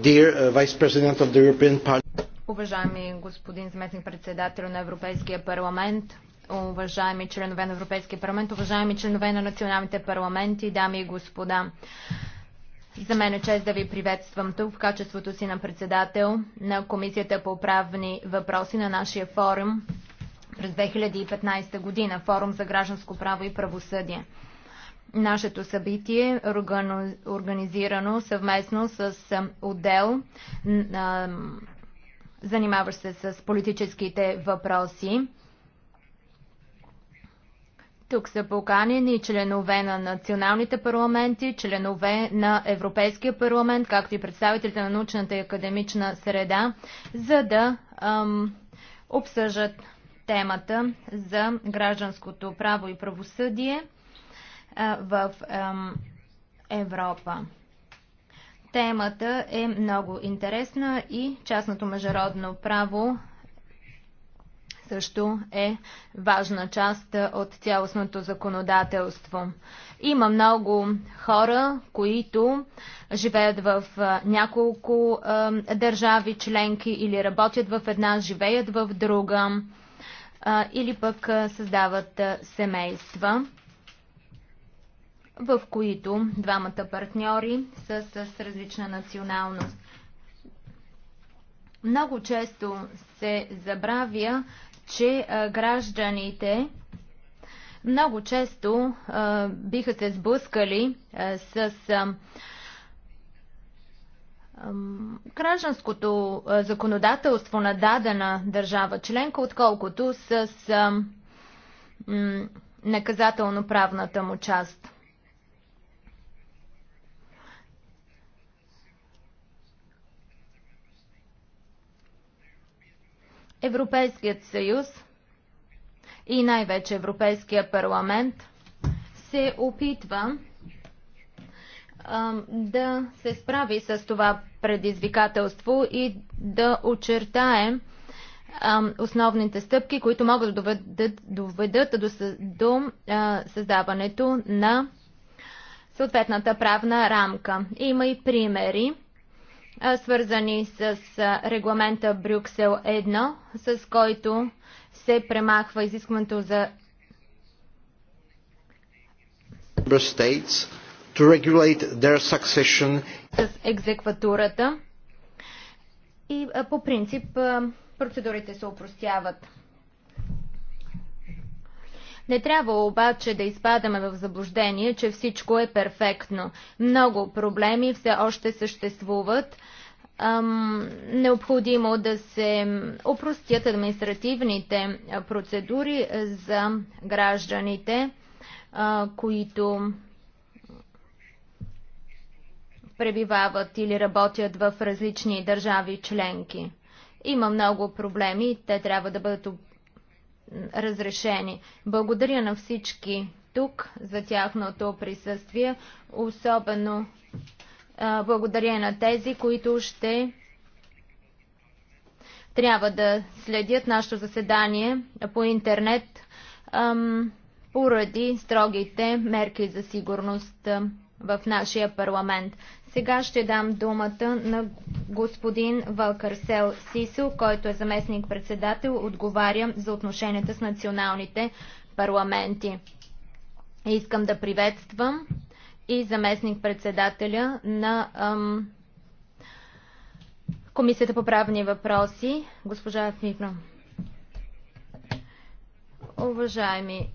Dear uh, Vice President of the European Parliament. Уважаеми господин заместник председател на Европейския парламент, уважаеми членове на Европейския парламент, уважаеми членове на националните парламенти, дами и господа. За мен е чест да ви приветствам тук в качеството си на председател на Комисията по правни въпроси на нашия форум през 2015 година, форум за гражданско право и правосъдие. Нашето събитие е организирано съвместно с отдел, занимаващ се с политическите въпроси. Тук са поканени членове на националните парламенти, членове на Европейския парламент, както и представителите на научната и академична среда, за да ам, обсъжат темата за гражданското право и правосъдие в Европа. Темата е много интересна и частното международно право също е важна част от цялостното законодателство. Има много хора, които живеят в няколко държави членки или работят в една, живеят в друга или пък създават семейства в които двамата партньори са с различна националност. Много често се забравя, че гражданите много често биха се сблъскали с гражданското законодателство на дадена държава членка, отколкото с наказателно-правната му част. Европейският съюз и най-вече Европейския парламент се опитва да се справи с това предизвикателство и да очертаем основните стъпки, които могат да доведат, доведат до, до създаването на съответната правна рамка. Има и примери свързани с регламента Брюксел 1, с който се премахва изискването за с екзекватурата и по принцип процедурите се упростяват. Не трябва обаче да изпадаме в заблуждение, че всичко е перфектно. Много проблеми все още съществуват. Ам, необходимо да се опростят административните процедури за гражданите, а, които пребивават или работят в различни държави членки. Има много проблеми, те трябва да бъдат разрешени. Благодаря на всички тук за тяхното присъствие, особено благодаря на тези, които ще трябва да следят нашето заседание по интернет поради строгите мерки за сигурност в нашия парламент. Сега ще дам думата на господин Валкарсел Сисо, който е заместник-председател, отговаря за отношенията с националните парламенти. Искам да приветствам и заместник-председателя на ам, Комисията по правни въпроси, госпожа Фивна. Уважаеми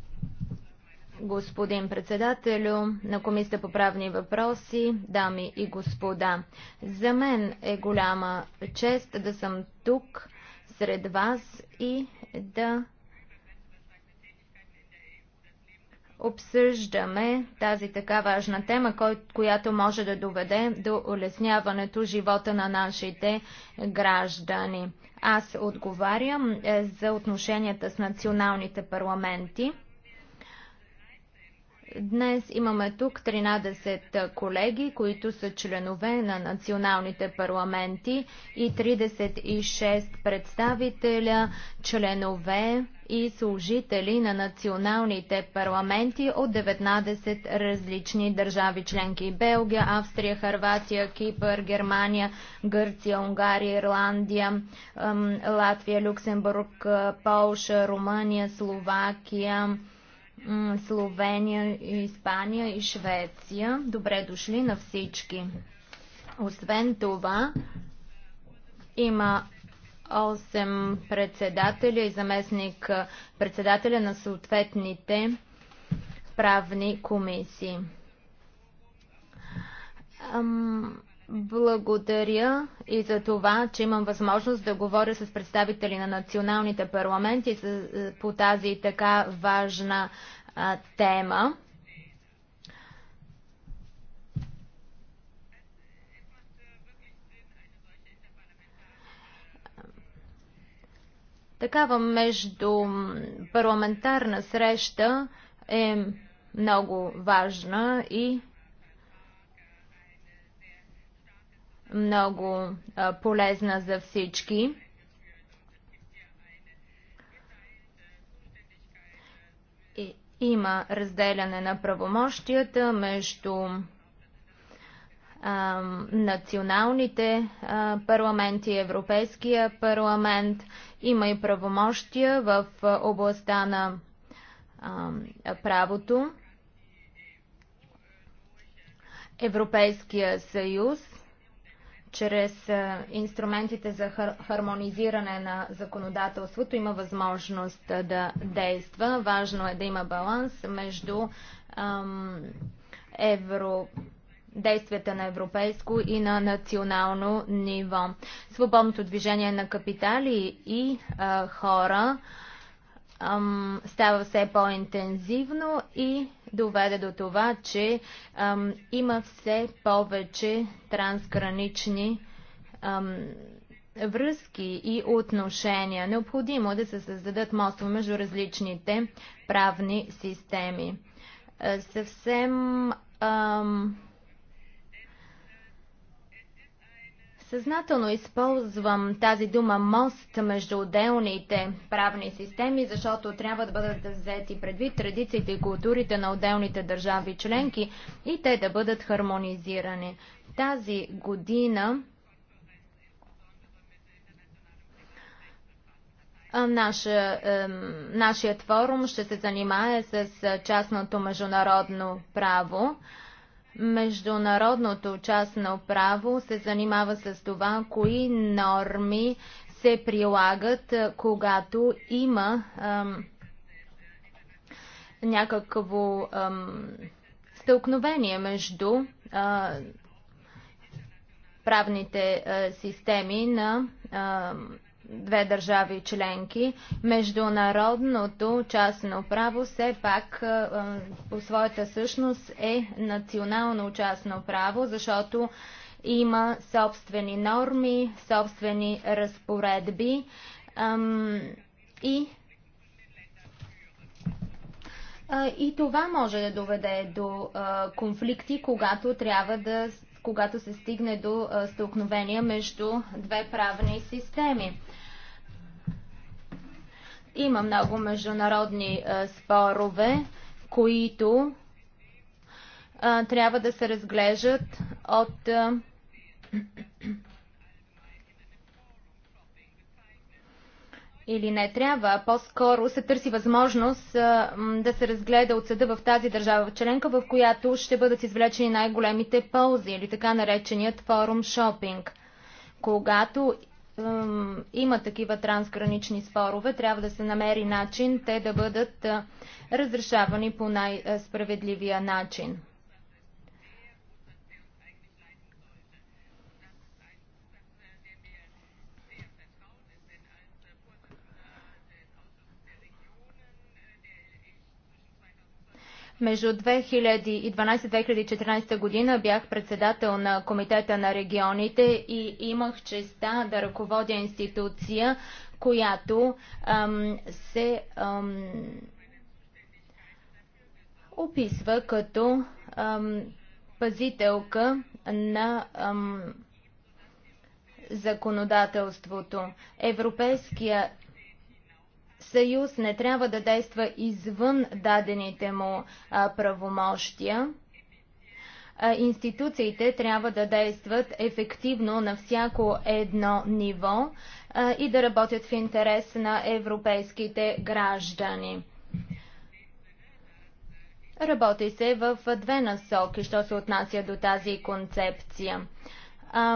Господин председателю на Комисията по правни въпроси, дами и господа, за мен е голяма чест да съм тук сред вас и да обсъждаме тази така важна тема, която може да доведе до улесняването живота на нашите граждани. Аз отговарям е, за отношенията с националните парламенти. Днес имаме тук 13 колеги, които са членове на националните парламенти и 36 представителя, членове и служители на националните парламенти от 19 различни държави членки Белгия, Австрия, Харватия, Кипър, Германия, Гърция, Унгария, Ирландия, Латвия, Люксембург, Полша, Румъния, Словакия, Словения, Испания и Швеция. Добре дошли на всички. Освен това, има 8 председателя и заместник председателя на съответните правни комисии. Благодаря и за това, че имам възможност да говоря с представители на националните парламенти е, по тази така важна тема. Такава между парламентарна среща е много важна и много а, полезна за всички. И, има разделяне на правомощията между а, националните а, парламенти, Европейския парламент. Има и правомощия в областта на правото. Европейския съюз чрез инструментите за хармонизиране на законодателството има възможност да действа. Важно е да има баланс между евро действията на европейско и на национално ниво. Свободното движение на капитали и а, хора ам, става все по-интензивно и доведе до това, че ам, има все повече трансгранични ам, връзки и отношения. Необходимо е да се създадат мостове между различните правни системи. Е, съвсем ам, Съзнателно използвам тази дума мост между отделните правни системи, защото трябва да бъдат взети предвид традициите и културите на отделните държави членки и те да бъдат хармонизирани. Тази година наш, нашият форум ще се занимае с частното международно право. Международното частно право се занимава с това, кои норми се прилагат, е, когато има ам, някакво ам, стълкновение между а, правните а, системи на а, две държави членки, международното частно право все пак по своята същност е национално частно право, защото има собствени норми, собствени разпоредби и и това може да доведе до конфликти, когато трябва да когато се стигне до стълкновения между две правни системи. Има много международни спорове, които трябва да се разглеждат от или не трябва, а по-скоро се търси възможност а, да се разгледа от съда в тази държава в членка, в която ще бъдат извлечени най-големите ползи или така нареченият форум шопинг. Когато има такива трансгранични спорове, трябва да се намери начин те да бъдат а, разрешавани по най-справедливия начин. Между 2012-2014 година бях председател на Комитета на регионите и имах честа да ръководя институция, която ам, се ам, описва като ам, пазителка на ам, законодателството. Европейския съюз не трябва да действа извън дадените му а, правомощия. А, институциите трябва да действат ефективно на всяко едно ниво а, и да работят в интерес на европейските граждани. Работи се в две насоки, що се отнася до тази концепция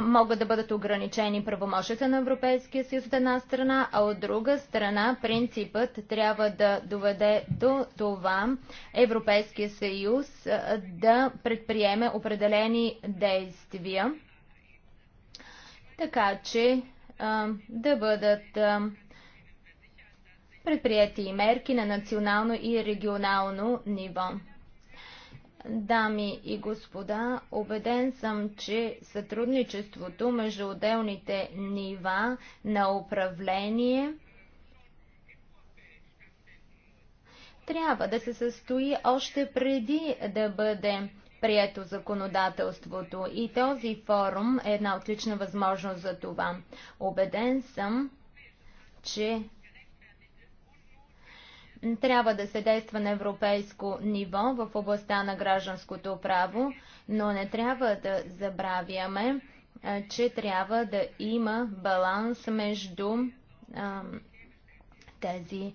могат да бъдат ограничени правомощията на Европейския съюз от една страна, а от друга страна принципът трябва да доведе до това Европейския съюз да предприеме определени действия, така че да бъдат предприяти и мерки на национално и регионално ниво. Дами и господа, убеден съм, че сътрудничеството между отделните нива на управление трябва да се състои още преди да бъде прието законодателството и този форум е една отлична възможност за това. Обеден съм, че трябва да се действа на европейско ниво в областта на гражданското право, но не трябва да забравяме, че трябва да има баланс между а, тези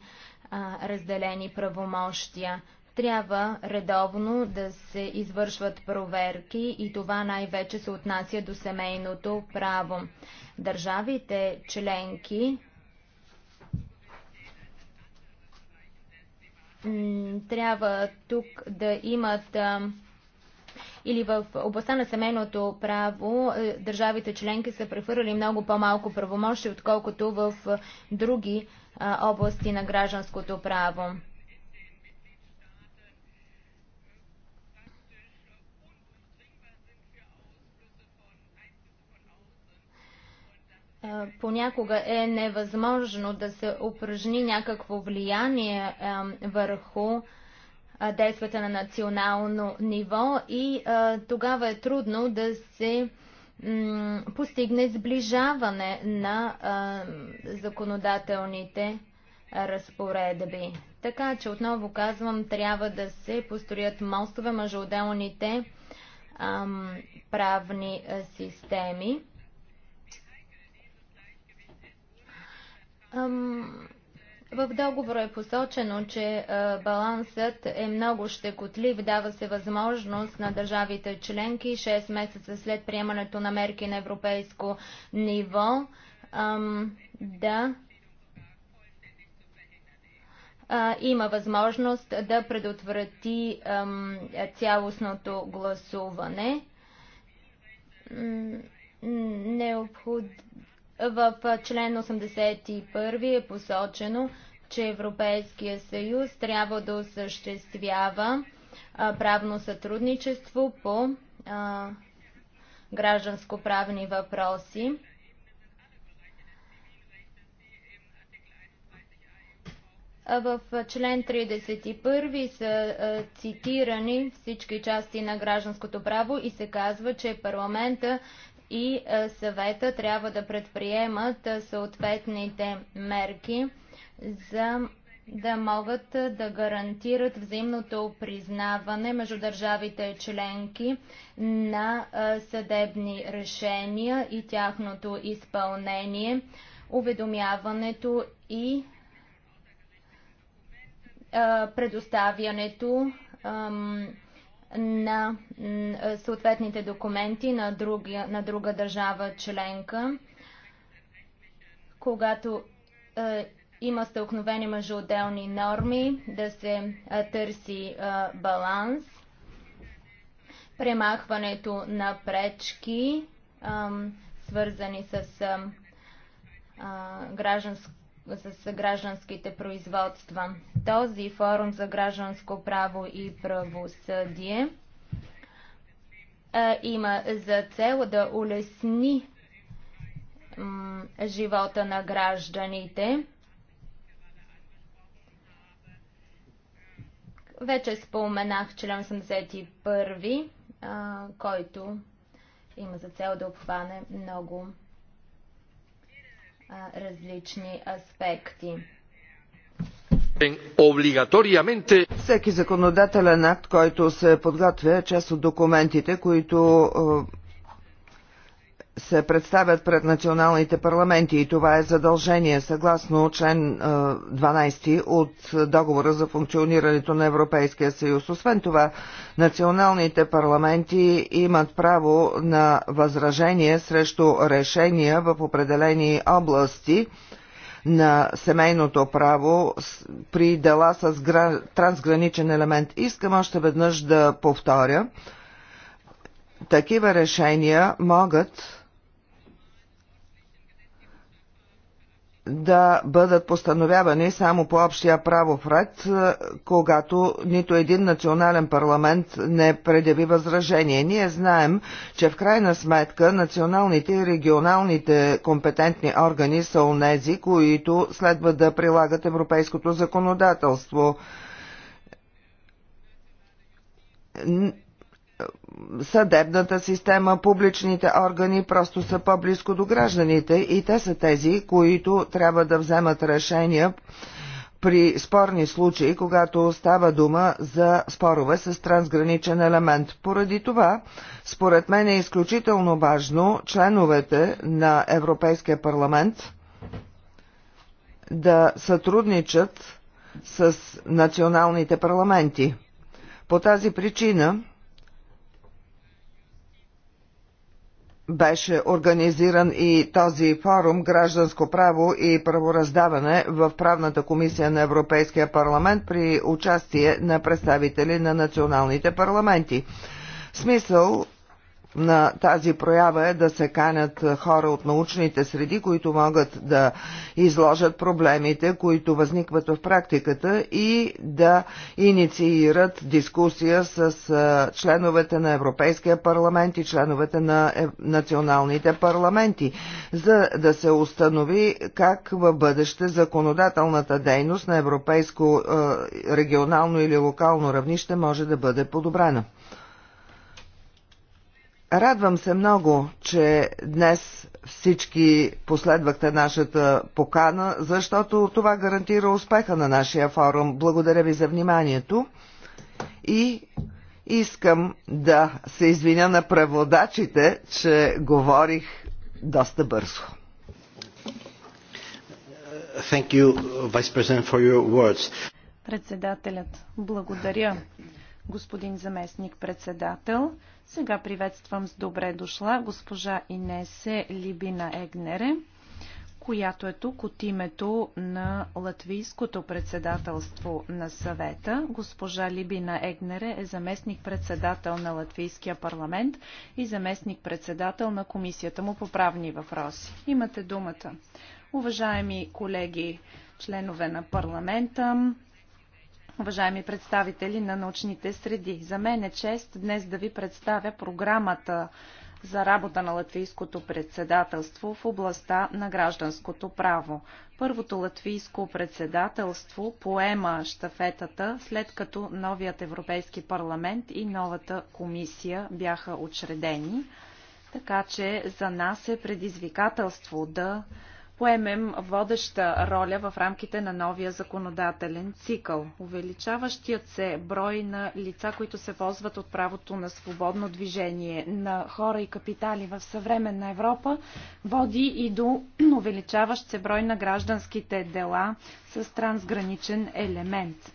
а, разделени правомощия. Трябва редовно да се извършват проверки и това най-вече се отнася до семейното право. Държавите членки трябва тук да имат или в областта на семейното право е, държавите членки са прехвърли много по-малко правомощи, отколкото в други области на гражданското право. Е, понякога е невъзможно да се упражни някакво влияние е, върху е, действата на национално ниво и тогава е трудно да се постигне сближаване на законодателните разпоредби. Така че отново казвам, трябва да се построят мостове между отделните правни системи. В договора е посочено, че балансът е много щекотлив. Дава се възможност на държавите членки 6 месеца след приемането на мерки на европейско ниво да има възможност да предотврати цялостното гласуване. Необходимо в член 81 е посочено, че Европейския съюз трябва да осъществява правно сътрудничество по гражданско-правни въпроси. В член 31 са цитирани всички части на гражданското право и се казва, че парламента и е, съвета трябва да предприемат е, съответните мерки, за да могат е, да гарантират взаимното признаване между държавите членки на съдебни решения и тяхното изпълнение, уведомяването и предоставянето на е, съответните документи на, други, на друга държава членка, когато е, има стълкновение между отделни норми, да се е, търси е, баланс, премахването на пречки, е, свързани с е, гражданско с гражданските производства. Този форум за гражданско право и правосъдие има за цел да улесни живота на гражданите. Вече споменах член 81, който има за цел да обхване много различни аспекти. Всеки законодателен акт, който се подготвя, е част от документите, които е, се представят пред националните парламенти и това е задължение съгласно член 12 е, от договора за функционирането на Европейския съюз. Освен това, националните парламенти имат право на възражение срещу решения в определени области на семейното право при дела с трансграничен елемент. Искам още веднъж да повторя. Такива решения могат да бъдат постановявани само по общия правов ред, е, когато нито един национален парламент не предяви възражение. Ние знаем, че в крайна сметка националните и регионалните компетентни органи са онези, които следва да прилагат европейското законодателство съдебната система, публичните органи просто са по-близко до гражданите и те са тези, които трябва да вземат решения при спорни случаи, когато става дума за спорове с трансграничен елемент. Поради това, според мен е изключително важно членовете на Европейския парламент да сътрудничат с националните парламенти. По тази причина беше организиран и този форум Гражданско право и правораздаване в правната комисия на Европейския парламент при участие на представители на националните парламенти. Смисъл на тази проява е да се канят хора от научните среди, които могат да изложат проблемите, които възникват в практиката и да инициират дискусия с членовете на Европейския парламент и членовете на е, националните парламенти, за да се установи как в бъдеще законодателната дейност на европейско регионално или локално равнище може да бъде подобрена. Радвам се много, че днес всички последвахте нашата покана, защото това гарантира успеха на нашия форум. Благодаря ви за вниманието и искам да се извиня на преводачите, че говорих доста бързо. Thank you, Vice for your words. Председателят, благодаря, господин заместник председател. Сега приветствам с добре дошла госпожа Инесе Либина Егнере, която е тук от името на Латвийското председателство на съвета. Госпожа Либина Егнере е заместник-председател на Латвийския парламент и заместник-председател на Комисията му по правни въпроси. Имате думата. Уважаеми колеги, членове на парламента, уважаеми представители на научните среди. За мен е чест днес да ви представя програмата за работа на латвийското председателство в областта на гражданското право. Първото латвийско председателство поема штафетата, след като новият Европейски парламент и новата комисия бяха учредени. Така че за нас е предизвикателство да поемем водеща роля в рамките на новия законодателен цикъл. Увеличаващият се брой на лица, които се ползват от правото на свободно движение на хора и капитали в съвременна Европа, води и до увеличаващ се брой на гражданските дела с трансграничен елемент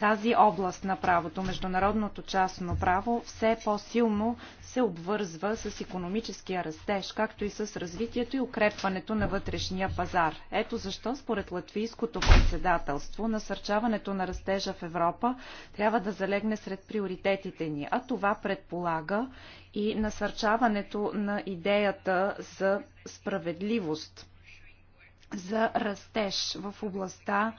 тази област на правото, международното частно право, все по-силно се обвързва с економическия растеж, както и с развитието и укрепването на вътрешния пазар. Ето защо, според латвийското председателство, насърчаването на растежа в Европа трябва да залегне сред приоритетите ни, а това предполага и насърчаването на идеята за справедливост, за растеж в областта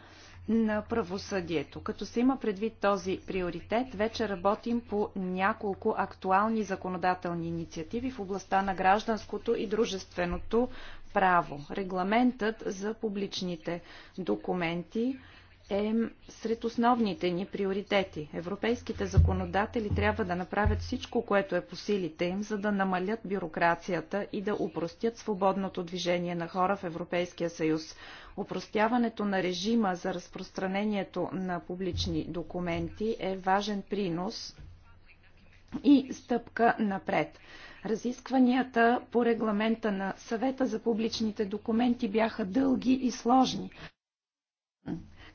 на правосъдието. Като се има предвид този приоритет, вече работим по няколко актуални законодателни инициативи в областта на гражданското и дружественото право. Регламентът за публичните документи, е сред основните ни приоритети. Европейските законодатели трябва да направят всичко, което е по силите им, за да намалят бюрокрацията и да упростят свободното движение на хора в Европейския съюз. Упростяването на режима за разпространението на публични документи е важен принос и стъпка напред. Разискванията по регламента на съвета за публичните документи бяха дълги и сложни.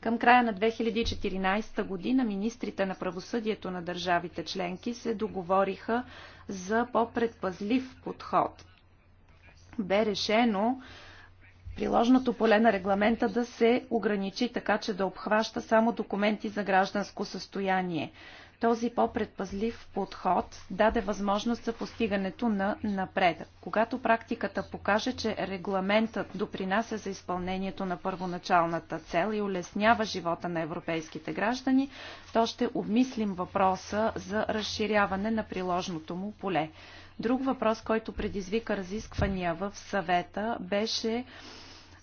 Към края на 2014 година министрите на правосъдието на държавите членки се договориха за по-предпазлив подход. Бе решено приложното поле на регламента да се ограничи така, че да обхваща само документи за гражданско състояние. Този по-предпазлив подход даде възможност за постигането на напредък. Когато практиката покаже, че регламентът допринася за изпълнението на първоначалната цел и улеснява живота на европейските граждани, то ще обмислим въпроса за разширяване на приложното му поле. Друг въпрос, който предизвика разисквания в съвета, беше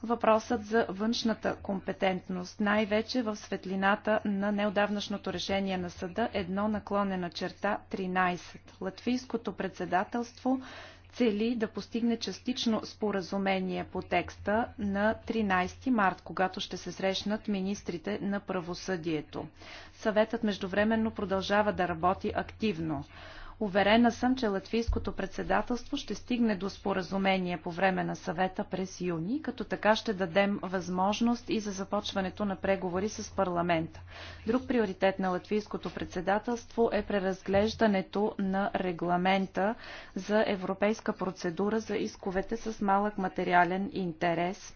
въпросът за външната компетентност, най-вече в светлината на неодавнашното решение на съда едно наклонена черта 13. Латвийското председателство цели да постигне частично споразумение по текста на 13 март, когато ще се срещнат министрите на правосъдието. Съветът междувременно продължава да работи активно. Уверена съм, че латвийското председателство ще стигне до споразумение по време на съвета през юни, като така ще дадем възможност и за започването на преговори с парламента. Друг приоритет на латвийското председателство е преразглеждането на регламента за европейска процедура за исковете с малък материален интерес.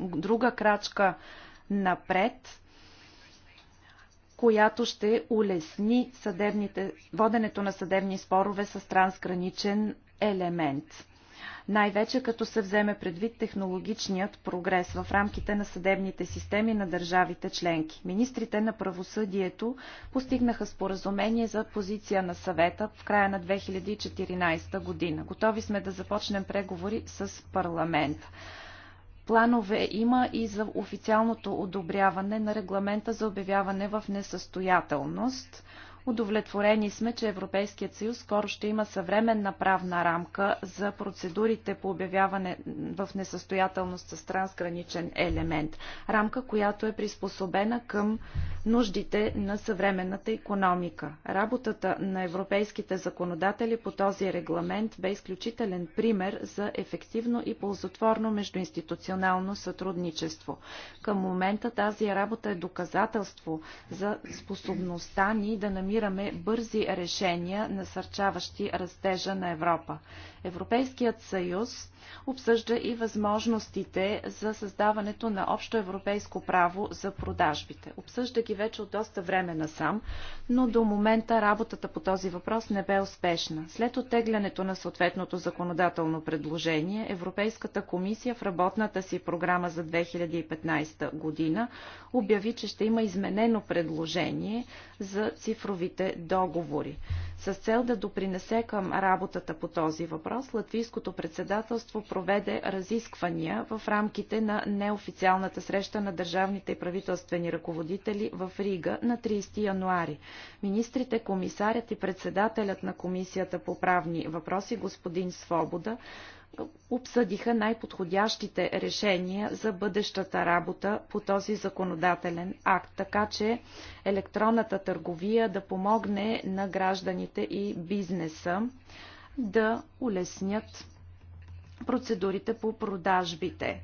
Друга крачка напред която ще улесни съдебните, воденето на съдебни спорове с трансграничен елемент. Най-вече като се вземе предвид технологичният прогрес в рамките на съдебните системи на държавите членки. Министрите на правосъдието постигнаха споразумение за позиция на съвета в края на 2014 година. Готови сме да започнем преговори с парламента. Планове има и за официалното одобряване на регламента за обявяване в несъстоятелност – Удовлетворени сме, че Европейският съюз скоро ще има съвременна правна рамка за процедурите по обявяване в несъстоятелност с трансграничен елемент. Рамка, която е приспособена към нуждите на съвременната економика. Работата на европейските законодатели по този регламент бе изключителен пример за ефективно и ползотворно междуинституционално сътрудничество. Към момента тази работа е доказателство за способността ни да намираме намираме бързи решения, насърчаващи растежа на Европа. Европейският съюз обсъжда и възможностите за създаването на общо европейско право за продажбите. Обсъжда ги вече от доста време насам, но до момента работата по този въпрос не бе успешна. След оттеглянето на съответното законодателно предложение, Европейската комисия в работната си програма за 2015 година обяви, че ще има изменено предложение за цифровите договори. С цел да допринесе към работата по този въпрос, въпрос латвийското председателство проведе разисквания в рамките на неофициалната среща на държавните и правителствени ръководители в Рига на 30 януари. Министрите, комисарят и председателят на Комисията по правни въпроси господин Свобода обсъдиха най-подходящите решения за бъдещата работа по този законодателен акт, така че електронната търговия да помогне на гражданите и бизнеса да улеснят процедурите по продажбите.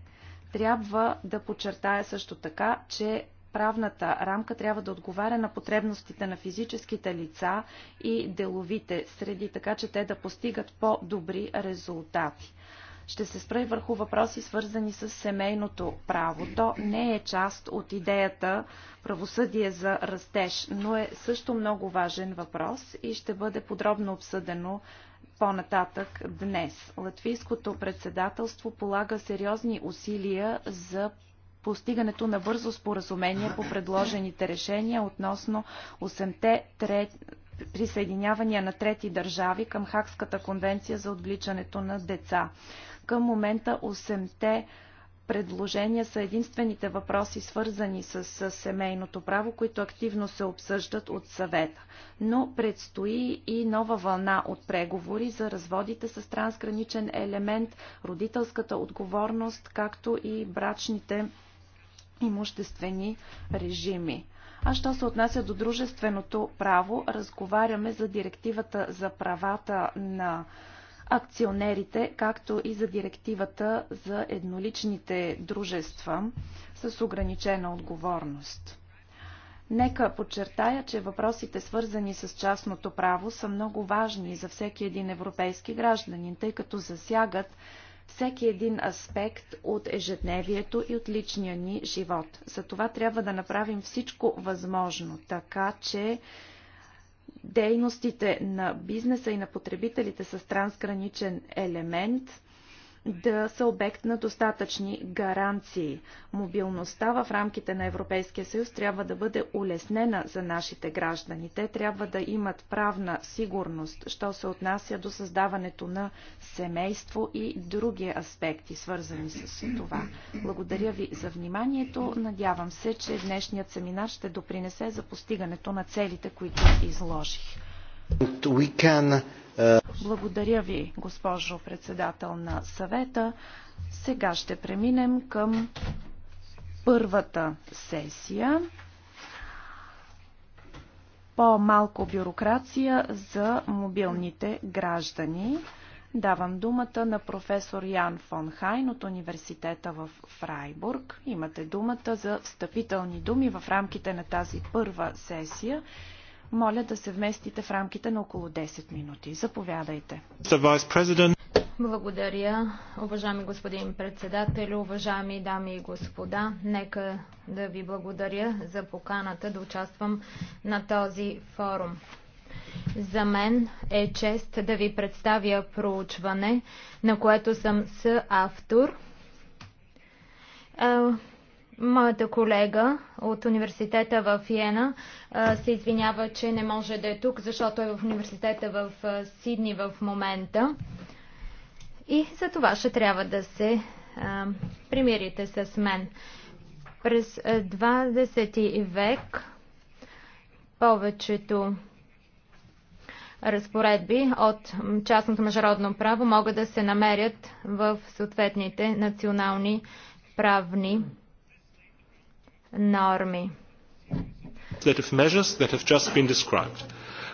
Трябва да подчертая също така, че правната рамка трябва да отговаря на потребностите на физическите лица и деловите среди, така че те да постигат по-добри резултати. Ще се спра и върху въпроси, свързани с семейното право. То не е част от идеята правосъдие за растеж, но е също много важен въпрос и ще бъде подробно обсъдено по-нататък днес. Латвийското председателство полага сериозни усилия за постигането на бързо споразумение по предложените решения относно 8-те присъединявания на трети държави към Хакската конвенция за отвличането на деца. Към момента 8-те предложения са единствените въпроси, свързани с семейното право, които активно се обсъждат от съвета. Но предстои и нова вълна от преговори за разводите с трансграничен елемент, родителската отговорност, както и брачните имуществени режими. А що се отнася до дружественото право, разговаряме за директивата за правата на акционерите, както и за директивата за едноличните дружества с ограничена отговорност. Нека подчертая, че въпросите свързани с частното право са много важни за всеки един европейски гражданин, тъй като засягат всеки един аспект от ежедневието и от личния ни живот. За това трябва да направим всичко възможно, така че дейностите на бизнеса и на потребителите с трансграничен елемент да са обект на достатъчни гаранции. Мобилността в рамките на Европейския съюз трябва да бъде улеснена за нашите граждани. Те трябва да имат правна сигурност, що се отнася до създаването на семейство и други аспекти, свързани с това. Благодаря ви за вниманието. Надявам се, че днешният семинар ще допринесе за постигането на целите, които изложих. We can благодаря ви, госпожо председател на съвета. Сега ще преминем към първата сесия. По-малко бюрокрация за мобилните граждани. Давам думата на професор Ян фон Хайн от университета в Фрайбург. Имате думата за встъпителни думи в рамките на тази първа сесия моля да се вместите в рамките на около 10 минути. Заповядайте. Благодаря, уважаеми господин председател, уважаеми дами и господа. Нека да ви благодаря за поканата да участвам на този форум. За мен е чест да ви представя проучване, на което съм съавтор. Моята колега от университета в Йена се извинява, че не може да е тук, защото е в университета в Сидни в момента. И за това ще трябва да се примирите с мен. През 20 век повечето разпоредби от частното международно право могат да се намерят в съответните национални правни норми.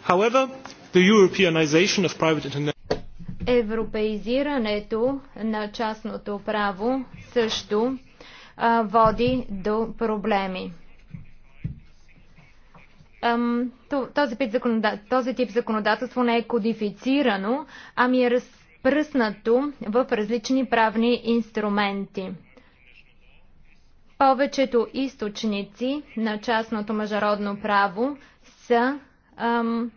However, the Europeanization of private Европеизирането на частното право също а, води до проблеми. Ам, този, тип този тип законодателство не е кодифицирано, ами е разпръснато в различни правни инструменти. Повечето източници на частното международно право са ам,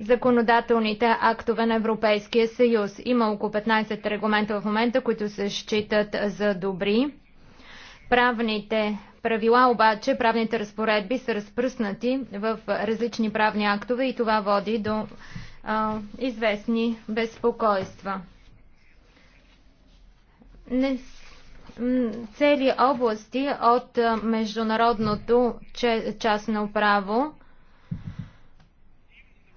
законодателните актове на Европейския съюз. Има около 15 регламента в момента, които се считат за добри. Правните правила обаче, правните разпоредби са разпръснати в различни правни актове и това води до а, известни безпокойства. Не цели области от международното частно право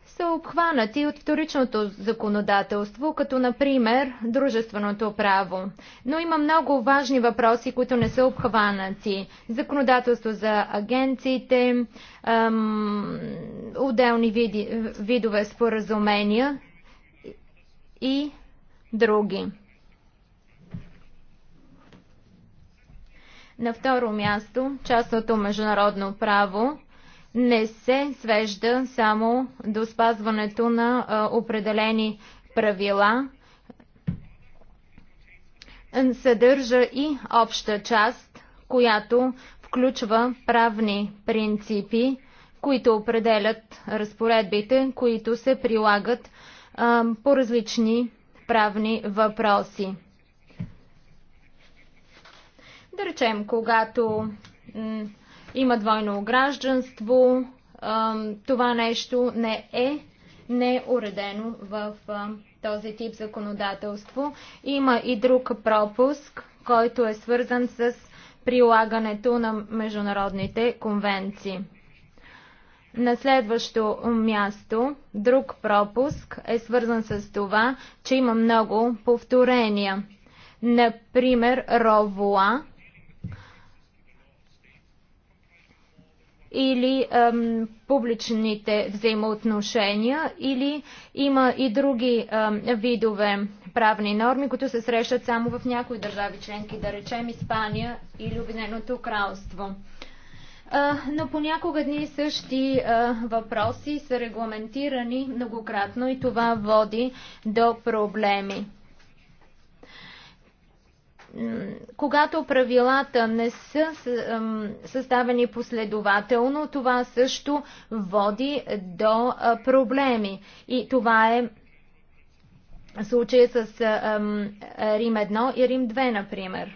са обхванати от вторичното законодателство, като например дружественото право. Но има много важни въпроси, които не са обхванати. Законодателство за агенциите, отделни види, видове споразумения и други. На второ място, частното международно право не се свежда само до спазването на а, определени правила, съдържа и обща част, която включва правни принципи, които определят разпоредбите, които се прилагат а, по различни правни въпроси. Да речем, когато има двойно гражданство, това нещо не е не уредено в този тип законодателство. Има и друг пропуск, който е свързан с прилагането на международните конвенции. На следващо място, друг пропуск е свързан с това, че има много повторения. Например, Ровуа или ем, публичните взаимоотношения, или има и други ем, видове правни норми, които се срещат само в някои държави членки, да речем Испания или Обединеното кралство. А, но понякога дни същи а, въпроси са регламентирани многократно и това води до проблеми. Когато правилата не са съставени последователно, това също води до проблеми. И това е случая с Рим 1 и Рим 2, например.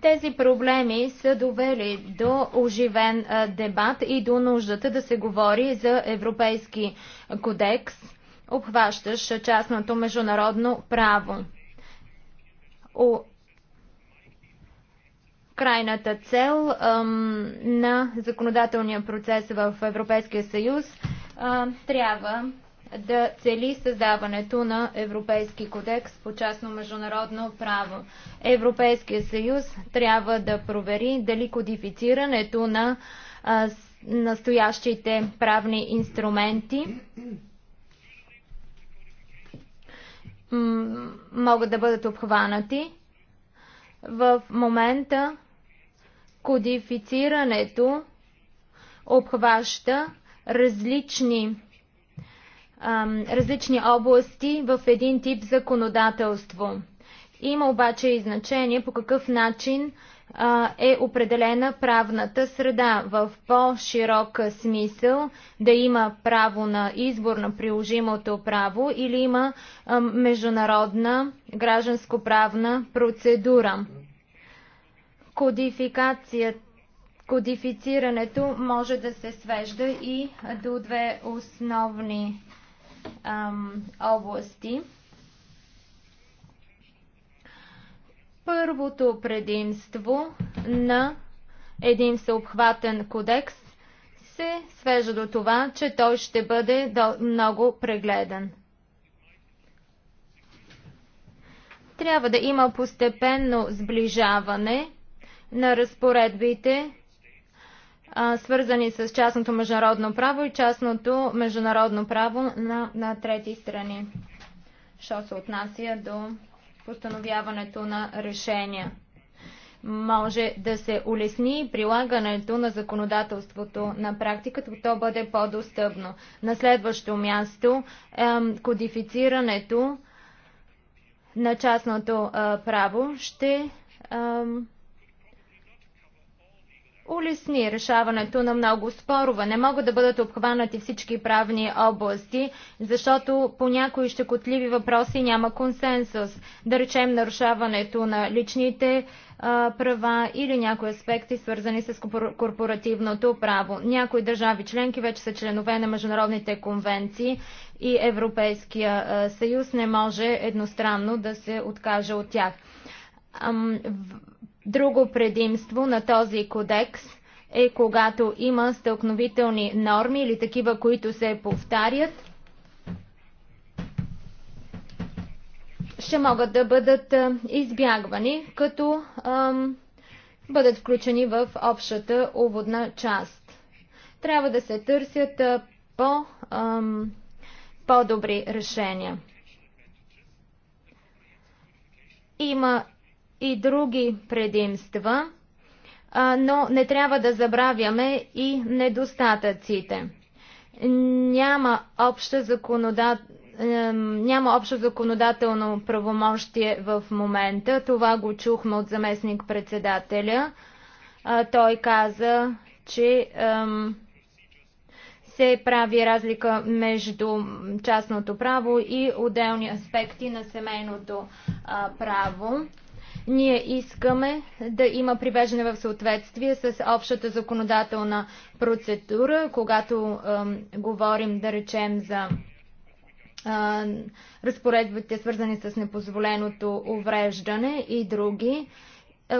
Тези проблеми са довели до оживен дебат и до нуждата да се говори за Европейски кодекс – обхващащ частното международно право. О, крайната цел ам, на законодателния процес в Европейския съюз а, трябва да цели създаването на Европейски кодекс по частно международно право. Европейския съюз трябва да провери дали кодифицирането на а, настоящите правни инструменти могат да бъдат обхванати. В момента кодифицирането обхваща различни, ам, различни области в един тип законодателство. Има обаче и значение по какъв начин е определена правната среда в по-широк смисъл да има право на избор на приложимото право или има международна гражданско-правна процедура. Кодификацията Кодифицирането може да се свежда и до две основни ам, области – Първото предимство на един съобхватен кодекс се свежда до това, че той ще бъде много прегледан. Трябва да има постепенно сближаване на разпоредбите, свързани с частното международно право и частното международно право на, на трети страни, що се отнася до постановяването на решения. Може да се улесни прилагането на законодателството на практика, като то бъде по-достъпно. На следващо място, е, кодифицирането на частното право ще улесни решаването на много спорове. Не могат да бъдат обхванати всички правни области, защото по някои щекотливи въпроси няма консенсус. Да речем нарушаването на личните а, права или някои аспекти, свързани с корпоративното право. Някои държави членки вече са членове на международните конвенции и Европейския съюз не може едностранно да се откаже от тях Друго предимство на този кодекс е когато има стълкновителни норми или такива, които се повтарят, ще могат да бъдат избягвани, като ам, бъдат включени в общата уводна част. Трябва да се търсят по, ам, по-добри решения. Има и други предимства, но не трябва да забравяме и недостатъците. Няма общо, законодат... Няма общо законодателно правомощие в момента. Това го чухме от заместник-председателя. Той каза, че се прави разлика между частното право и отделни аспекти на семейното право. Ние искаме да има привеждане в съответствие с общата законодателна процедура, когато е, говорим, да речем, за разпоредбите, свързани с непозволеното увреждане и други.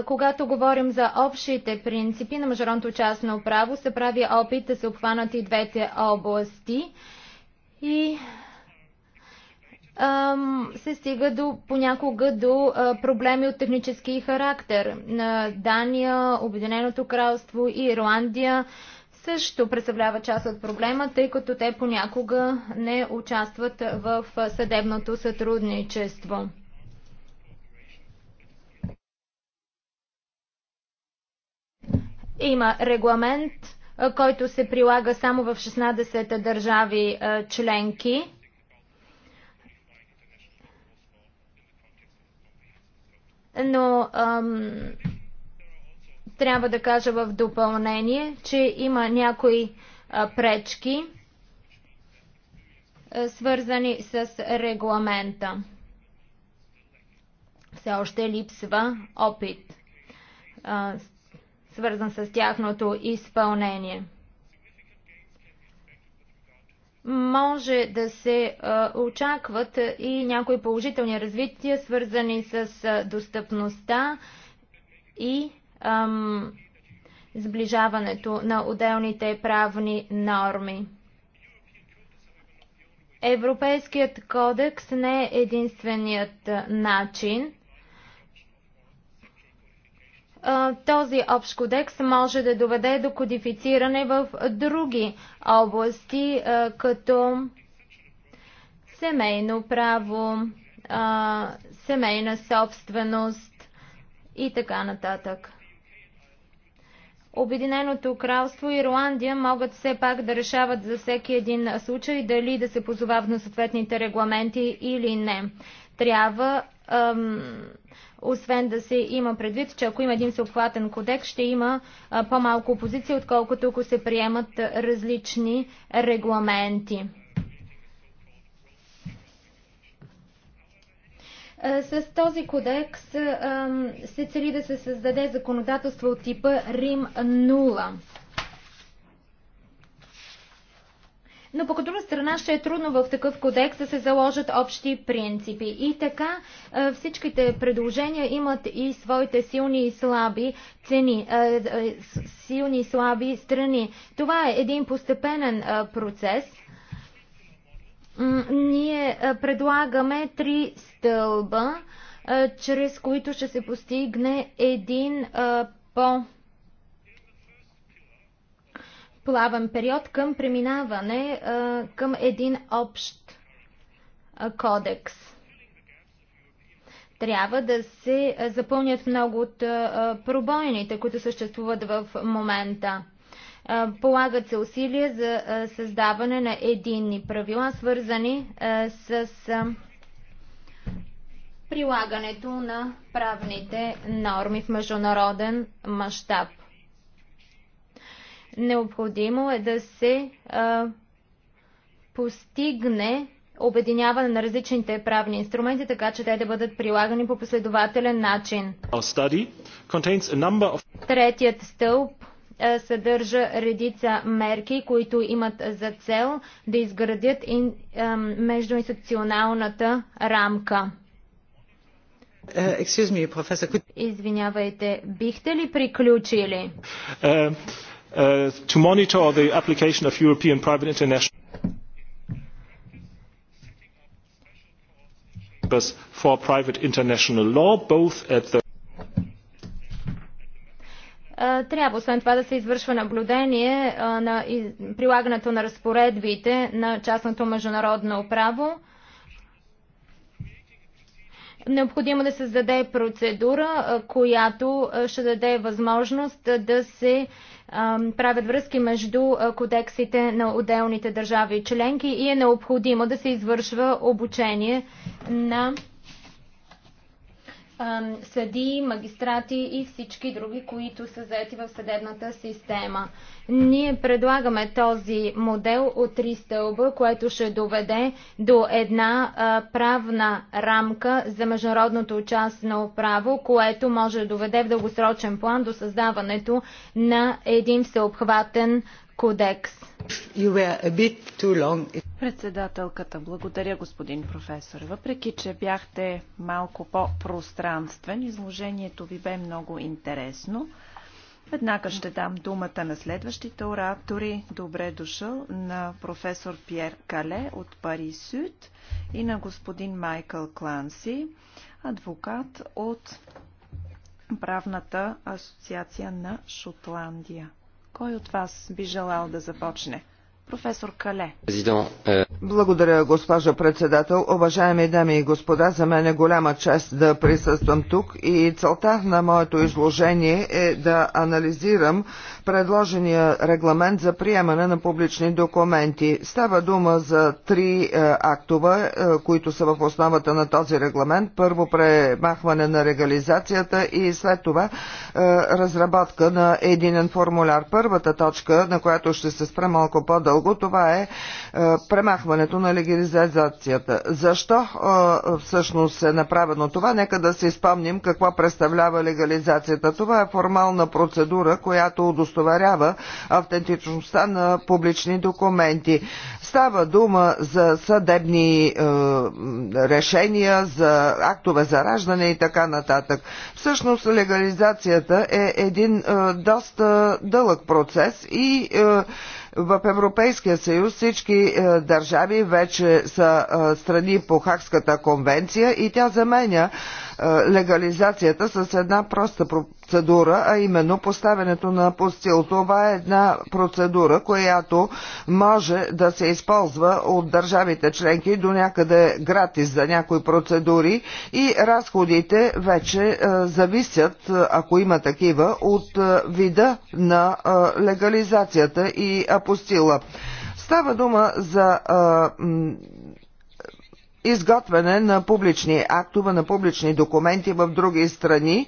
Когато говорим за общите принципи на международното частно право, се прави опит да се обхванат и двете области. И се стига до, понякога до проблеми от технически характер. Дания, Обединеното кралство и Ирландия също представлява част от проблема, тъй като те понякога не участват в съдебното сътрудничество. Има регламент, който се прилага само в 16 държави членки но ам, трябва да кажа в допълнение, че има някои а, пречки, а, свързани с регламента. Все още липсва опит, а, свързан с тяхното изпълнение може да се очакват и някои положителни развития, свързани с достъпността и ам, сближаването на отделните правни норми. Европейският кодекс не е единственият начин този общ кодекс може да доведе до кодифициране в други области, като семейно право, семейна собственост и така нататък. Обединеното кралство и Ирландия могат все пак да решават за всеки един случай дали да се позовават на съответните регламенти или не. Трябва ам, освен да се има предвид, че ако има един съобхватен кодекс, ще има по-малко опозиция, отколкото ако се приемат различни регламенти. С този кодекс се цели да се създаде законодателство от типа Рим 0. Но по друга страна ще е трудно в такъв кодекс да се заложат общи принципи. И така всичките предложения имат и своите силни и слаби цени, силни и слаби страни. Това е един постепенен процес. Ние предлагаме три стълба, чрез които ще се постигне един по- плавен период към преминаване към един общ кодекс. Трябва да се запълнят много от пробойните, които съществуват в момента. Полагат се усилия за създаване на единни правила, свързани с прилагането на правните норми в международен мащаб. Необходимо е да се а, постигне обединяване на различните правни инструменти, така че те да бъдат прилагани по последователен начин. Третият стълб а, съдържа редица мерки, които имат за цел да изградят ин, а, междуинституционалната рамка. Uh, me, could... Извинявайте, бихте ли приключили? Uh, Uh, to monitor the application of European private international chambers for private international law, both at the е, трябва освен това да се извършва наблюдение е, на прилагането на разпоредбите на частното международно право. Необходимо да се създаде процедура, е, която ще даде възможност да се правят връзки между кодексите на отделните държави членки и е необходимо да се извършва обучение на съдии, магистрати и всички други, които са заети в съдебната система. Ние предлагаме този модел от три стълба, което ще доведе до една правна рамка за международното частно право, което може да доведе в дългосрочен план до създаването на един всеобхватен кодекс. Председателката, благодаря господин професор. Въпреки, че бяхте малко по-пространствен, изложението ви бе много интересно. Веднага ще дам думата на следващите оратори. Добре дошъл на професор Пьер Кале от Пари Сюд и на господин Майкъл Кланси, адвокат от правната асоциация на Шотландия. Кой от вас би желал да започне? Професор Кале. Е, Благодаря, госпожа председател. Уважаеми дами и господа, за мен е голяма чест да присъствам тук и целта на моето изложение е да анализирам предложения регламент за приемане на публични документи. Става дума за три е, актова, е, които са в основата на този регламент. Първо премахване на регализацията и след това разработка на единен формуляр. Първата точка, на която ще се спра малко по-дълго, дълго, това е, е премахването на легализацията. Защо е, всъщност е направено това? Нека да си спомним какво представлява легализацията. Това е формална процедура, която удостоверява автентичността на публични документи. Става дума за съдебни е, решения, за актове за раждане и така нататък. Всъщност легализацията е един доста дълъг процес и в Европейския съюз всички е, държави вече са е, страни по Хакската конвенция и тя заменя е, легализацията с една проста процедура, а именно поставянето на постил. Това е една процедура, която може да се използва от държавите членки до някъде гратис за някои процедури и разходите вече е, зависят, ако има такива, от е, вида на е, легализацията и апостила. Става дума за изготвяне на публични актове, на публични документи в други страни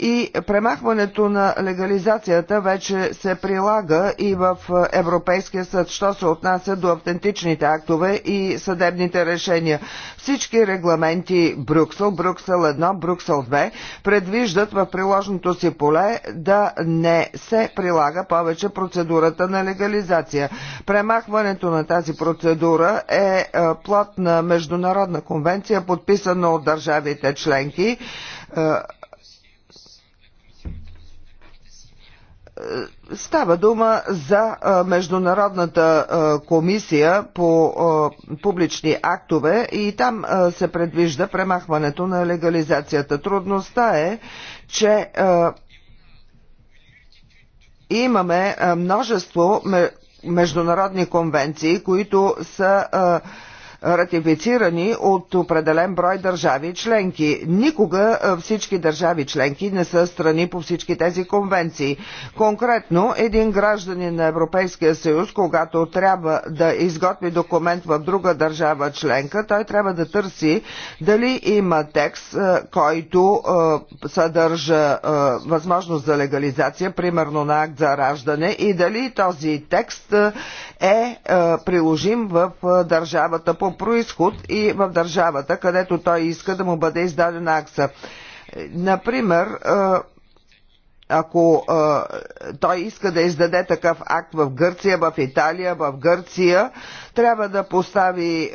и премахването на легализацията вече се прилага и в е, Европейския съд, що се отнася до автентичните актове и съдебните решения. Всички регламенти Брюксел, Брюксел 1, Брюксел 2 предвиждат в приложното си поле да не се прилага повече процедурата на легализация. Премахването на тази процедура е, е плод на международна конвенция, подписана от държавите членки е, Е, става дума за е, Международната е, комисия по публични актове и там се предвижда премахването на легализацията. Трудността е, че имаме множество международни конвенции, които са ратифицирани от определен брой държави членки. Никога всички държави членки не са страни по всички тези конвенции. Конкретно, един гражданин на Европейския съюз, когато трябва да изготви документ в друга държава членка, той трябва да търси дали има текст, който съдържа възможност за легализация, примерно на акт за раждане, и дали този текст е, е приложим в е, държавата по происход и в държавата, където той иска да му бъде издадена акса. Например, е, ако той иска да издаде такъв акт в Гърция, в Италия, в Гърция, трябва да постави.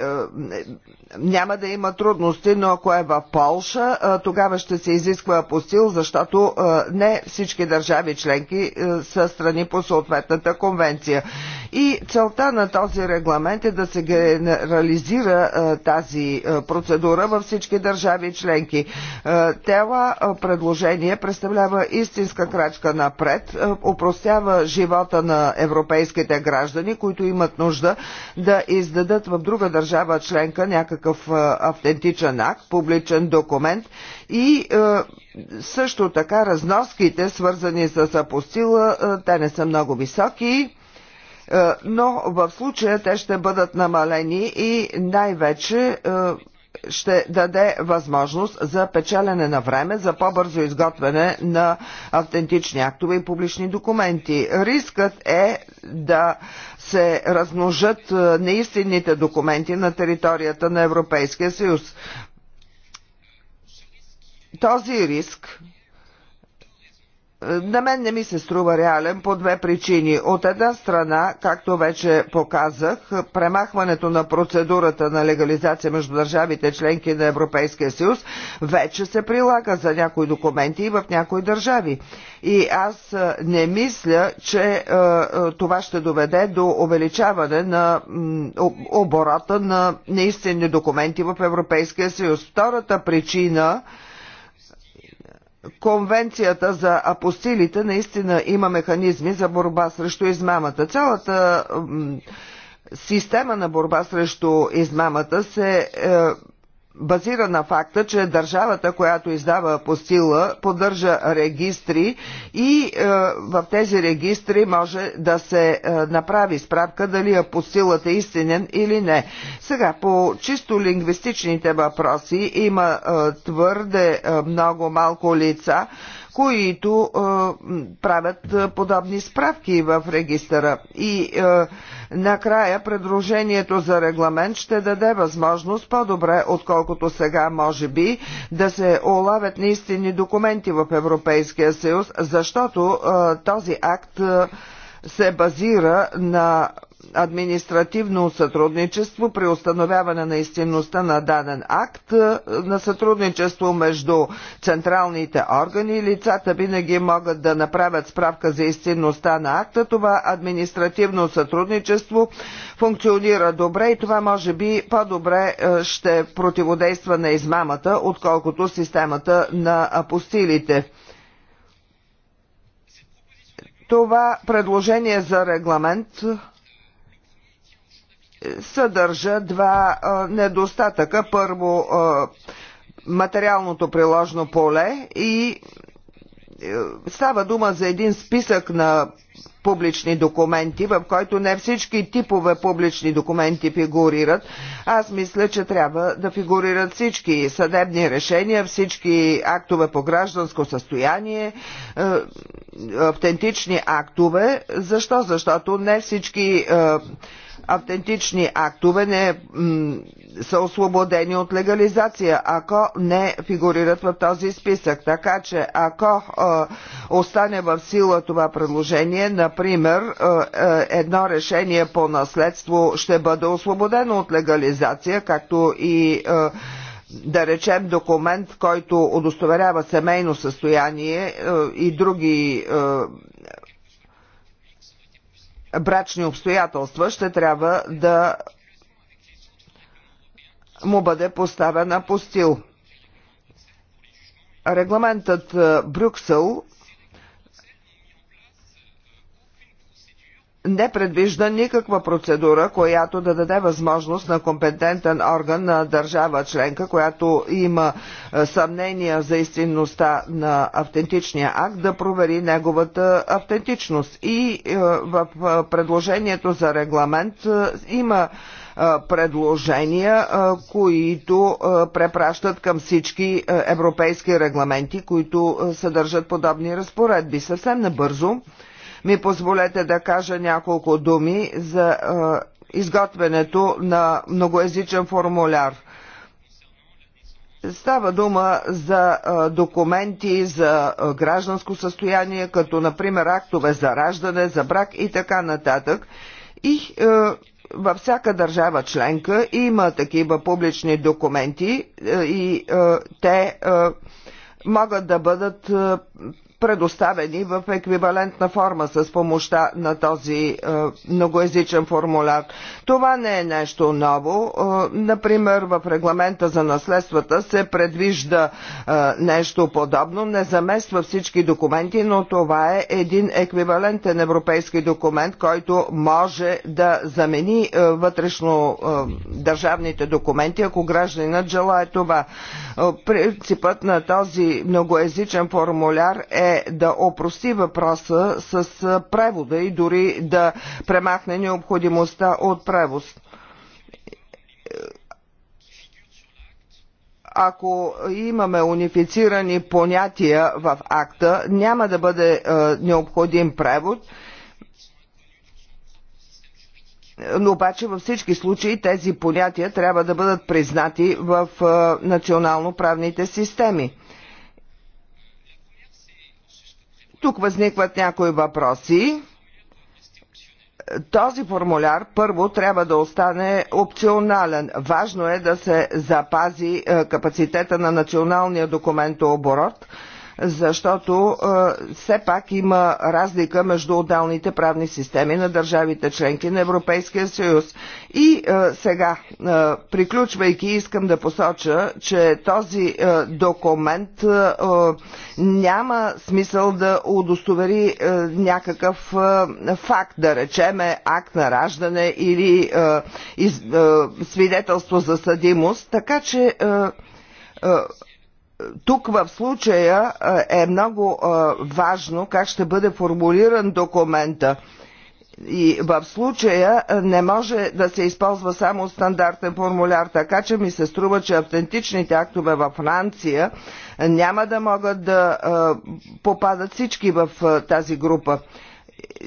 няма да има трудности, но ако е в Полша, тогава ще се изисква апостил, защото не всички държави членки са страни по съответната конвенция. И целта на този регламент е да се генерализира тази процедура във всички държави членки. Тела предложение представлява истинска крачка напред, упростява живота на европейските граждани, които имат нужда да издадат в друга държава членка някакъв автентичен акт, публичен документ и също така разноските, свързани с апостила, те не са много високи е, но в случая те ще бъдат намалени и най-вече е, ще даде възможност за печелене на време за по-бързо изготвяне на автентични актове и публични документи. Рискът е да се размножат е, неистинните документи на територията на Европейския съюз. Този риск на мен не ми се струва реален по две причини. От една страна, както вече показах, премахването на процедурата на легализация между държавите членки на Европейския съюз вече се прилага за някои документи и в някои държави. И аз не мисля, че това ще доведе до увеличаване на оборота на неистинни документи в Европейския съюз. Втората причина Конвенцията за апостилите наистина има механизми за борба срещу измамата. Цялата система на борба срещу измамата се е, базира на факта, че държавата, която издава апостила, поддържа регистри и е, в тези регистри може да се е, направи справка дали апостилът е истинен или не. Сега, по чисто лингвистичните въпроси има е, твърде е, много малко лица, които правят подобни справки в регистъра. И накрая предложението за регламент ще даде възможност по-добре, отколкото сега може би, да се олавят наистини документи в Европейския съюз, защото този акт се базира на административно сътрудничество при установяване на истинността на даден акт, е, на сътрудничество между централните органи. Лицата винаги могат да направят справка за истинността на акта. Това административно сътрудничество функционира добре и това може би по-добре е, ще противодейства на измамата, отколкото системата на апостилите. Това предложение за регламент съдържа два недостатъка. Първо, материалното приложно поле и е, става дума за един списък на публични документи, в който не всички типове публични документи фигурират. Аз мисля, че трябва да фигурират всички съдебни решения, всички актове по гражданско състояние, е, автентични актове. Защо? Защото не всички е, автентични актове не са освободени от легализация, ако не фигурират в този списък. Така че, ако остане в сила това предложение, например, едно решение по наследство ще бъде освободено от легализация, както и да речем документ, който удостоверява семейно състояние и други брачни обстоятелства, ще трябва да му бъде поставена по стил. Регламентът е, Брюксел не предвижда никаква процедура, която да даде възможност на компетентен орган на държава членка, която има е, съмнения за истинността на автентичния акт, да провери неговата автентичност. И е, в е, предложението за регламент има предложения, които препращат към всички европейски регламенти, които съдържат подобни разпоредби. Съвсем набързо ми позволете да кажа няколко думи за е, изготвянето на многоязичен формуляр. Става дума за документи за гражданско състояние, като например актове за раждане, за брак и така нататък. И е, във всяка държава членка има такива публични документи и е, те могат да бъдат предоставени в еквивалентна форма с помощта на този е, многоязичен формуляр. Това не е нещо ново. Е, например, в регламента за наследствата се предвижда е, нещо подобно. Не замества всички документи, но това е един еквивалентен европейски документ, който може да замени вътрешно държавните документи, ако гражданинът желая това. Принципът на този многоязичен формуляр е да опрости въпроса с превода и дори да премахне необходимостта от превоз. ако имаме унифицирани понятия в акта, няма да бъде е, необходим превод. Но обаче във всички случаи тези понятия трябва да бъдат признати в е, национално правните системи. Тук възникват някои въпроси. Този формуляр първо трябва да остане опционален. Важно е да се запази е, капацитета на националния документооборот оборот защото все пак има разлика между отдалните правни системи на държавите членки на Европейския съюз. И сега, приключвайки, искам да посоча, че този документ няма смисъл да удостовери някакъв факт, да речеме акт на раждане или свидетелство за съдимост, така че тук в случая е много важно как ще бъде формулиран документа. И в случая не може да се използва само стандартен формуляр, така че ми се струва, че автентичните актове във Франция няма да могат да попадат всички в тази група.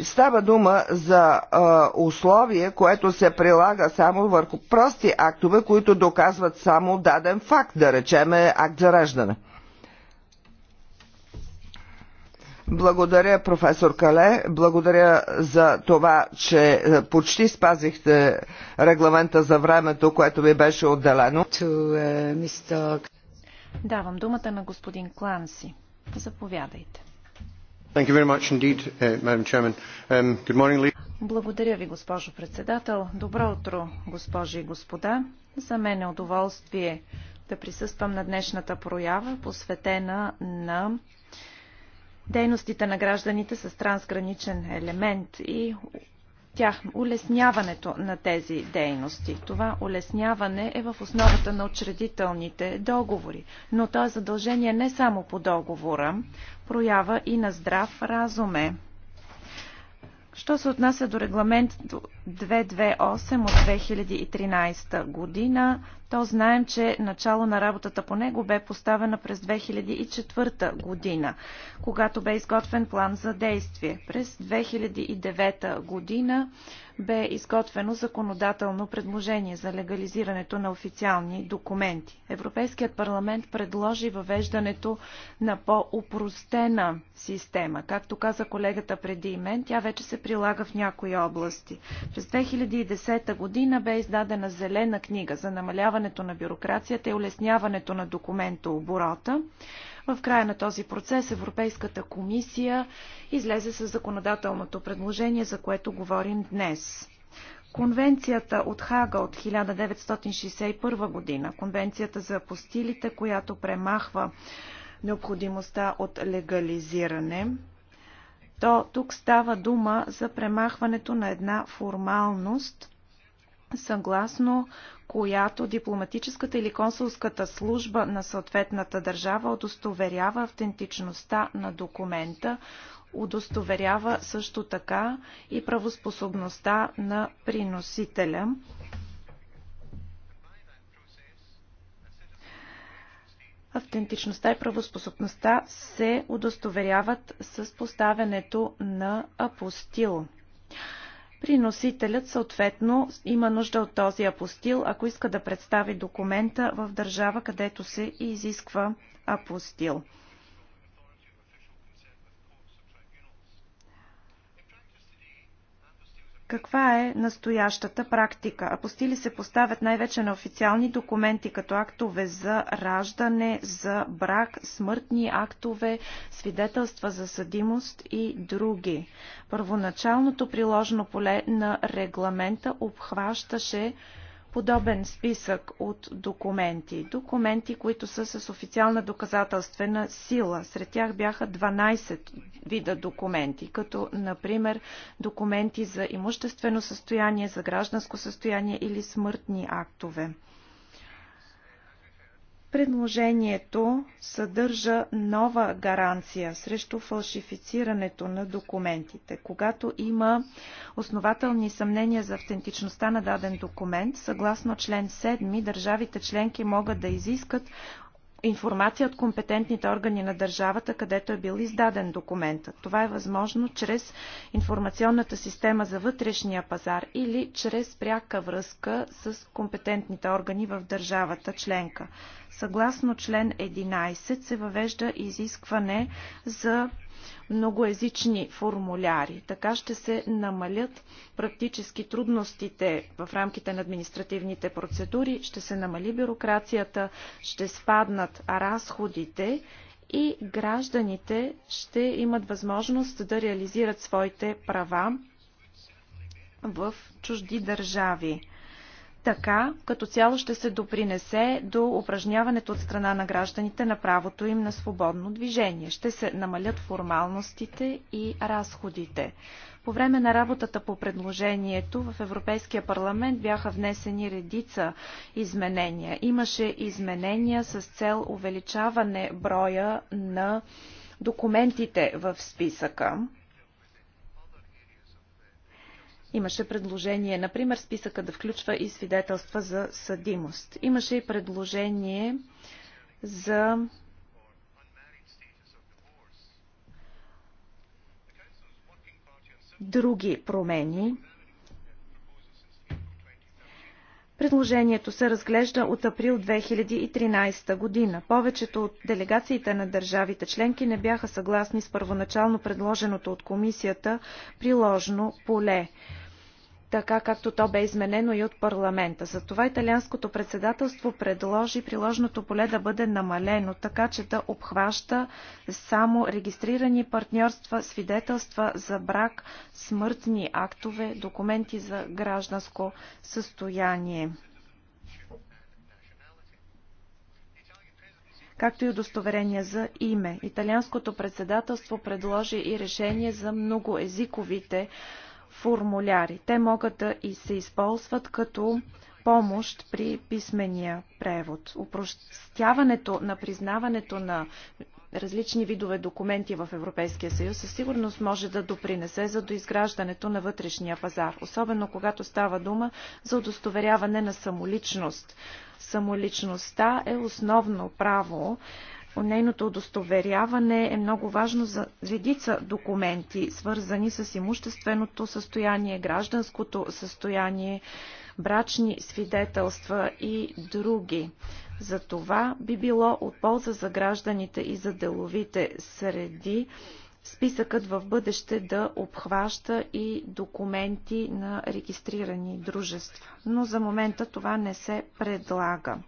Става дума за а, условие, което се прилага само върху прости актове, които доказват само даден факт, да речеме акт за раждане. Благодаря, професор Кале. Благодаря за това, че е, почти спазихте регламента за времето, което ви беше отделено. Е, Давам думата на господин Кланси. Заповядайте. Uh, um, Благодаря ви, госпожо председател. Добро утро, госпожи и господа. За мен е удоволствие да присъствам на днешната проява, посветена на дейностите на гражданите с трансграничен елемент и тях, улесняването на тези дейности. Това улесняване е в основата на учредителните договори, но то е задължение не само по договора проява и на здрав разуме. Що се отнася до регламент 228 от 2013 година, то знаем, че начало на работата по него бе поставена през 2004 година, когато бе изготвен план за действие. През 2009 година бе изготвено законодателно предложение за легализирането на официални документи. Европейският парламент предложи въвеждането на по-упростена система. Както каза колегата преди мен, тя вече се прилага в някои области. През 2010 година бе издадена зелена книга за намаляване намаляването на бюрокрацията и улесняването на документа оборота. В края на този процес Европейската комисия излезе с законодателното предложение, за което говорим днес. Конвенцията от Хага от 1961 година, конвенцията за апостилите, която премахва необходимостта от легализиране, то тук става дума за премахването на една формалност, съгласно която дипломатическата или консулската служба на съответната държава удостоверява автентичността на документа, удостоверява също така и правоспособността на приносителя. Автентичността и правоспособността се удостоверяват с поставянето на апостил. Приносителят съответно има нужда от този апостил, ако иска да представи документа в държава, където се изисква апостил. Каква е настоящата практика? Апостили се поставят най-вече на официални документи, като актове за раждане, за брак, смъртни актове, свидетелства за съдимост и други. Първоначалното приложено поле на регламента обхващаше подобен списък от документи. Документи, които са с официална доказателствена сила. Сред тях бяха 12 вида документи, като например документи за имуществено състояние, за гражданско състояние или смъртни актове. Предложението съдържа нова гаранция срещу фалшифицирането на документите. Когато има основателни съмнения за автентичността на даден документ, съгласно член 7, държавите членки могат да изискат информация от компетентните органи на държавата, където е бил издаден документът. Това е възможно чрез информационната система за вътрешния пазар или чрез пряка връзка с компетентните органи в държавата членка. Съгласно член 11 се въвежда изискване за многоязични формуляри. Така ще се намалят практически трудностите в рамките на административните процедури, ще се намали бюрокрацията, ще спаднат разходите и гражданите ще имат възможност да реализират своите права в чужди държави. Така, като цяло ще се допринесе до упражняването от страна на гражданите на правото им на свободно движение. Ще се намалят формалностите и разходите. По време на работата по предложението в Европейския парламент бяха внесени редица изменения. Имаше изменения с цел увеличаване броя на документите в списъка Имаше предложение, например, списъка да включва и свидетелства за съдимост. Имаше и предложение за други промени. Предложението се разглежда от април 2013 година. Повечето от делегациите на държавите членки не бяха съгласни с първоначално предложеното от комисията приложно поле така както то бе изменено и от парламента. Затова италианското председателство предложи приложното поле да бъде намалено, така че да обхваща само регистрирани партньорства, свидетелства за брак, смъртни актове, документи за гражданско състояние. както и удостоверения за име. Италианското председателство предложи и решение за многоезиковите формуляри. Те могат да и се използват като помощ при писмения превод. Упростяването на признаването на различни видове документи в Европейския съюз със сигурност може да допринесе за доизграждането на вътрешния пазар, особено когато става дума за удостоверяване на самоличност. Самоличността е основно право Нейното удостоверяване е много важно за редица документи, свързани с имущественото състояние, гражданското състояние, брачни свидетелства и други. За това би било от полза за гражданите и за деловите среди списъкът в бъдеще да обхваща и документи на регистрирани дружества. Но за момента това не се предлага.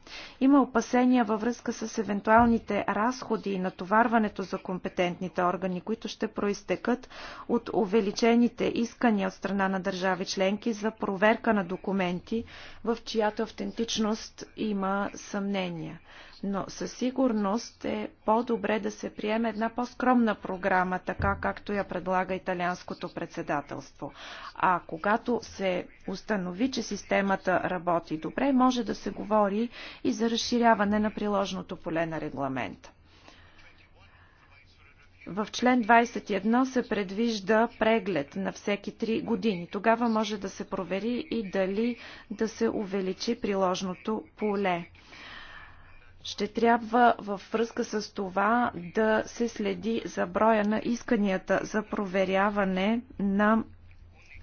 Има опасения във връзка с евентуалните разходи и натоварването за компетентните органи, които ще проистекат от увеличените искания от страна на държави членки за проверка на документи, в чиято автентичност има съмнения но със сигурност е по-добре да се приеме една по-скромна програма, така както я предлага италианското председателство. А когато се установи, че системата работи добре, може да се говори и за разширяване на приложното поле на регламента. В член 21 се предвижда преглед на всеки 3 години. Тогава може да се провери и дали да се увеличи приложното поле. Ще трябва във връзка с това да се следи за броя на исканията за проверяване на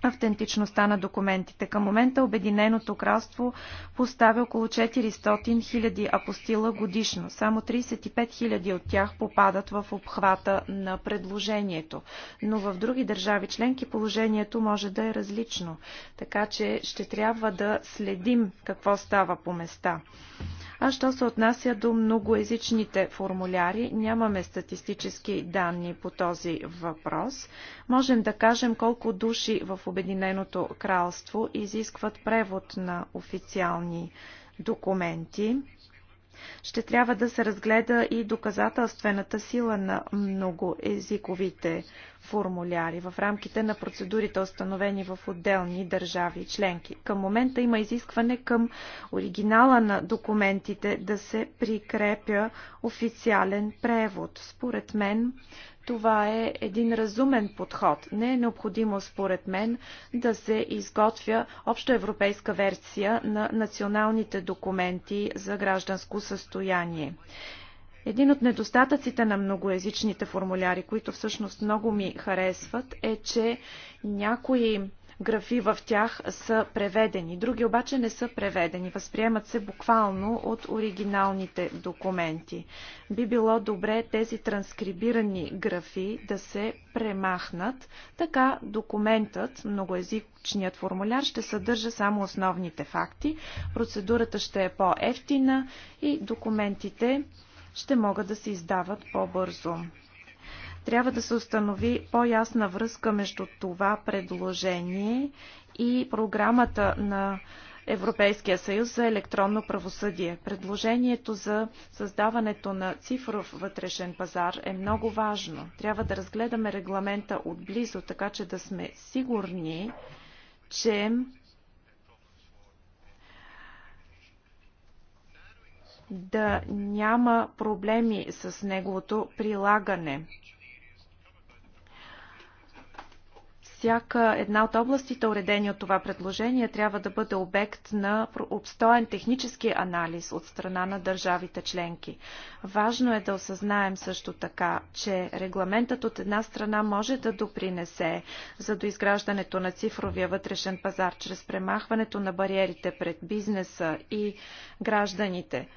автентичността на документите. Към момента Обединеното кралство поставя около 400 000 апостила годишно. Само 35 000 от тях попадат в обхвата на предложението. Но в други държави членки положението може да е различно. Така че ще трябва да следим какво става по места. А що се отнася до многоезичните формуляри, нямаме статистически данни по този въпрос. Можем да кажем колко души в Обединеното кралство изискват превод на официални документи. Ще трябва да се разгледа и доказателствената сила на многоезиковите формуляри в рамките на процедурите, установени в отделни държави и членки. Към момента има изискване към оригинала на документите да се прикрепя официален превод. Според мен това е един разумен подход. Не е необходимо, според мен, да се изготвя общоевропейска версия на националните документи за гражданско състояние. Един от недостатъците на многоязичните формуляри, които всъщност много ми харесват, е, че някои графи в тях са преведени. Други обаче не са преведени. Възприемат се буквално от оригиналните документи. Би било добре тези транскрибирани графи да се премахнат. Така документът, многоязичният формуляр, ще съдържа само основните факти. Процедурата ще е по-ефтина и документите ще могат да се издават по-бързо. Трябва да се установи по-ясна връзка между това предложение и програмата на Европейския съюз за електронно правосъдие. Предложението за създаването на цифров вътрешен пазар е много важно. Трябва да разгледаме регламента отблизо, така че да сме сигурни, че да няма проблеми с неговото прилагане. всяка една от областите, уредени от това предложение, трябва да бъде обект на обстоен технически анализ от страна на държавите членки. Важно е да осъзнаем също така, че регламентът от една страна може да допринесе за доизграждането на цифровия вътрешен пазар чрез премахването на бариерите пред бизнеса и гражданите.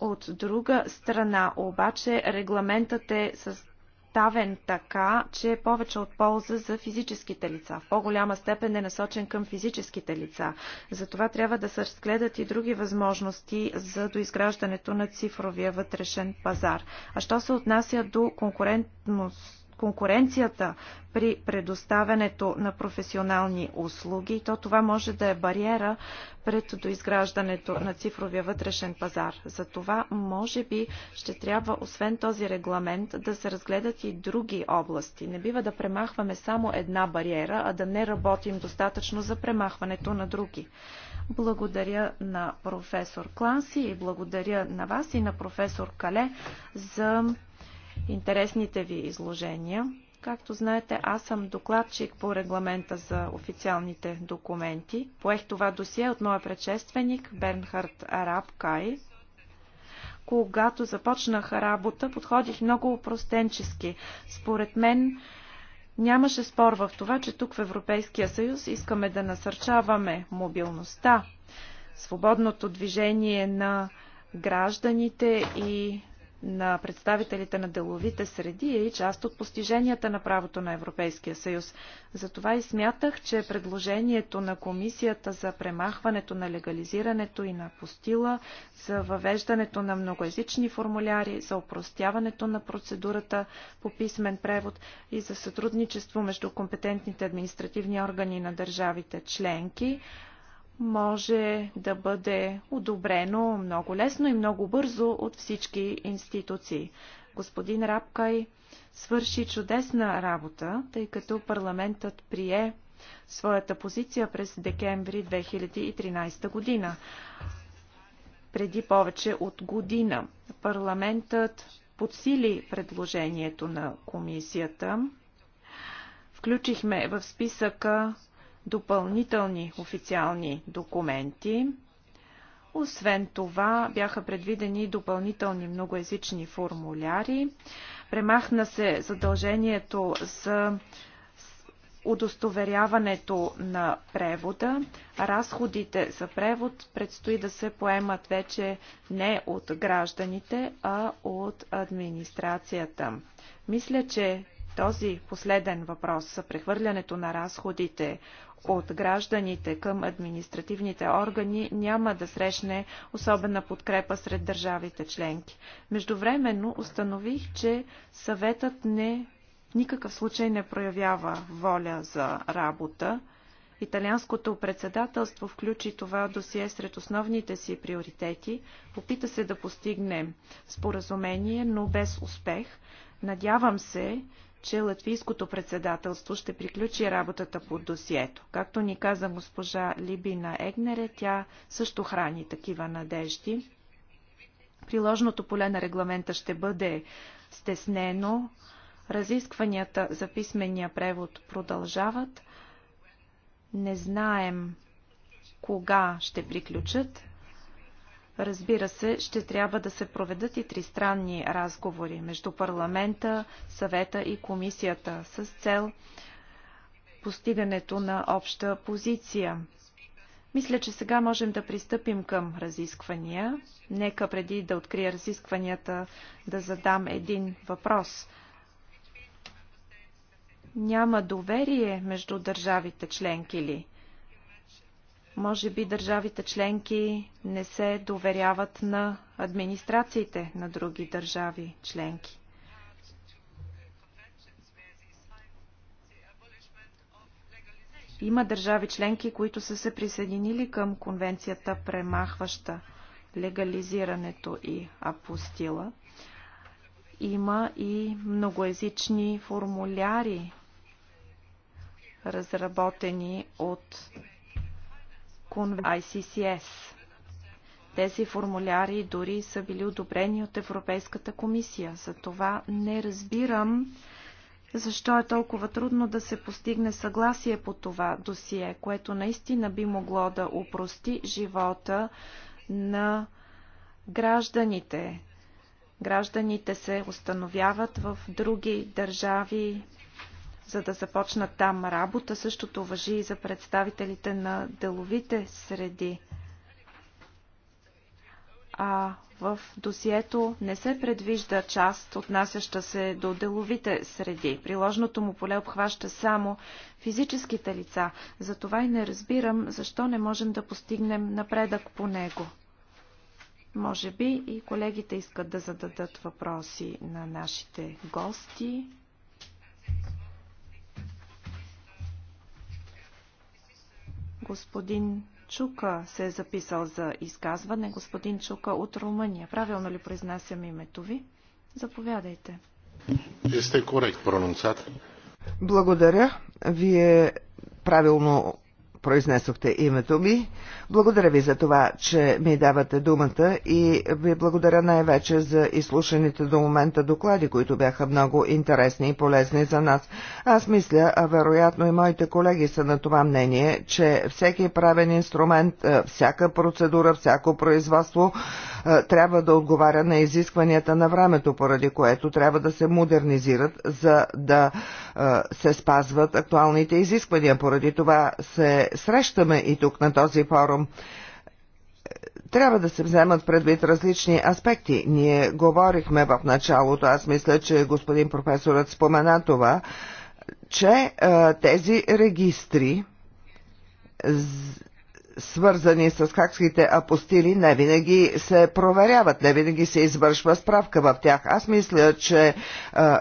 От друга страна, обаче, регламентът е с поставен така, че е повече от полза за физическите лица. В по-голяма степен е насочен към физическите лица. Затова трябва да се разгледат и други възможности за доизграждането на цифровия вътрешен пазар. А що се отнася до конкурентност конкуренцията при предоставянето на професионални услуги, то това може да е бариера пред доизграждането на цифровия вътрешен пазар. За това, може би, ще трябва, освен този регламент, да се разгледат и други области. Не бива да премахваме само една бариера, а да не работим достатъчно за премахването на други. Благодаря на професор Кланси и благодаря на вас и на професор Кале за интересните ви изложения. Както знаете, аз съм докладчик по регламента за официалните документи. Поех това досие от моя предшественик Бернхард Кай. Когато започнах работа, подходих много опростенчески. Според мен нямаше спор в това, че тук в Европейския съюз искаме да насърчаваме мобилността, свободното движение на гражданите и на представителите на деловите среди е и част от постиженията на правото на Европейския съюз. Затова и смятах, че предложението на комисията за премахването на легализирането и на постила, за въвеждането на многоязични формуляри, за упростяването на процедурата по писмен превод и за сътрудничество между компетентните административни органи на държавите членки, може да бъде одобрено много лесно и много бързо от всички институции. Господин Рапкай свърши чудесна работа, тъй като парламентът прие своята позиция през декември 2013 година. Преди повече от година парламентът подсили предложението на комисията. Включихме в списъка допълнителни официални документи. Освен това бяха предвидени допълнителни многоязични формуляри. Премахна се задължението за удостоверяването на превода. Разходите за превод предстои да се поемат вече не от гражданите, а от администрацията. Мисля, че този последен въпрос, за прехвърлянето на разходите от гражданите към административните органи няма да срещне особена подкрепа сред държавите членки. Междувременно установих, че съветът не в никакъв случай не проявява воля за работа. Италианското председателство включи това досие сред основните си приоритети. Опита се да постигне споразумение, но без успех. Надявам се, че латвийското председателство ще приключи работата по досието. Както ни каза госпожа Либина Егнере, тя също храни такива надежди. Приложното поле на регламента ще бъде стеснено. Разискванията за писмения превод продължават. Не знаем кога ще приключат. Разбира се, ще трябва да се проведат и тристранни разговори между парламента, съвета и комисията с цел постигането на обща позиция. Мисля, че сега можем да пристъпим към разисквания. Нека преди да открия разискванията да задам един въпрос. Няма доверие между държавите членки ли? Може би държавите членки не се доверяват на администрациите на други държави членки. Има държави членки, които са се присъединили към конвенцията, премахваща легализирането и апостила. Има и многоязични формуляри, разработени от ICCS. Тези формуляри дори са били одобрени от Европейската комисия. За това не разбирам защо е толкова трудно да се постигне съгласие по това досие, което наистина би могло да упрости живота на гражданите. Гражданите се установяват в други държави за да започнат там работа. Същото въжи и за представителите на деловите среди. А в досието не се предвижда част, отнасяща се до деловите среди. Приложното му поле обхваща само физическите лица. Затова и не разбирам, защо не можем да постигнем напредък по него. Може би и колегите искат да зададат въпроси на нашите гости. Господин Чука се е записал за изказване. Господин Чука от Румъния. Правилно ли произнасям името ви? Заповядайте. Сте корект пронунцат. Благодаря. Вие правилно произнесохте името ми. Благодаря ви за това, че ми давате думата и ви благодаря най-вече за изслушаните до момента доклади, които бяха много интересни и полезни за нас. Аз мисля, а вероятно и моите колеги са на това мнение, че всеки правен инструмент, е, всяка процедура, всяко производство е, трябва да отговаря на изискванията на времето, поради което трябва да се модернизират, за да се спазват актуалните изисквания. Поради това се срещаме и тук на този форум. Трябва да се вземат предвид различни аспекти. Ние говорихме в началото, аз мисля, че господин професорът спомена това, че а, тези регистри, свързани с хакските апостили, не винаги се проверяват, не винаги се извършва справка в тях. Аз мисля, че а,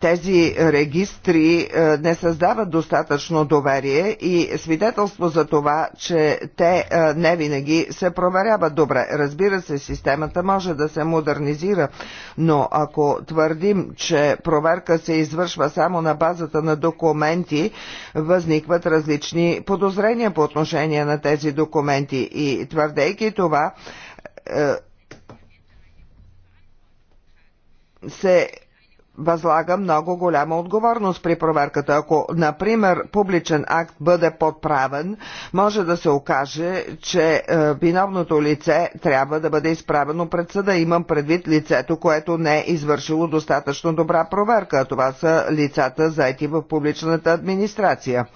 тези регистри е, не създават достатъчно доверие и свидетелство за това, че те е, не винаги се проверяват добре. Разбира се, системата може да се модернизира, но ако твърдим, че проверка се извършва само на базата на документи, възникват различни подозрения по отношение на тези документи и твърдейки това, е, се възлага много голяма отговорност при проверката. Ако, например, публичен акт бъде подправен, може да се окаже, че е, виновното лице трябва да бъде изправено пред съда. Имам предвид лицето, което не е извършило достатъчно добра проверка. Това са лицата заети в публичната администрация.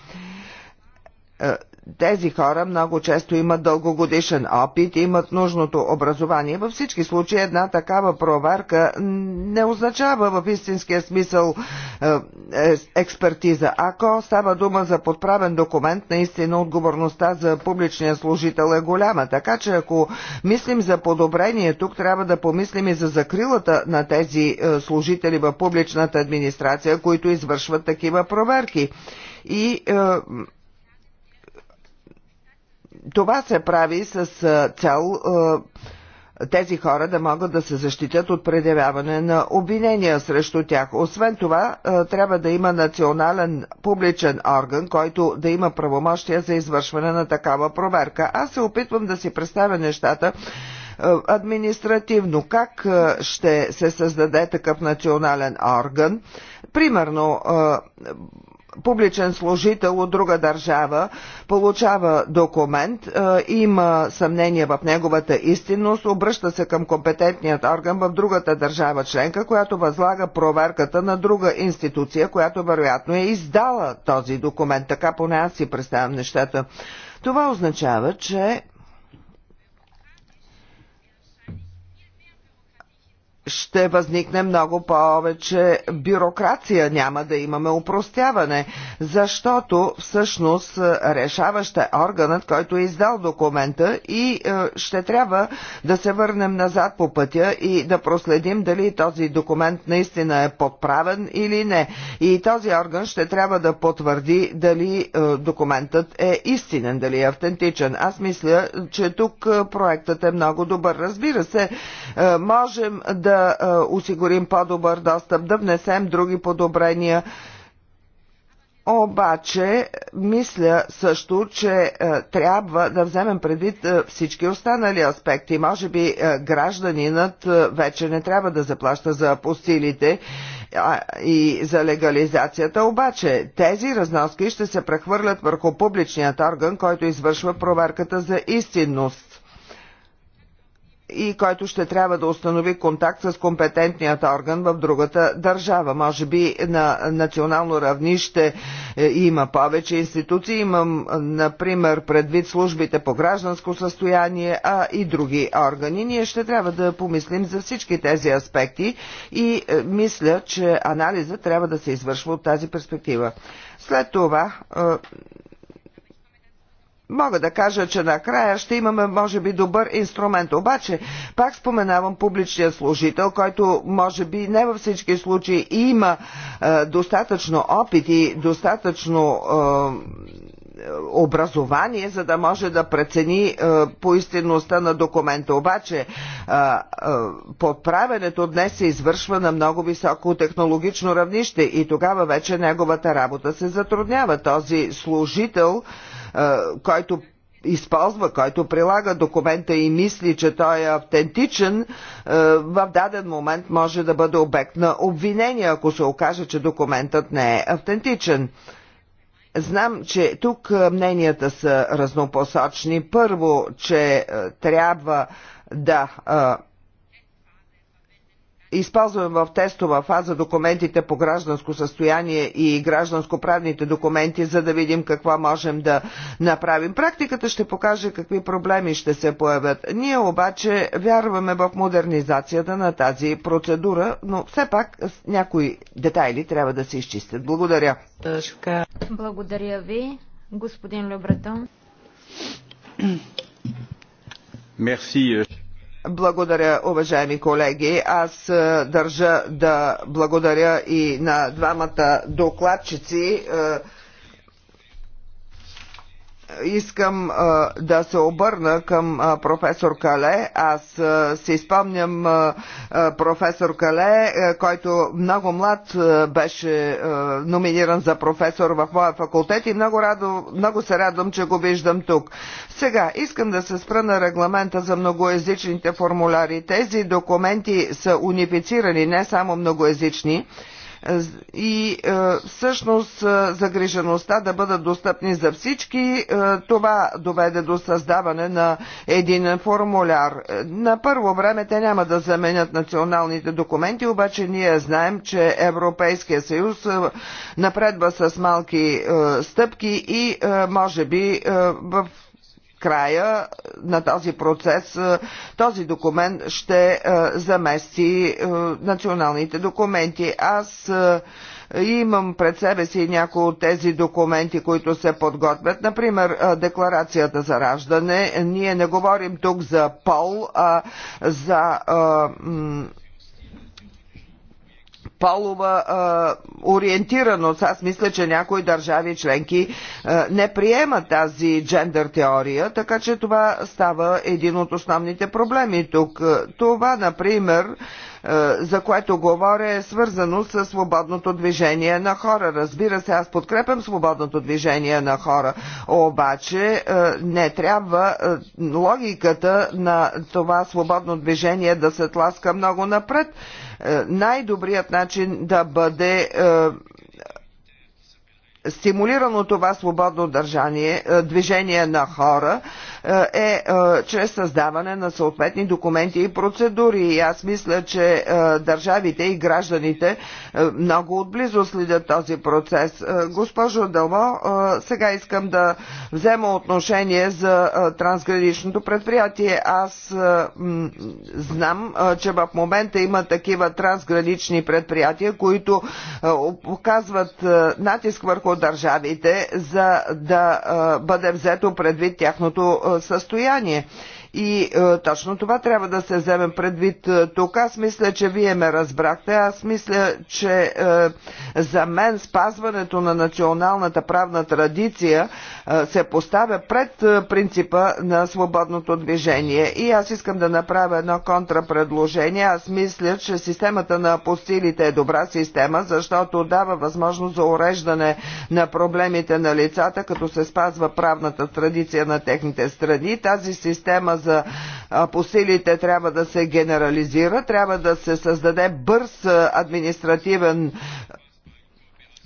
Е, тези хора много често имат дългогодишен опит, имат нужното образование. Във всички случаи една такава проверка не означава в истинския смисъл е, е, експертиза. Ако става дума за подправен документ, наистина отговорността за публичния служител е голяма. Така че ако мислим за подобрение, тук трябва да помислим и за закрилата на тези е, служители в публичната администрация, които извършват такива проверки. И е, това се прави с цел тези хора да могат да се защитят от предявяване на обвинения срещу тях. Освен това, трябва да има национален публичен орган, който да има правомощия за извършване на такава проверка. Аз се опитвам да си представя нещата административно. Как ще се създаде такъв национален орган? Примерно, публичен служител от друга държава получава документ, е, има съмнение в неговата истинност, обръща се към компетентният орган в другата държава членка, която възлага проверката на друга институция, която вероятно е издала този документ. Така поне аз си представям нещата. Това означава, че ще възникне много повече бюрокрация, няма да имаме упростяване, защото всъщност е, решаващ е органът, който е издал документа и е, ще трябва да се върнем назад по пътя и да проследим дали този документ наистина е подправен или не. И този орган ще трябва да потвърди дали е, документът е истинен, дали е автентичен. Аз мисля, че тук проектът е много добър. Разбира се, можем да да осигурим по-добър достъп, да внесем други подобрения. Обаче, мисля също, че трябва да вземем предвид всички останали аспекти. Може би гражданинът вече не трябва да заплаща за апостилите и за легализацията, обаче тези разноски ще се прехвърлят върху публичният орган, който извършва проверката за истинност и който ще трябва да установи контакт с компетентният орган в другата държава. Може би на национално равнище е, има повече институции. Имам, например, предвид службите по гражданско състояние, а и други органи. Ние ще трябва да помислим за всички тези аспекти и е, мисля, че анализа трябва да се извършва от тази перспектива. След това е, Мога да кажа, че накрая ще имаме, може би, добър инструмент. Обаче, пак споменавам публичния служител, който, може би, не във всички случаи има е, достатъчно опит и достатъчно е, образование, за да може да прецени е, поистинността на документа. Обаче, е, е, подправенето днес се извършва на много високо технологично равнище и тогава вече неговата работа се затруднява. Този служител е, който използва, който прилага документа и мисли, че той е автентичен, в даден момент може да бъде обект на обвинение, ако се окаже, че документът не е автентичен. Знам, че тук мненията са разнопосочни. Първо, че трябва да Използвам в тестова фаза документите по гражданско състояние и гражданско-правните документи, за да видим какво можем да направим. Практиката ще покаже какви проблеми ще се появят. Ние обаче вярваме в модернизацията на тази процедура, но все пак някои детайли трябва да се изчистят. Благодаря. Благодаря ви, господин Любретон. Мерси. Благодаря, уважаеми колеги. Аз е, държа да благодаря и на двамата докладчици. Е, искам а, да се обърна към а, професор Кале. Аз а, си спомням а, професор Кале, а, който много млад а, беше а, номиниран за професор в моя факултет и много, радо, много се радвам, че го виждам тук. Сега искам да се спра на регламента за многоязичните формуляри. Тези документи са унифицирани, не само многоязични и е, всъщност е, загрижеността да бъдат достъпни за всички, е, това доведе до създаване на един формуляр. На първо време те няма да заменят националните документи, обаче ние знаем, че Европейския съюз напредва с малки стъпки и може би в края на този процес е, този документ ще е, замести е, националните документи. Аз имам пред себе си някои от тези документи, които се подготвят. Например, декларацията за раждане. Ние не говорим тук за пол, а за полова а, ориентираност. Аз мисля, че някои държави членки а, не приемат тази джендър теория, така че това става един от основните проблеми тук. Това, например, а, е, за което говоря, е свързано с свободното движение на хора. Разбира се, аз подкрепям свободното движение на хора, обаче е, не трябва е, логиката на това свободно движение да се тласка много напред. Най-добрият начин да бъде стимулирано това свободно държание, е, движение на хора е, е чрез създаване на съответни документи и процедури. И аз мисля, че е, държавите и гражданите много отблизо следят този процес. Госпожо Дълмо, сега искам да взема отношение за трансграничното предприятие. Аз знам, че в момента има такива трансгранични предприятия, които оказват натиск върху държавите, за да бъде взето предвид тяхното състояние. И е, точно това трябва да се вземе предвид е, тук. Аз мисля, че вие ме разбрахте. Аз мисля, че е, за мен спазването на националната правна традиция е, се поставя пред е, принципа на свободното движение. И аз искам да направя едно контрапредложение. Аз мисля, че системата на апостилите е добра система, защото дава възможност за уреждане на проблемите на лицата, като се спазва правната традиция на техните страни. Тази система за по силите трябва да се генерализира, трябва да се създаде бърз административен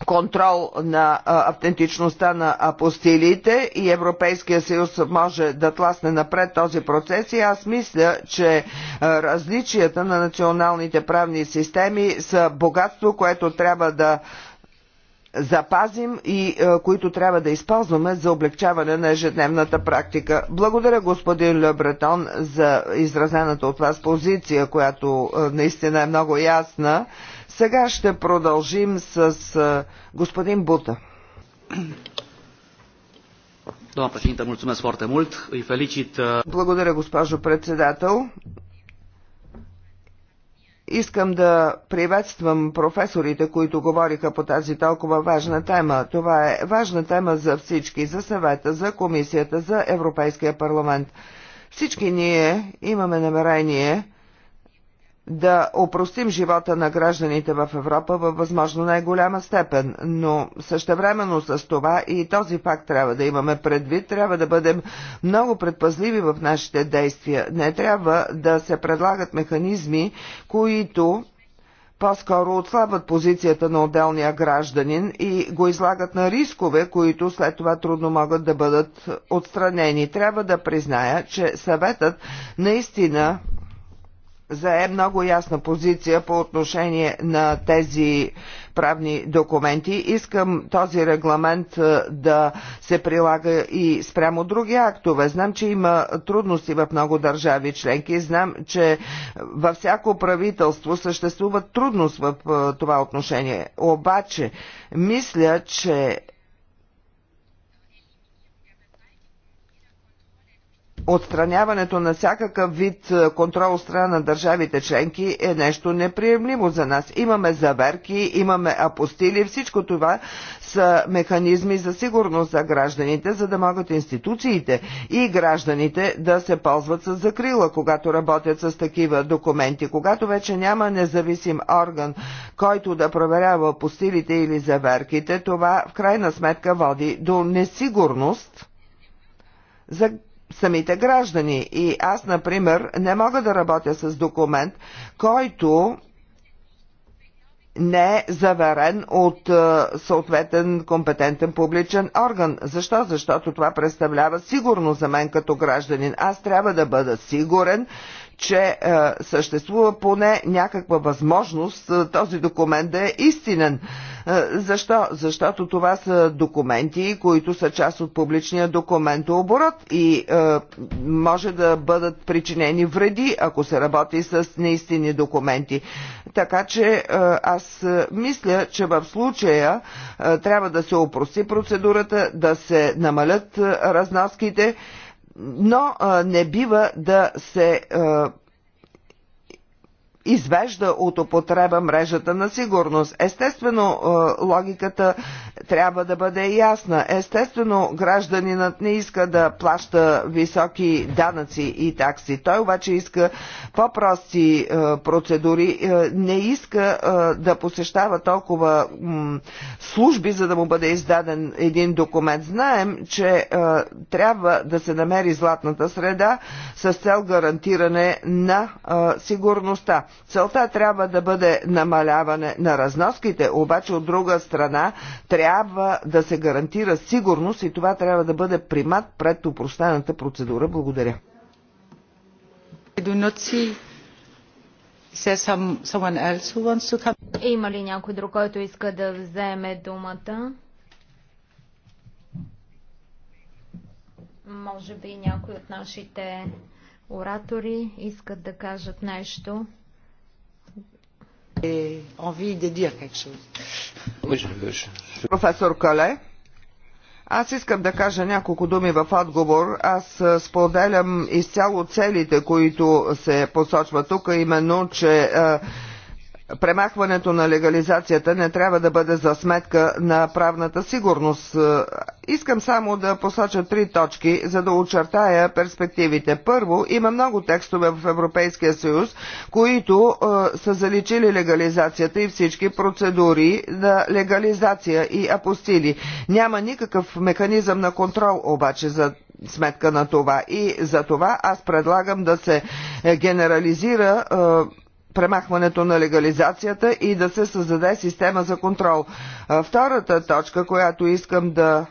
контрол на автентичността на апостилиите и Европейския съюз може да тласне напред този процес и аз мисля, че различията на националните правни системи са богатство, което трябва да запазим и е, които трябва да използваме за облегчаване на ежедневната практика. Благодаря господин Ле Бретон за изразената от вас позиция, която е, наистина е много ясна. Сега ще продължим с е, господин Бута. Благодаря, госпожо председател. Искам да приветствам професорите, които говориха по тази толкова важна тема. Това е важна тема за всички, за съвета, за комисията, за Европейския парламент. Всички ние имаме намерение да опростим живота на гражданите в Европа във възможно най-голяма степен, но същевременно с това и този факт трябва да имаме предвид, трябва да бъдем много предпазливи в нашите действия. Не трябва да се предлагат механизми, които по-скоро отслабват позицията на отделния гражданин и го излагат на рискове, които след това трудно могат да бъдат отстранени. Трябва да призная, че съветът наистина зае много ясна позиция по отношение на тези правни документи. Искам този регламент да се прилага и спрямо други актове. Знам, че има трудности в много държави членки. Знам, че във всяко правителство съществува трудност в това отношение. Обаче, мисля, че отстраняването на всякакъв вид е, контрол от страна на държавите членки е нещо неприемливо за нас. Имаме заверки, имаме апостили, всичко това са механизми за сигурност за гражданите, за да могат институциите и гражданите да се ползват с закрила, когато работят с такива документи. Когато вече няма независим орган, който да проверява апостилите или заверките, това в крайна сметка води до несигурност за самите граждани. И аз, например, не мога да работя с документ, който не е заверен от е, съответен компетентен публичен орган. Защо? Защото това представлява сигурно за мен като гражданин. Аз трябва да бъда сигурен, че е, съществува поне някаква възможност е, този документ да е истинен. Е, защо? Защото това са документи, които са част от публичния документ оборот и е, може да бъдат причинени вреди, ако се работи с неистини документи. Така че е, аз е, мисля, че в случая е, трябва да се опроси процедурата, да се намалят е, разноските но не бива да се извежда от употреба мрежата на сигурност. Естествено, е, логиката трябва да бъде ясна. Естествено, гражданинът не иска да плаща високи данъци и такси. Той обаче иска по-прости е, процедури, е, не иска да посещава толкова служби, за да му бъде издаден един документ. Знаем, че трябва да се намери златната среда с цел гарантиране на сигурността. Целта трябва да бъде намаляване на разноските, обаче от друга страна трябва да се гарантира сигурност и това трябва да бъде примат пред упростената процедура. Благодаря. Има ли някой друг, който иска да вземе думата? Може би някой от нашите оратори искат да кажат нещо. Професор Кале, аз искам да кажа няколко думи в отговор. Аз споделям изцяло целите, които се посочват тук, именно, че е, премахването на легализацията не трябва да бъде за сметка на правната сигурност. Искам само да посоча три точки, за да очертая перспективите. Първо, има много текстове в Европейския съюз, които е, са заличили легализацията и всички процедури на легализация и апостили. Няма никакъв механизъм на контрол обаче за сметка на това. И за това аз предлагам да се генерализира е, премахването на легализацията и да се създаде система за контрол. Втората точка, която искам да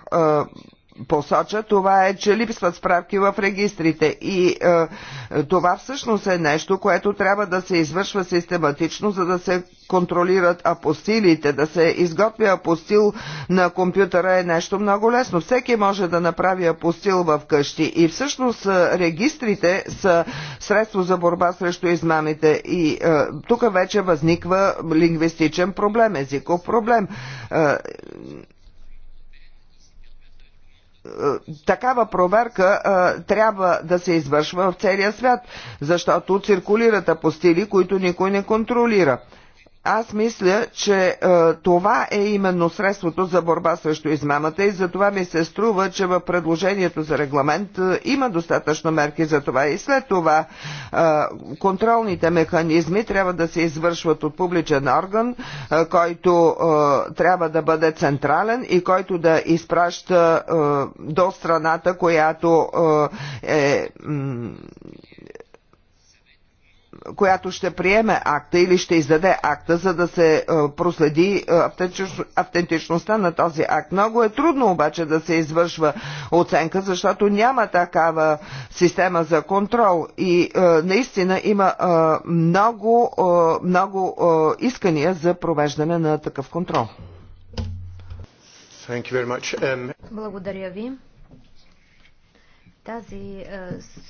посоча, това е, че липсват справки в регистрите. И е, това всъщност е нещо, което трябва да се извършва систематично, за да се контролират апостилите, да се изготви апостил на компютъра е нещо много лесно. Всеки може да направи апостил в къщи и всъщност е, регистрите са средство за борба срещу измамите и е, тук вече възниква лингвистичен проблем, езиков проблем. Е, такава проверка а, трябва да се извършва в целия свят, защото циркулират апостили, които никой не контролира аз мисля, че е, това е именно средството за борба срещу измамата и за това ми се струва, че в предложението за регламент е, има достатъчно мерки за това. И след това е, контролните механизми трябва да се извършват от публичен орган, е, който е, трябва да бъде централен и който да изпраща е, до страната, която е. е която ще приеме акта или ще издаде акта, за да се е, проследи е, автентичността на този акт. Много е трудно обаче да се извършва оценка, защото няма такава система за контрол и е, наистина има много, много искания за провеждане на такъв контрол. Благодаря ви. Тази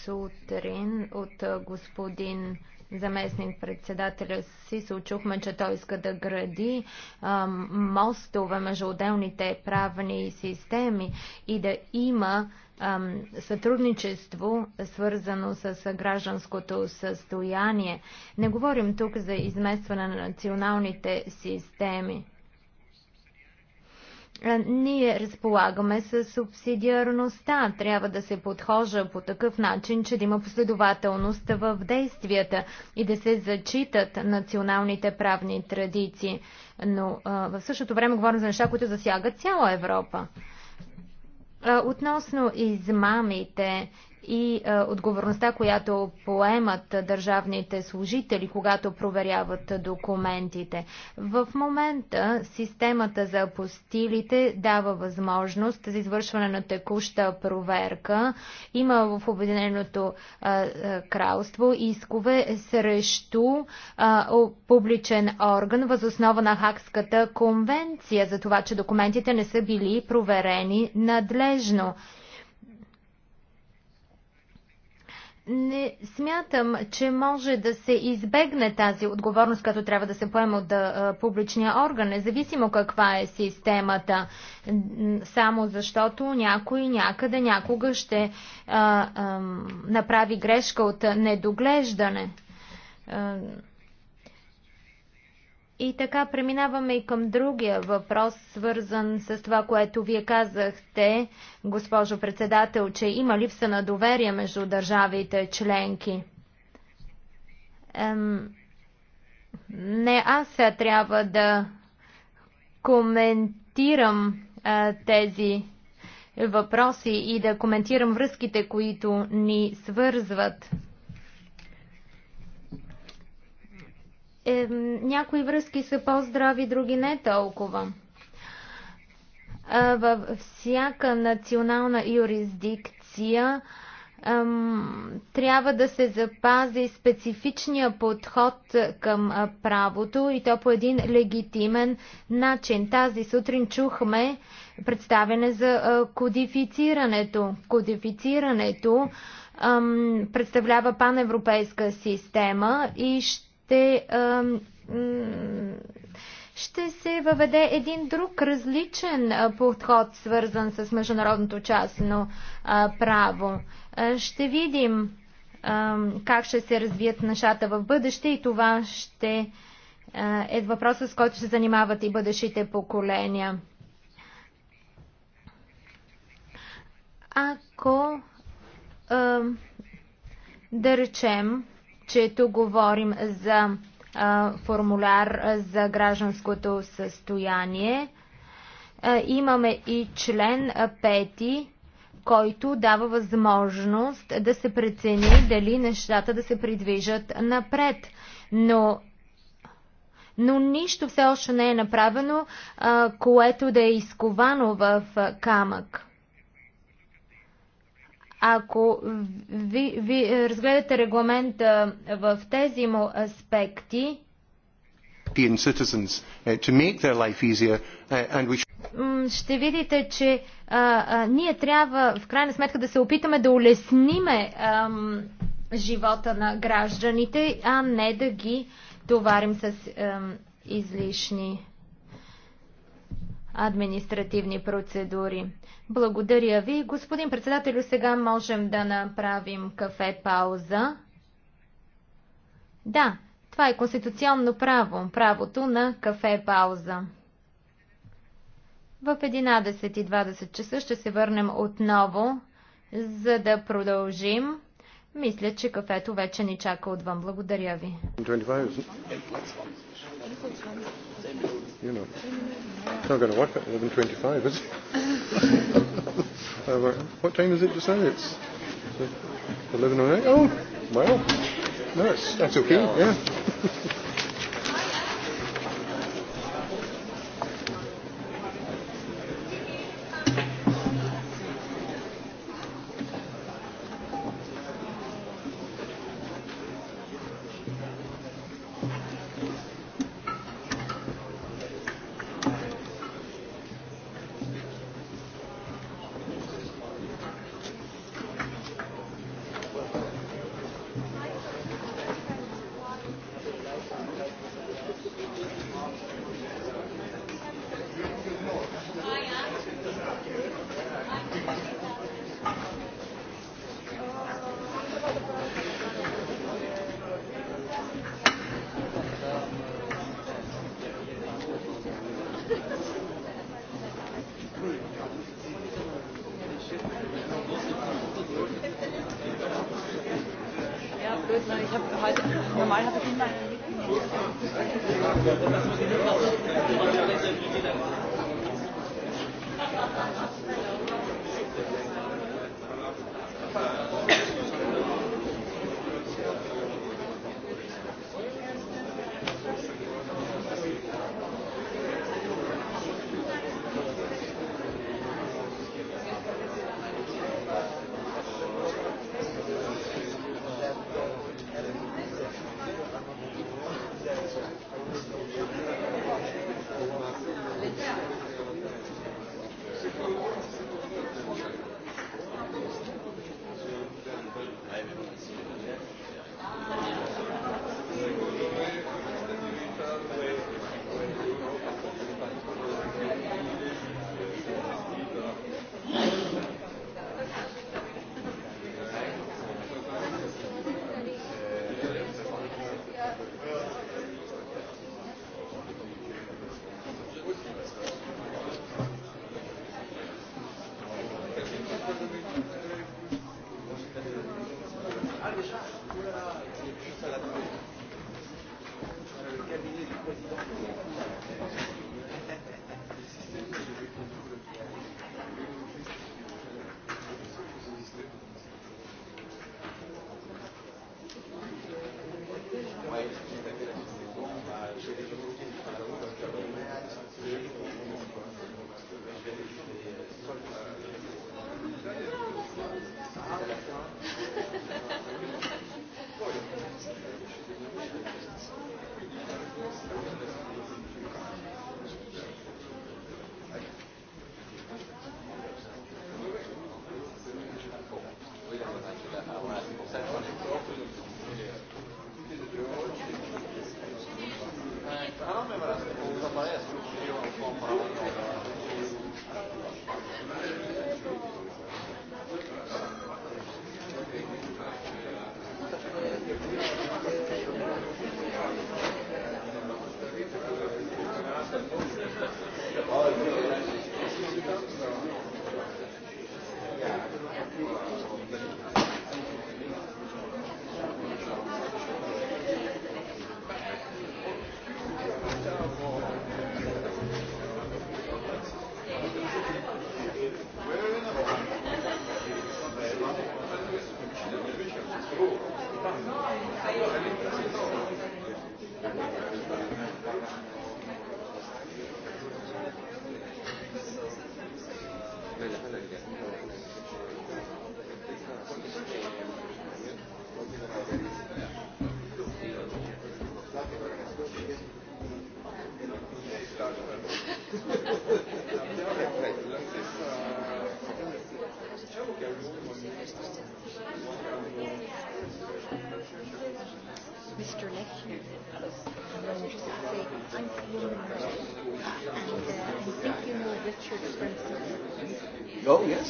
сутрин от господин заместник председателя си се очухме, че той иска да гради а, мостове между отделните правни системи и да има а, сътрудничество, свързано с гражданското състояние. Не говорим тук за изместване на националните системи ние разполагаме с субсидиарността. Трябва да се подхожа по такъв начин, че да има последователност в действията и да се зачитат националните правни традиции. Но а, в същото време говорим за неща, които засягат цяла Европа. А, относно измамите и а, е, отговорността, която поемат държавните служители, когато проверяват документите. В момента системата за апостилите дава възможност за извършване на текуща проверка. Има в Обединеното а, е, а, е, кралство искове срещу а, публичен орган възоснова на Хакската конвенция за това, че документите не са били проверени надлежно. Не смятам, че може да се избегне тази отговорност, като трябва да се поема от публичния орган, независимо каква е системата, само защото някой някъде някога ще а, а, направи грешка от недоглеждане. А, и така преминаваме и към другия въпрос, свързан с това, което вие казахте, госпожо председател, че има липса на доверие между държавите членки. Ем, не аз трябва да коментирам е, тези въпроси и да коментирам връзките, които ни свързват е, някои връзки са по-здрави, други не толкова. Във всяка национална юрисдикция трябва да се запази специфичния подход към правото и то по един легитимен начин. Тази сутрин чухме представяне за кодифицирането. Кодифицирането представлява паневропейска система и ще ще ще се въведе един друг различен подход, свързан с международното частно право. Ще видим как ще се развият нещата в бъдеще и това ще е въпроса, с който се занимават и бъдещите поколения. Ако да речем, че тук говорим за а, формуляр за гражданското състояние. А, имаме и член 5, който дава възможност да се прецени дали нещата да се придвижат напред. Но но нищо все още не е направено, а, което да е изковано в камък. Ако ви, ви разгледате регламента в тези му аспекти, uh, uh, ще видите, че а, а, ние трябва в крайна сметка да се опитаме да улесниме а, живота на гражданите, а не да ги товарим с а, излишни административни процедури. Благодаря ви. Господин председател, сега можем да направим кафе пауза. Да, това е конституционно право, правото на кафе пауза. В 11.20 часа ще се върнем отново, за да продължим. Мисля, че кафето вече ни чака отвън. Благодаря ви you know. It's not going to work at 11.25, is it? what time is it to say It's 11.08? Oh, well, no, it's, that's okay, yeah. blöd, ne? Ich habe heute, normal habe ich immer einen Mitglied.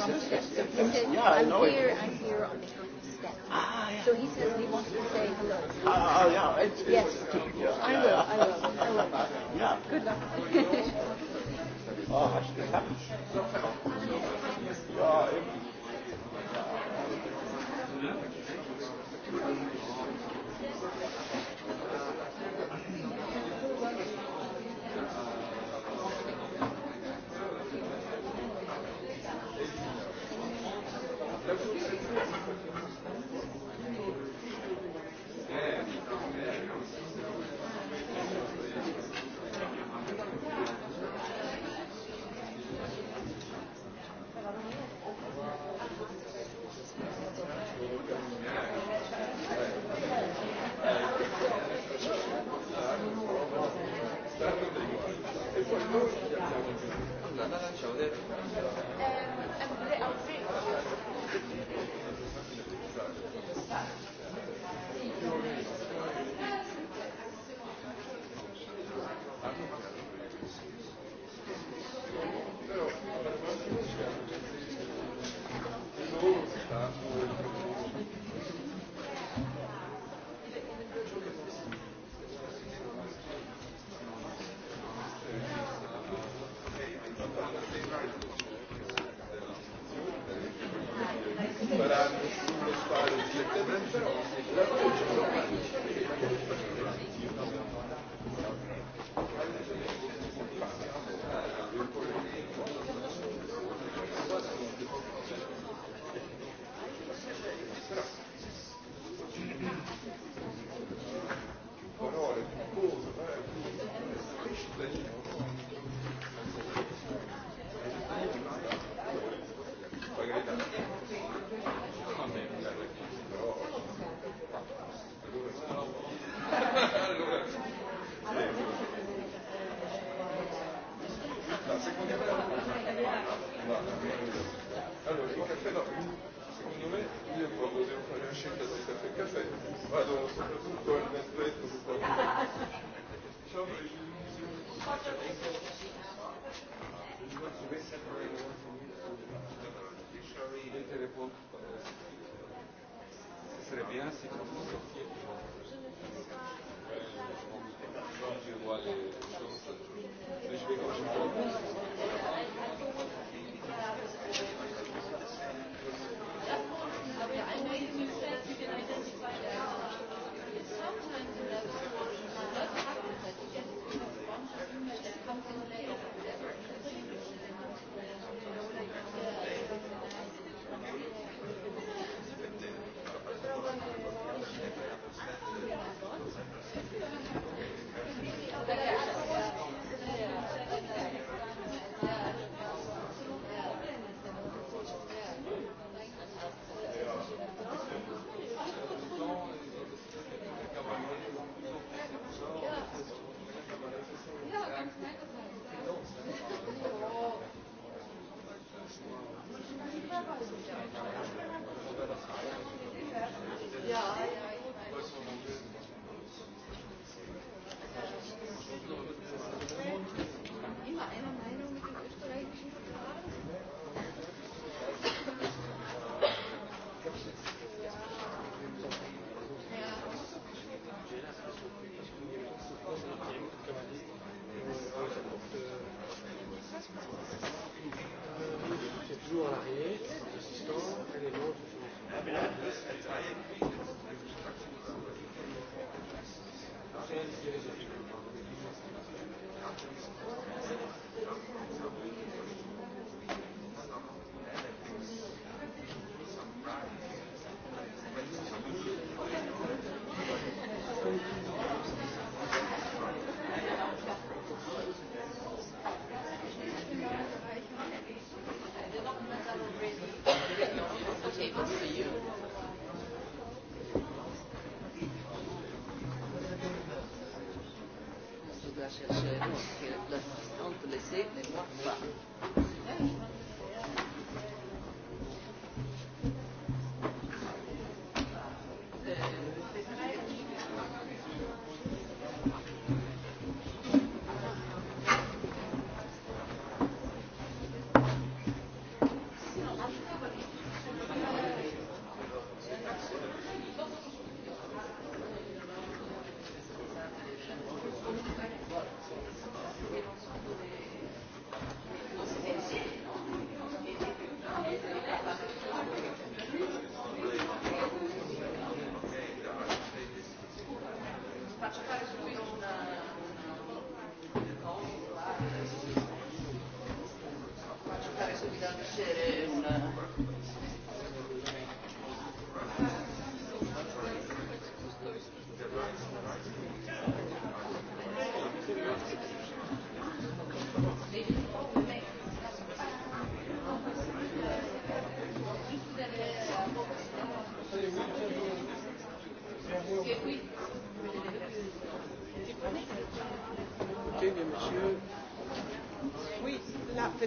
Yeah, I know it.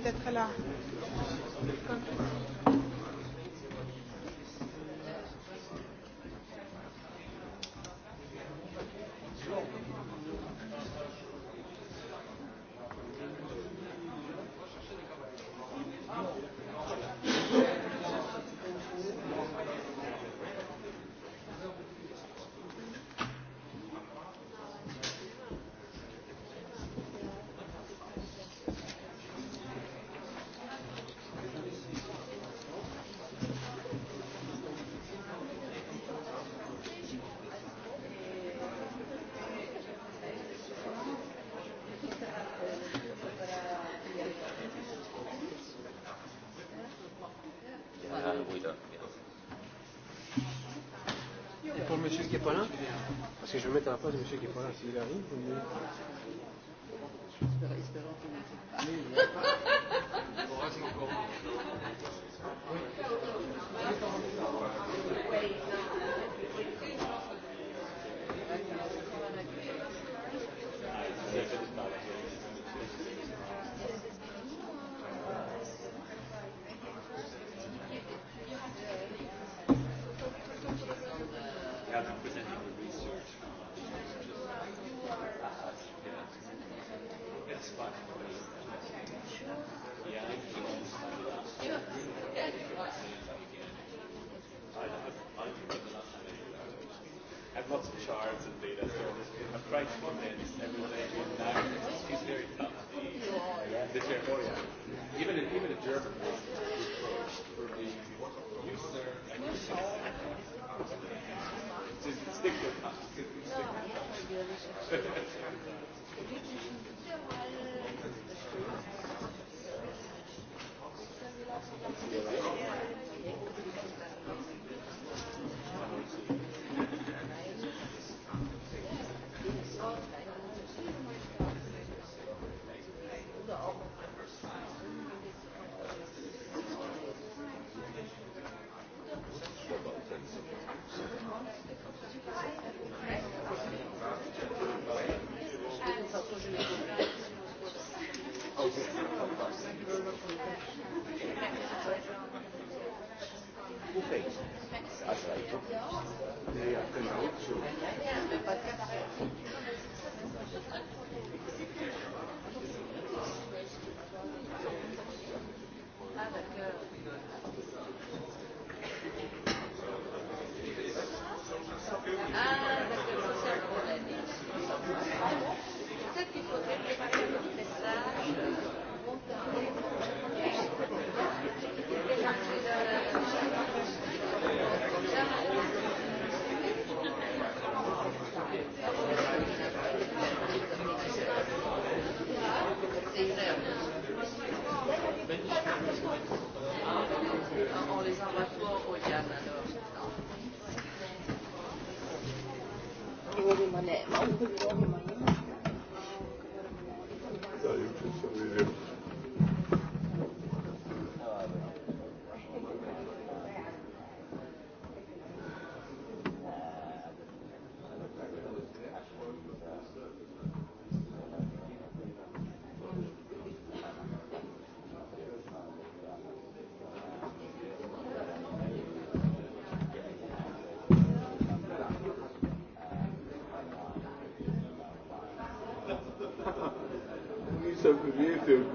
d'être là. si je me mets à la place de M. Guépard, s'il arrive,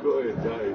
Go ahead, die.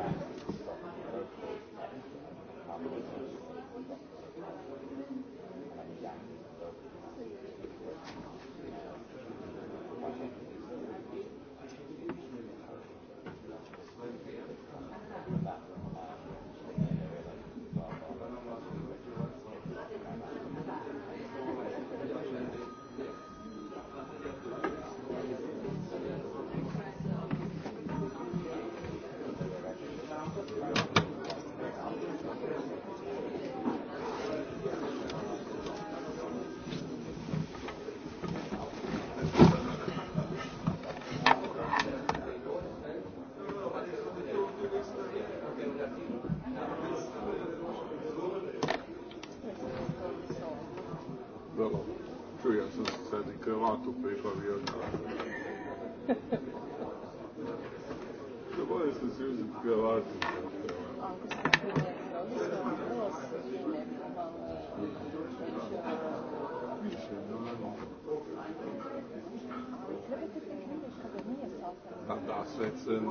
sen, sen.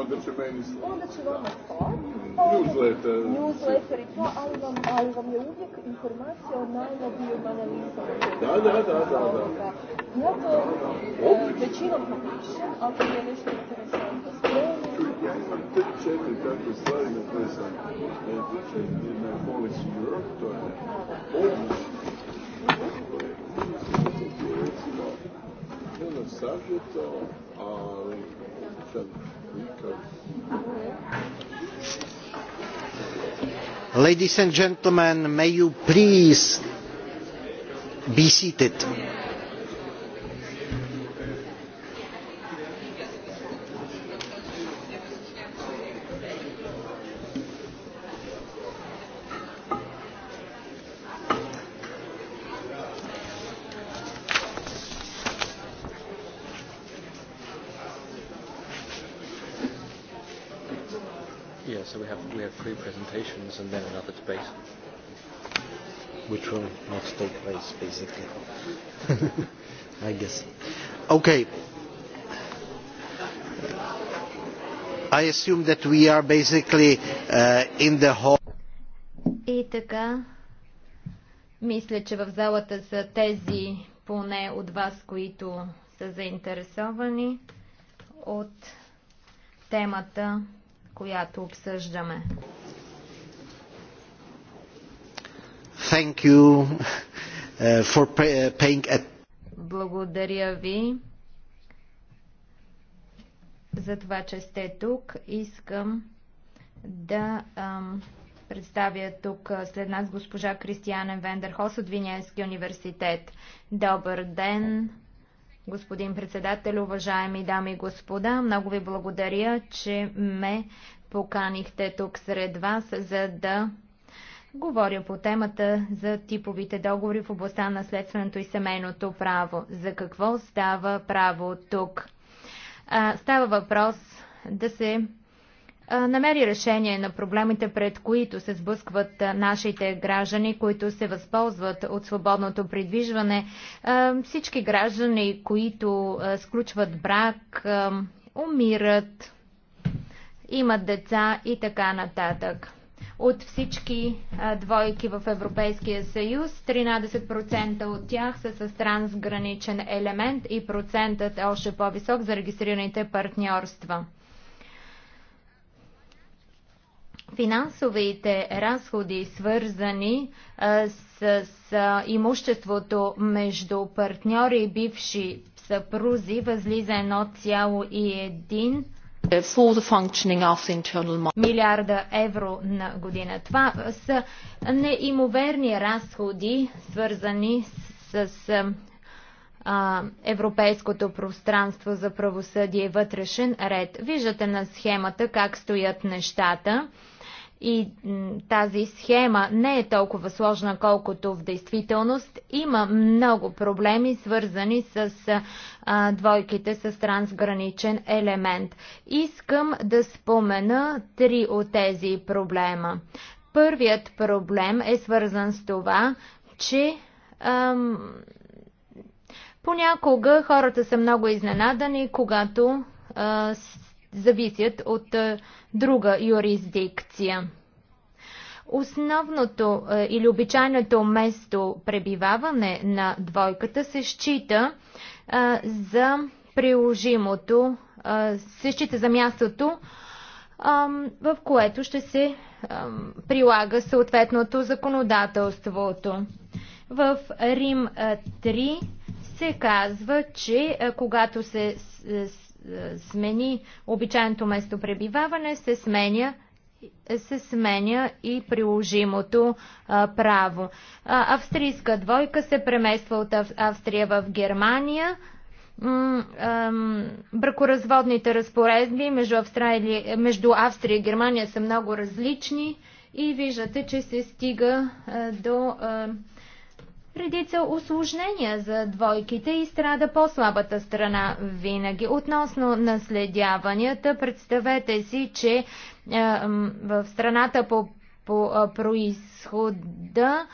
onda će meni slati. Onda će vama slati. Newsletter. Newsletter i to, ali vam, ali vam je uvijek informacija o najnovijim analizama. Da, da, da, da, da. Ja to e, većinom napišem, ako mi je nešto interesantno Ja imam te četiri takve stvari na koje sam utječen. Jedna je Policy Europe, to je odnos. Recimo, jedan ali sad Ladies and gentlemen, may you please be seated. elections and then another debate, which will not take place, basically. I guess. Okay. I assume that we are basically uh, in the hall. И така, мисля, че в залата са тези поне от вас, които са заинтересовани от темата, която обсъждаме. Thank you uh, for uh, paying Благодаря ви за това, че сте тук. Искам да ам, представя тук след нас госпожа Кристиана Вендерхос от Виненски университет. Добър ден, господин председател, уважаеми дами и господа. Много ви благодаря, че ме поканихте тук сред вас, за да Говоря по темата за типовите договори в областта на следственото и семейното право. За какво става право тук? А, става въпрос да се а, намери решение на проблемите, пред които се сблъскват нашите граждани, които се възползват от свободното придвижване. А, всички граждани, които а, сключват брак, а, умират, имат деца и така нататък от всички двойки в Европейския съюз. 13% от тях са с трансграничен елемент и процентът е още по-висок за регистрираните партньорства. Финансовите разходи, свързани а, с, с имуществото между партньори и бивши съпрузи, възлиза 1,1 е, милиарда евро на година. Това са неимоверни разходи, свързани с а, Европейското пространство за правосъдие и вътрешен ред. Виждате на схемата как стоят нещата и тази схема не е толкова сложна, колкото в действителност. Има много проблеми, свързани с а, двойките с трансграничен елемент. Искам да спомена три от тези проблема. Първият проблем е свързан с това, че ам, понякога хората са много изненадани, когато зависят от е, друга юрисдикция. Основното е, или обичайното место пребиваване на двойката се счита е, за приложимото, се счита за мястото, в което ще се прилага съответното законодателството. В Рим 3 се казва, че когато се смени обичайното местопребиваване, се сменя се сменя и приложимото а, право. А, австрийска двойка се премества от Австрия в Германия. бракоразводните разпоредби между Австрия, между Австрия и Германия са много различни и виждате, че се стига а, до редица осложнения за двойките и страда по-слабата страна винаги. Относно наследяванията, представете си, че е, в страната по, по е, происхода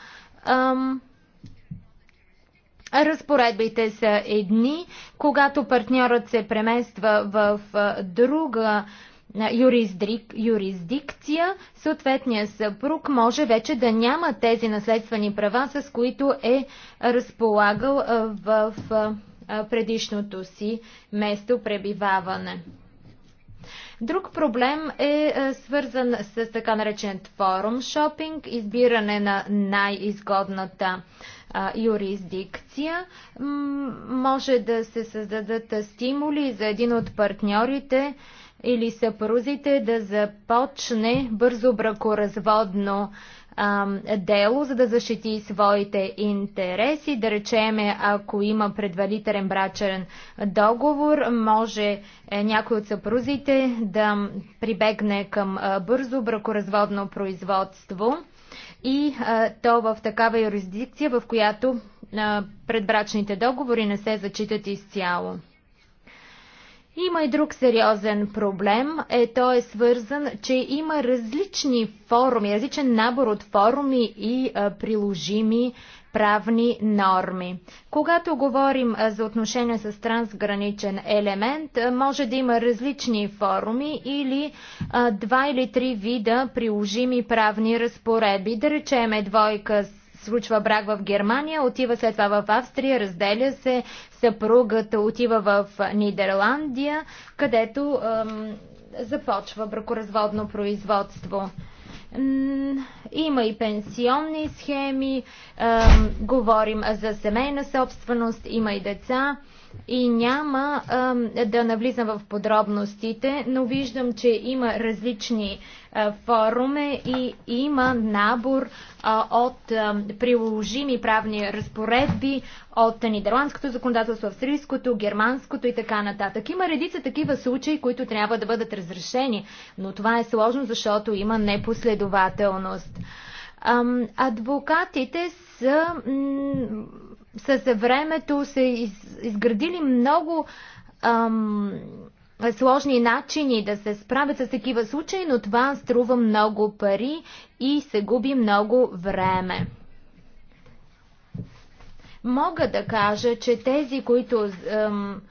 разпоредбите са едни, когато партньорът се премества в е, друга юрисдик, юрисдикция, съответният съпруг може вече да няма тези наследствени права, с които е разполагал в предишното си место пребиваване. Друг проблем е свързан с така нареченият форум шопинг, избиране на най-изгодната юрисдикция. Може да се създадат стимули за един от партньорите, или съпрузите да започне бързо бракоразводно а, дело, за да защити своите интереси. Да речеме, ако има предварителен брачен договор, може е, някой от съпрузите да прибегне към бързо бракоразводно производство и а, то в такава юрисдикция, в която предбрачните договори не се зачитат изцяло. Има и друг сериозен проблем. Е, той е свързан, че има различни форуми, различен набор от форуми и а, приложими правни норми. Когато говорим а, за отношение с трансграничен елемент, а, може да има различни форуми или а, два или три вида приложими правни разпоредби. Да речеме двойка с случва брак в Германия, отива след това в Австрия, разделя се, съпругата отива в Нидерландия, където ем, започва бракоразводно производство. Има и пенсионни схеми, ем, говорим за семейна собственост, има и деца и няма а, да навлизам в подробностите, но виждам, че има различни а, форуме и има набор а, от а, приложими правни разпоредби от нидерландското законодателство, австрийското, германското и така нататък. Има редица такива случаи, които трябва да бъдат разрешени, но това е сложно, защото има непоследователност. А, адвокатите са с времето се из, изградили много ам, сложни начини да се справят с такива случаи, но това струва много пари и се губи много време. Мога да кажа, че тези, които ам,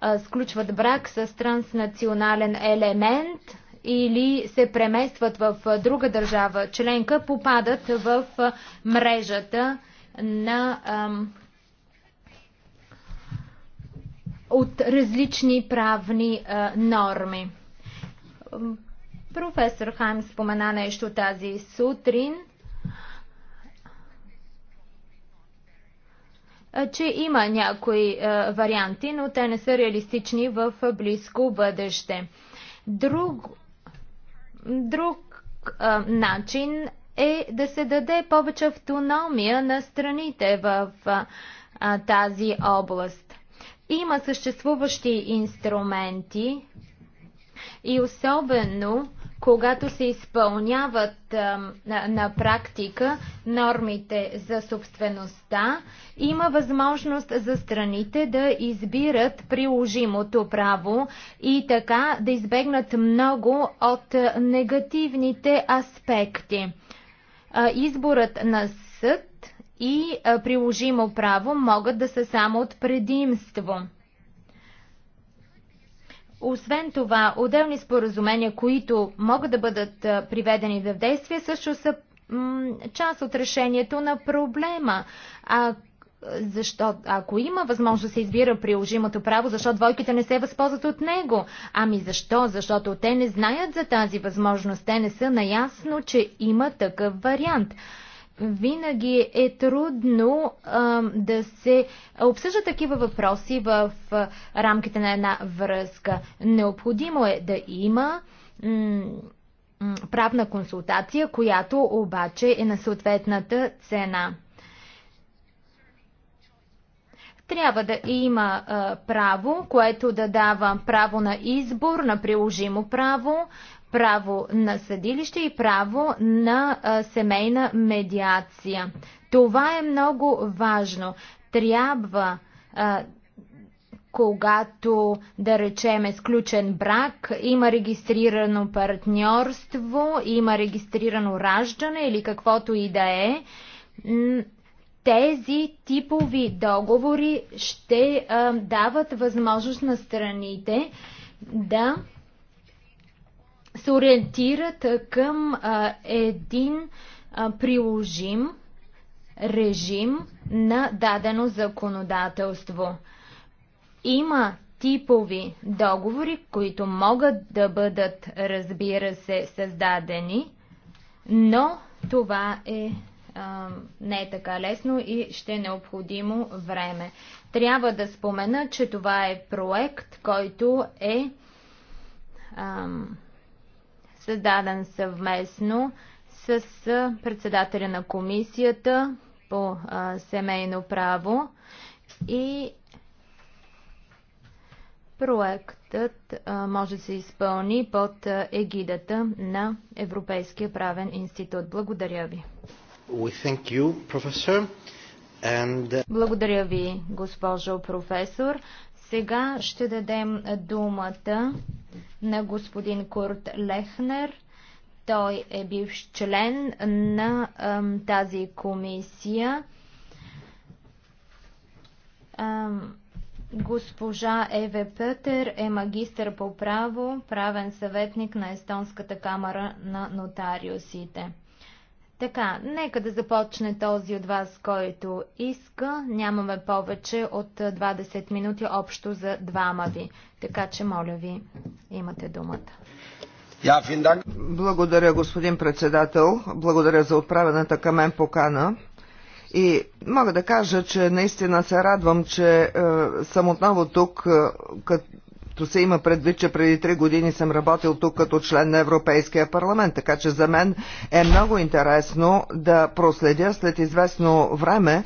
а, сключват брак с транснационален елемент или се преместват в друга държава членка, попадат в мрежата на ам, от различни правни а, норми. Професор Хайм спомена нещо тази сутрин, че има някои а, варианти, но те не са реалистични в близко бъдеще. Друг, друг а, начин е да се даде повече автономия на страните в а, тази област. Има съществуващи инструменти и особено когато се изпълняват а, на, на практика нормите за собствеността, има възможност за страните да избират приложимото право и така да избегнат много от негативните аспекти. А, изборът на съд и приложимо право могат да са само от предимство. Освен това, отделни споразумения, които могат да бъдат приведени в действие, също са част от решението на проблема. А, защо, ако има възможност да се избира приложимото право, защо двойките не се възползват от него? Ами защо? Защото те не знаят за тази възможност. Те не са наясно, че има такъв вариант винаги е трудно а, да се обсъждат такива въпроси в а, рамките на една връзка. Необходимо е да има правна консултация, която обаче е на съответната цена. Трябва да има а, право, което да дава право на избор, на приложимо право, право на съдилище и право на семейна медиация. Това е много важно. Трябва когато, да речем, е сключен брак, има регистрирано партньорство, има регистрирано раждане или каквото и да е, тези типови договори ще а, дават възможност на страните да се ориентират към а, един а, приложим режим на дадено законодателство. Има типови договори, които могат да бъдат, разбира се, създадени, но това е а, не е така лесно и ще е необходимо време. Трябва да спомена, че това е проект, който е А, създаден съвместно с председателя на комисията по семейно право и проектът може да се изпълни под егидата на Европейския правен институт. Благодаря ви. You, And... Uh, Благодаря ви, госпожо професор. Сега ще дадем думата на господин Курт Лехнер. Той е бивш член на ам, тази комисия. Ам, госпожа Еве Пътер е магистър по право, правен съветник на Естонската камера на нотариусите. Така, нека да започне този от вас, който иска. Нямаме повече от 20 минути общо за двама ви. Така че, моля ви, имате думата. Благодаря, господин председател. Благодаря за отправената към мен покана. И мога да кажа, че наистина се радвам, че е, съм отново тук е, като се има предвид, че преди три години съм работил тук като член на Европейския парламент, така че за мен е много интересно да проследя след известно време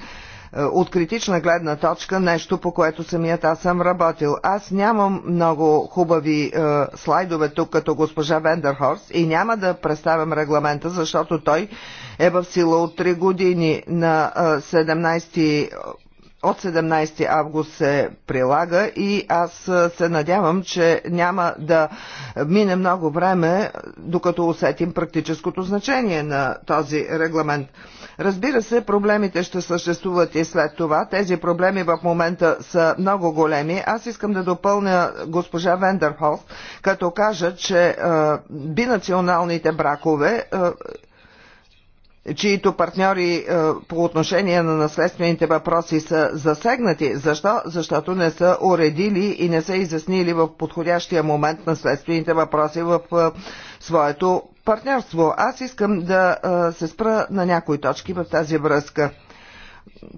е, от критична гледна точка нещо, по което самият аз съм работил. Аз нямам много хубави е, слайдове тук като госпожа Вендерхорс и няма да представям регламента, защото той е в сила от 3 години на е, 17 от 17 август се прилага и аз се надявам, че няма да мине много време, докато усетим практическото значение на този регламент. Разбира се, проблемите ще съществуват и след това. Тези проблеми в момента са много големи. Аз искам да допълня госпожа Вендерхолст, като кажа, че е, бинационалните бракове е, чието партньори е, по отношение на наследствените въпроси са засегнати. Защо? Защото не са уредили и не са изяснили в подходящия момент наследствените въпроси в е, своето партньорство. Аз искам да е, се спра на някои точки в тази връзка.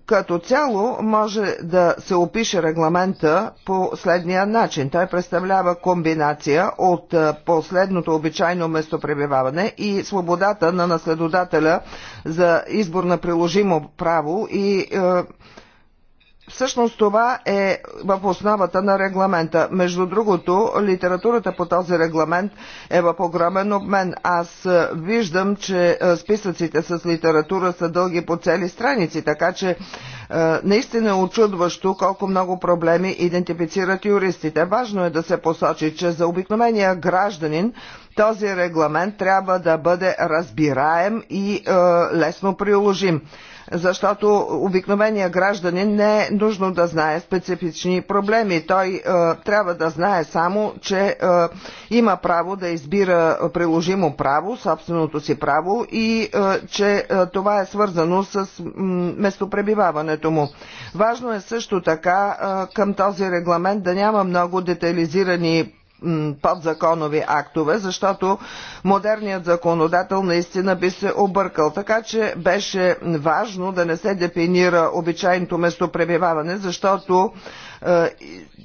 Като цяло може да се опише регламента по следния начин. Той представлява комбинация от последното обичайно местопребиваване и свободата на наследодателя за избор на приложимо право и е, Всъщност това е в основата на регламента. Между другото, литературата по този регламент е в огромен обмен. Аз е, виждам, че е, списъците с литература са дълги по цели страници, така че е, наистина е очудващо колко много проблеми идентифицират юристите. Важно е да се посочи, че за обикновения гражданин този регламент трябва да бъде разбираем и лесно приложим защото обикновения гражданин не е нужно да знае специфични проблеми. Той е, трябва да знае само, че е, има право да избира приложимо право, собственото си право и е, че е, това е свързано с местопребиваването му. Важно е също така е, към този регламент да няма много детализирани подзаконови актове, защото модерният законодател наистина би се объркал. Така че беше важно да не се дефинира обичайното местопребиваване, защото е,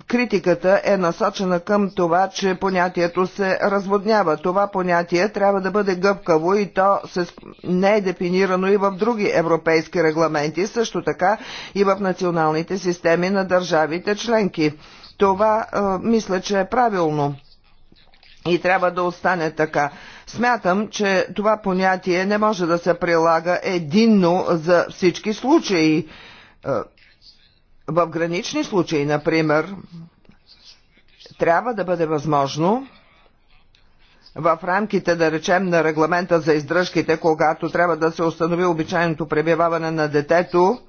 критиката е насочена към това, че понятието се разводнява. Това понятие трябва да бъде гъвкаво и то не е дефинирано и в други европейски регламенти, също така и в националните системи на държавите членки. Това а, мисля, че е правилно и трябва да остане така. Смятам, че това понятие не може да се прилага единно за всички случаи. В гранични случаи, например, трябва да бъде възможно в рамките, да речем, на регламента за издръжките, когато трябва да се установи обичайното пребиваване на детето,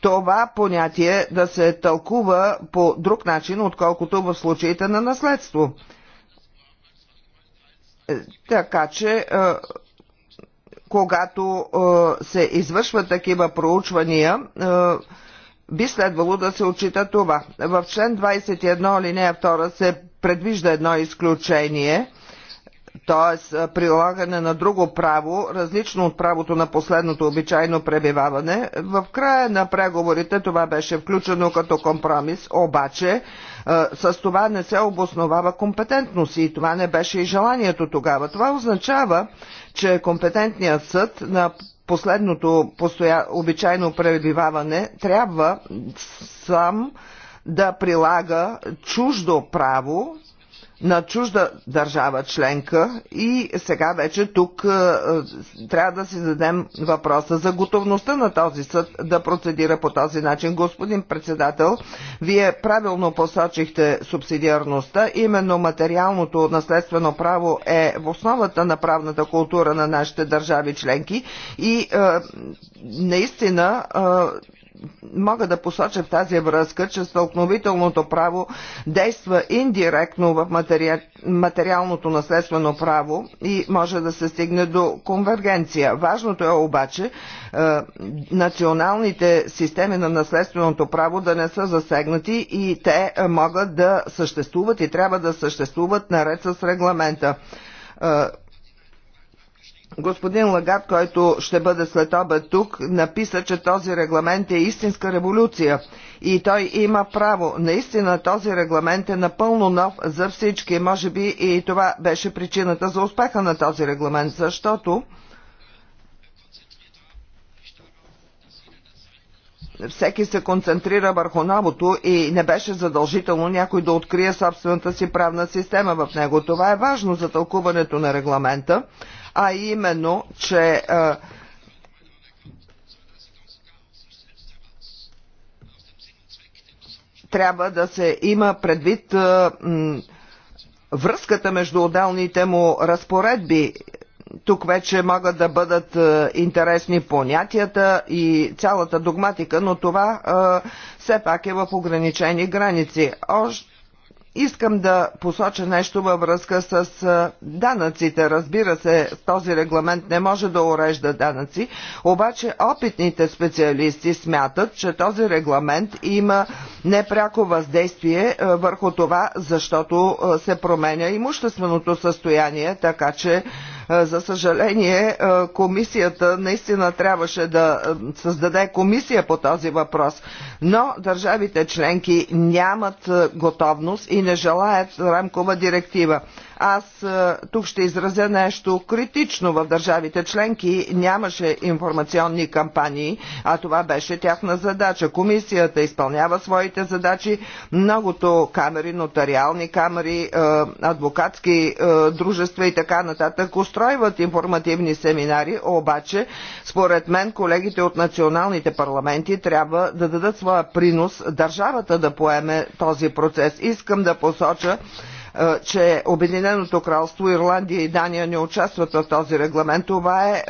това понятие да се тълкува по друг начин, отколкото в случаите на наследство. Е, така че, е, когато е, се извършват такива проучвания, би следвало да се отчита това. В член 21 алинея 2 се предвижда едно изключение – т.е. прилагане на друго право, различно от правото на последното обичайно пребиваване. В края на преговорите това беше включено като компромис, обаче с това не се обосновава компетентност и това не беше и желанието тогава. Това означава, че компетентният съд на последното постоя... обичайно пребиваване трябва сам да прилага чуждо право, на чужда държава членка и сега вече тук е, е, трябва да си зададем въпроса за готовността на този съд да процедира по този начин. Господин председател, вие правилно посочихте субсидиарността. Именно материалното наследствено право е в основата на правната култура на нашите държави членки и е, наистина мога да посоча в тази връзка, че стълкновителното право действа индиректно в матери... материалното наследствено право и може да се стигне до конвергенция. Важното е обаче е, националните системи на наследственото право да не са засегнати и те могат да съществуват и трябва да съществуват наред с регламента е, Господин Лагат, който ще бъде след обед тук, написа, че този регламент е истинска революция и той има право. Наистина този регламент е напълно нов за всички. Може би и това беше причината за успеха на този регламент, защото всеки се концентрира върху новото и не беше задължително някой да открие собствената си правна система в него. Това е важно за тълкуването на регламента а именно, че а, трябва да се има предвид а, м, връзката между отделните му разпоредби. Тук вече могат да бъдат а, интересни понятията и цялата догматика, но това а, все пак е в ограничени граници. Още Искам да посоча нещо във връзка с данъците. Разбира се, този регламент не може да урежда данъци, обаче опитните специалисти смятат, че този регламент има непряко въздействие върху това, защото се променя имущественото състояние, така че за съжаление, комисията наистина трябваше да създаде комисия по този въпрос, но държавите членки нямат готовност и не желаят рамкова директива. Аз е, тук ще изразя нещо критично. В държавите членки нямаше информационни кампании, а това беше тяхна задача. Комисията изпълнява своите задачи. Многото камери, нотариални камери, е, адвокатски е, дружества и така нататък устройват информативни семинари, обаче според мен колегите от националните парламенти трябва да дадат своя принос държавата да поеме този процес. Искам да посоча, е, че Обединеното кралство, Ирландия и Дания не участват в този регламент. Това е, е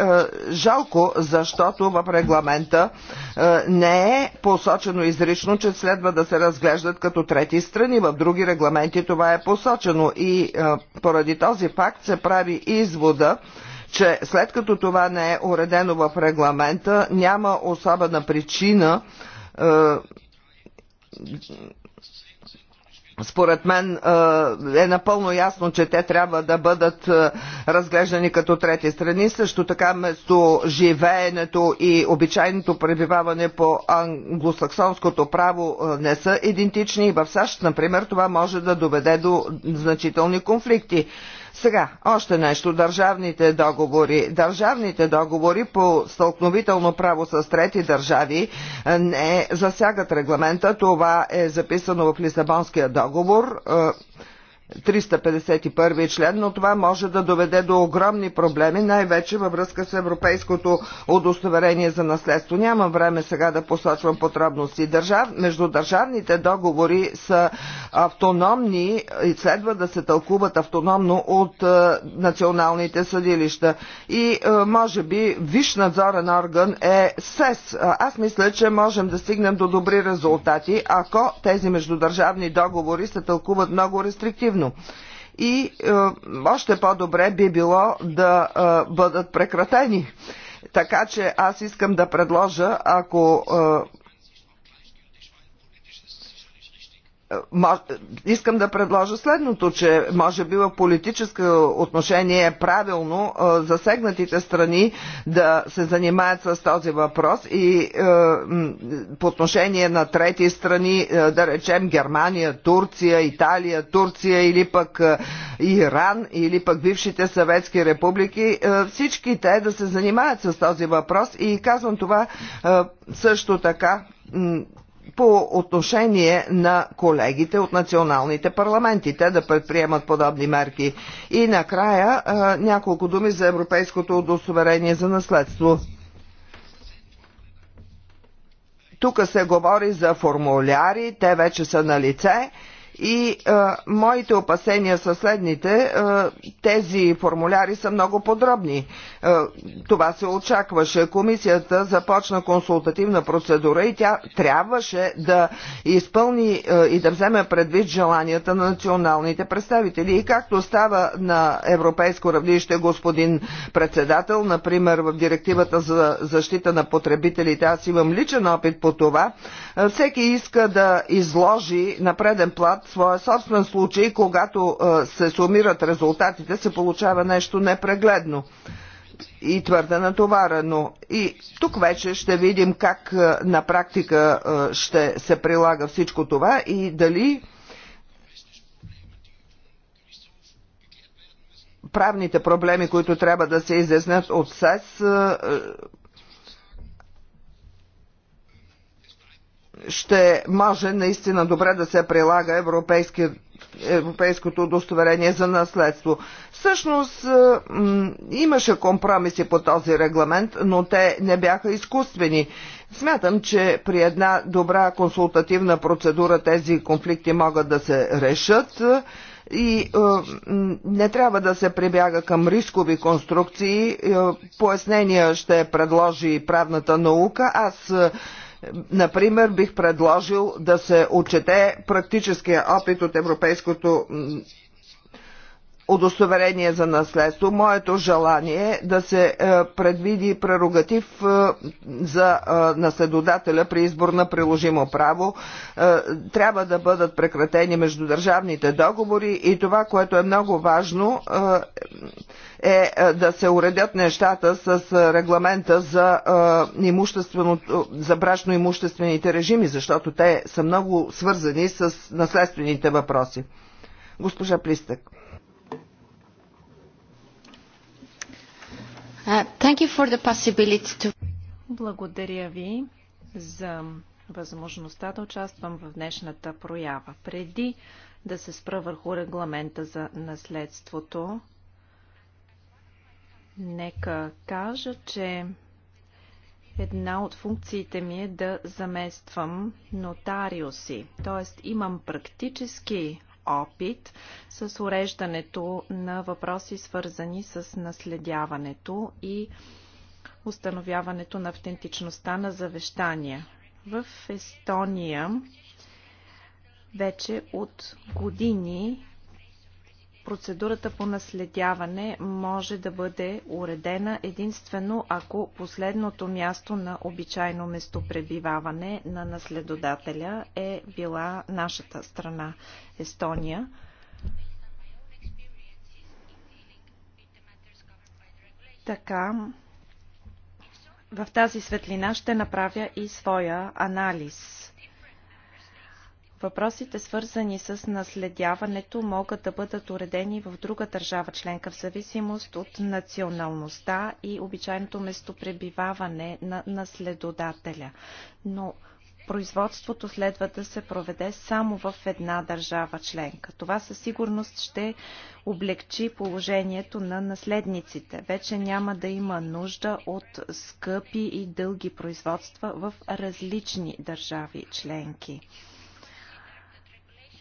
жалко, защото в регламента е, не е посочено изрично, че следва да се разглеждат като трети страни. В други регламенти това е посочено и поради този факт се прави извода, че след като това не е уредено в регламента, няма особена причина според мен е, е напълно ясно, че те трябва да бъдат е, разглеждани като трети страни. Също така вместо живеенето и обичайното пребиваване по англосаксонското право е, не са идентични и в САЩ, например, това може да доведе до значителни конфликти. Сега, още нещо. Държавните договори. Държавните договори по стълкновително право с трети държави е, не засягат регламента. Това е записано в Лисабонския договор. Е, 351 член, но това може да доведе до огромни проблеми, най-вече във връзка с европейското удостоверение за наследство. Нямам време сега да посочвам подробности. Държав... Междудържавните договори са автономни и следва да се тълкуват автономно от е, националните съдилища. И е, може би виш надзорен орган е СЕС. Аз мисля, че можем да стигнем до добри резултати, ако тези междудържавни договори се тълкуват много рестриктивно трудно. И е, още по-добре би било да е, бъдат прекратени. Така че аз искам да предложа, ако е, искам да предложа следното, че може би в политическо отношение е правилно засегнатите страни да се занимаят с този въпрос и по отношение на трети страни, да речем Германия, Турция, Италия, Турция или пък Иран или пък бившите съветски републики, всички те да се занимаят с този въпрос и казвам това също така по отношение на колегите от националните парламенти, те да предприемат подобни мерки. И накрая няколко думи за Европейското удостоверение за наследство. Тук се говори за формуляри, те вече са на лице. И а, моите опасения са следните. А, тези формуляри са много подробни. Е, това се очакваше. Комисията започна консултативна процедура и тя трябваше да изпълни е, и да вземе предвид желанията на националните представители. И както става на европейско равнище, господин председател, например в директивата за защита на потребителите, аз имам личен опит по това, е, всеки иска да изложи на преден плат своя собствен случай, когато се сумират резултатите, се получава нещо непрегледно и твърда натоварено. И тук вече ще видим как е, на практика е, ще се прилага всичко това и дали правните проблеми, които трябва да се изяснят от СЕС, е, ще може наистина добре да се прилага европейското удостоверение за наследство. Всъщност е, имаше компромиси по този регламент, но те не бяха изкуствени. Смятам, че при една добра консултативна процедура тези конфликти могат да се решат е, и е, не трябва да се прибяга към рискови конструкции. Е, пояснения ще предложи правната наука. Аз е, Например, бих предложил да се отчете практическия опит от европейското удостоверение за наследство, моето желание е да се е, предвиди прерогатив е, за е, наследодателя при избор на приложимо право. Трябва да бъдат прекратени междудържавните договори и това, което е много важно, е да се уредят нещата с регламента за, за брачно-имуществените режими, защото те са много свързани с наследствените въпроси. Госпожа Плистък. Uh, Благодаря ви за възможността да участвам в днешната проява. Преди да се спра върху регламента за наследството, нека кажа, че една от функциите ми е да замествам нотариуси, т.е. имам практически опит с уреждането на въпроси, свързани с наследяването и установяването на автентичността на завещания. В Естония вече от години процедурата по наследяване може да бъде уредена единствено ако последното място на обичайно местопребиваване на наследодателя е била нашата страна Естония. Така, в тази светлина ще направя и своя анализ Въпросите, свързани с наследяването, могат да бъдат уредени в друга държава членка в зависимост от националността и обичайното местопребиваване на наследодателя. Но производството следва да се проведе само в една държава членка. Това със сигурност ще облегчи положението на наследниците. Вече няма да има нужда от скъпи и дълги производства в различни държави членки.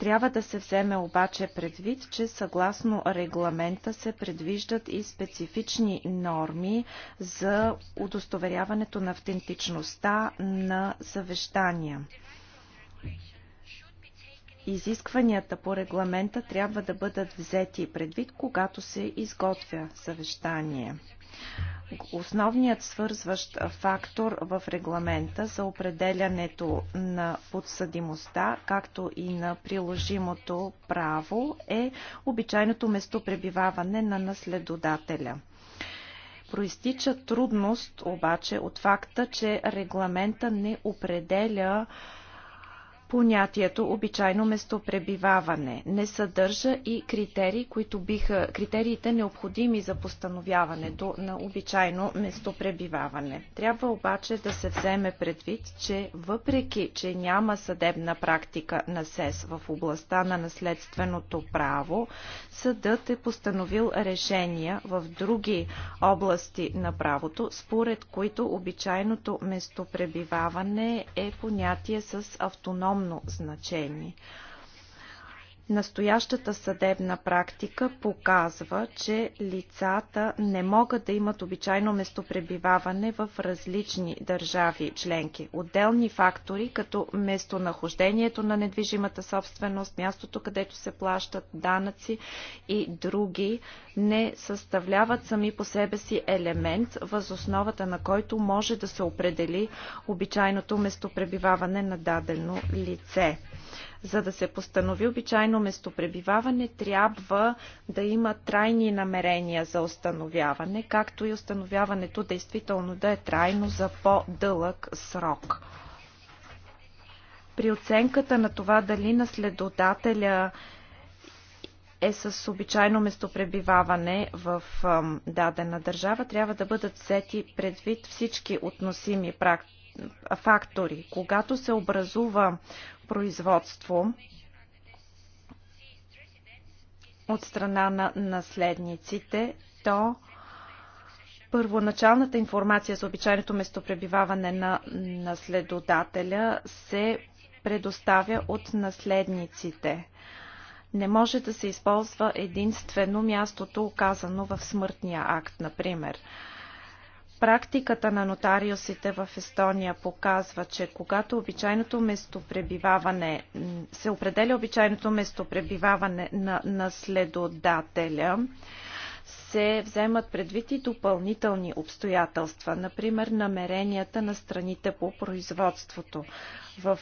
Трябва да се вземе обаче предвид, че съгласно регламента се предвиждат и специфични норми за удостоверяването на автентичността на завещания. Изискванията по регламента трябва да бъдат взети предвид, когато се изготвя съвещание. Основният свързващ фактор в регламента за определянето на подсъдимостта, както и на приложимото право е обичайното местопребиваване на наследодателя. Проистича трудност обаче от факта, че регламента не определя понятието обичайно местопребиваване. Не съдържа и критерии, които биха критериите необходими за постановяването на обичайно местопребиваване. Трябва обаче да се вземе предвид, че въпреки, че няма съдебна практика на СЕС в областта на наследственото право, съдът е постановил решения в други области на правото, според които обичайното местопребиваване е понятие с автономност огромно значение. Настоящата съдебна практика показва, че лицата не могат да имат обичайно местопребиваване в различни държави членки. Отделни фактори, като местонахождението на недвижимата собственост, мястото където се плащат данъци и други, не съставляват сами по себе си елемент, възосновата на който може да се определи обичайното местопребиваване на дадено лице. За да се постанови обичайно местопребиваване, трябва да има трайни намерения за установяване, както и установяването действително да е трайно за по-дълъг срок. При оценката на това дали наследодателя е с обичайно местопребиваване в дадена държава, трябва да бъдат взети предвид всички относими практики фактори. Когато се образува производство от страна на наследниците, то първоначалната информация за обичайното местопребиваване на наследодателя се предоставя от наследниците. Не може да се използва единствено мястото, оказано в смъртния акт, например. Практиката на нотариусите в Естония показва, че когато обичайното местопребиваване се определя обичайното местопребиваване на наследодателя, се вземат предвид и допълнителни обстоятелства, например намеренията на страните по производството. В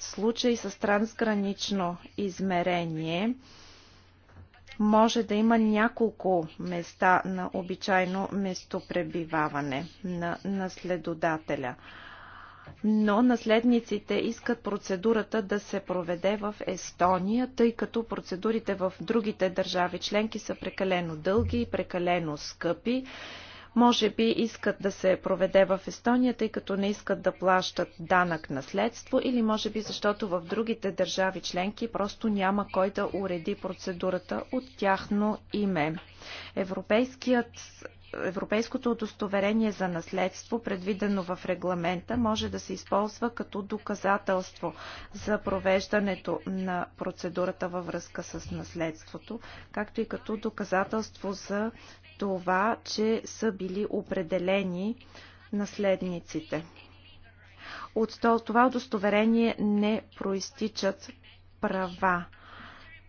случай с трансгранично измерение, може да има няколко места на обичайно местопребиваване на наследодателя. Но наследниците искат процедурата да се проведе в Естония, тъй като процедурите в другите държави членки са прекалено дълги и прекалено скъпи може би искат да се проведе в Естония, тъй като не искат да плащат данък наследство или може би защото в другите държави членки просто няма кой да уреди процедурата от тяхно име. Европейският Европейското удостоверение за наследство, предвидено в регламента, може да се използва като доказателство за провеждането на процедурата във връзка с наследството, както и като доказателство за това, че са били определени наследниците. От това удостоверение не проистичат права.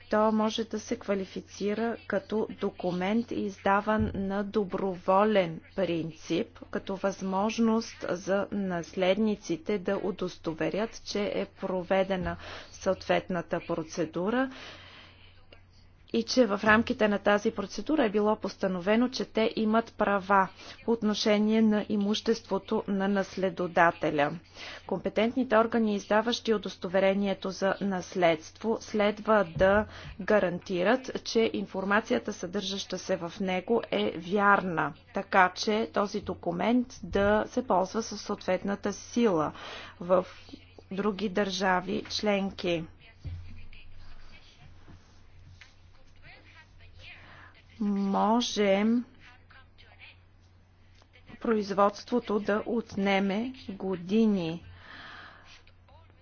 То може да се квалифицира като документ, издаван на доброволен принцип, като възможност за наследниците да удостоверят, че е проведена съответната процедура и че в рамките на тази процедура е било постановено, че те имат права по отношение на имуществото на наследодателя. Компетентните органи, издаващи удостоверението за наследство, следва да гарантират, че информацията, съдържаща се в него, е вярна, така че този документ да се ползва със съответната сила в други държави членки. Можем производството да отнеме години.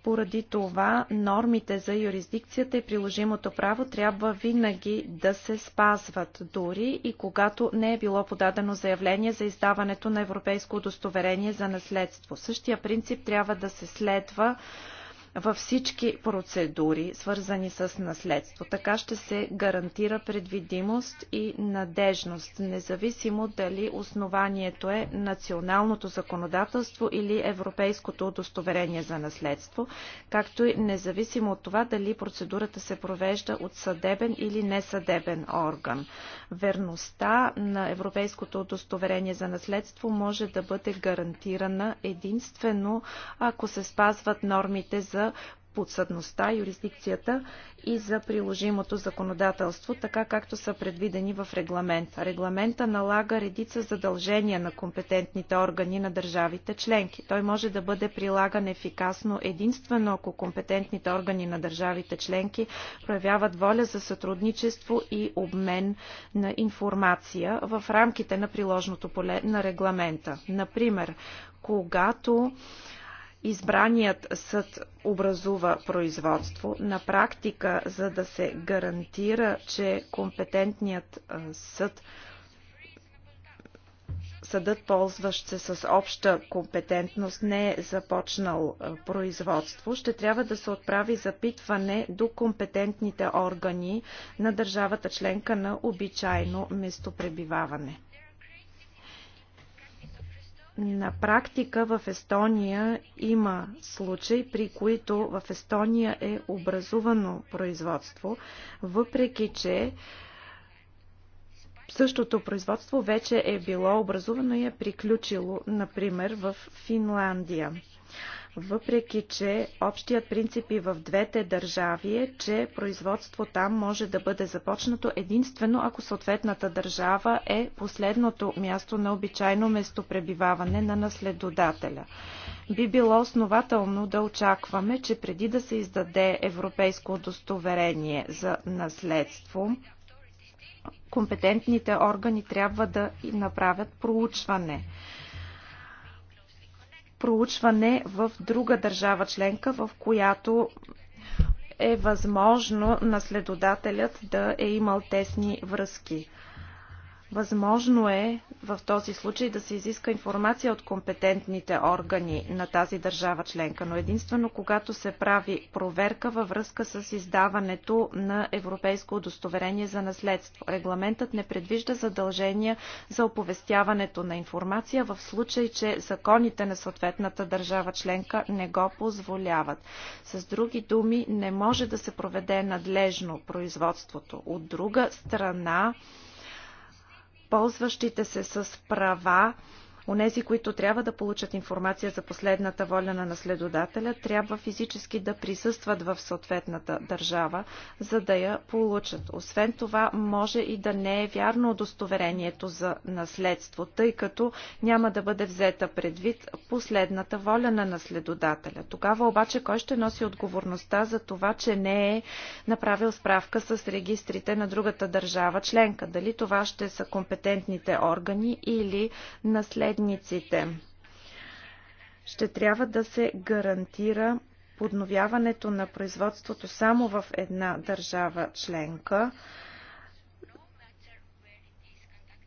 Поради това нормите за юрисдикцията и приложимото право трябва винаги да се спазват, дори и когато не е било подадено заявление за издаването на европейско удостоверение за наследство. Същия принцип трябва да се следва във всички процедури, свързани с наследство. Така ще се гарантира предвидимост и надежност, независимо дали основанието е националното законодателство или европейското удостоверение за наследство, както и независимо от това дали процедурата се провежда от съдебен или несъдебен орган. Верността на европейското удостоверение за наследство може да бъде гарантирана единствено ако се спазват нормите за за подсъдността, юрисдикцията и за приложимото законодателство, така както са предвидени в регламента. Регламента налага редица задължения на компетентните органи на държавите членки. Той може да бъде прилаган ефикасно единствено ако компетентните органи на държавите членки проявяват воля за сътрудничество и обмен на информация в рамките на приложното поле на регламента. Например, когато избраният съд образува производство. На практика, за да се гарантира, че компетентният съд съдът, ползващ се с обща компетентност, не е започнал производство, ще трябва да се отправи запитване до компетентните органи на държавата членка на обичайно местопребиваване. На практика в Естония има случаи, при които в Естония е образувано производство, въпреки че същото производство вече е било образувано и е приключило, например, в Финландия въпреки че общият принцип и в двете държави е, че производство там може да бъде започнато единствено ако съответната държава е последното място на обичайно местопребиваване на наследодателя. Би било основателно да очакваме, че преди да се издаде европейско удостоверение за наследство, компетентните органи трябва да направят проучване проучване в друга държава членка, в която е възможно наследодателят да е имал тесни връзки. Възможно е в този случай да се изиска информация от компетентните органи на тази държава членка, но единствено когато се прави проверка във връзка с издаването на европейско удостоверение за наследство. Регламентът не предвижда задължения за оповестяването на информация в случай, че законите на съответната държава членка не го позволяват. С други думи, не може да се проведе надлежно производството. От друга страна, ползващите се с права Онези, които трябва да получат информация за последната воля на наследодателя, трябва физически да присъстват в съответната държава, за да я получат. Освен това, може и да не е вярно удостоверението за наследство, тъй като няма да бъде взета предвид последната воля на наследодателя. Тогава обаче кой ще носи отговорността за това, че не е направил справка с регистрите на другата държава членка? Дали това ще са компетентните органи или наследство? наследниците. Ще трябва да се гарантира подновяването на производството само в една държава членка,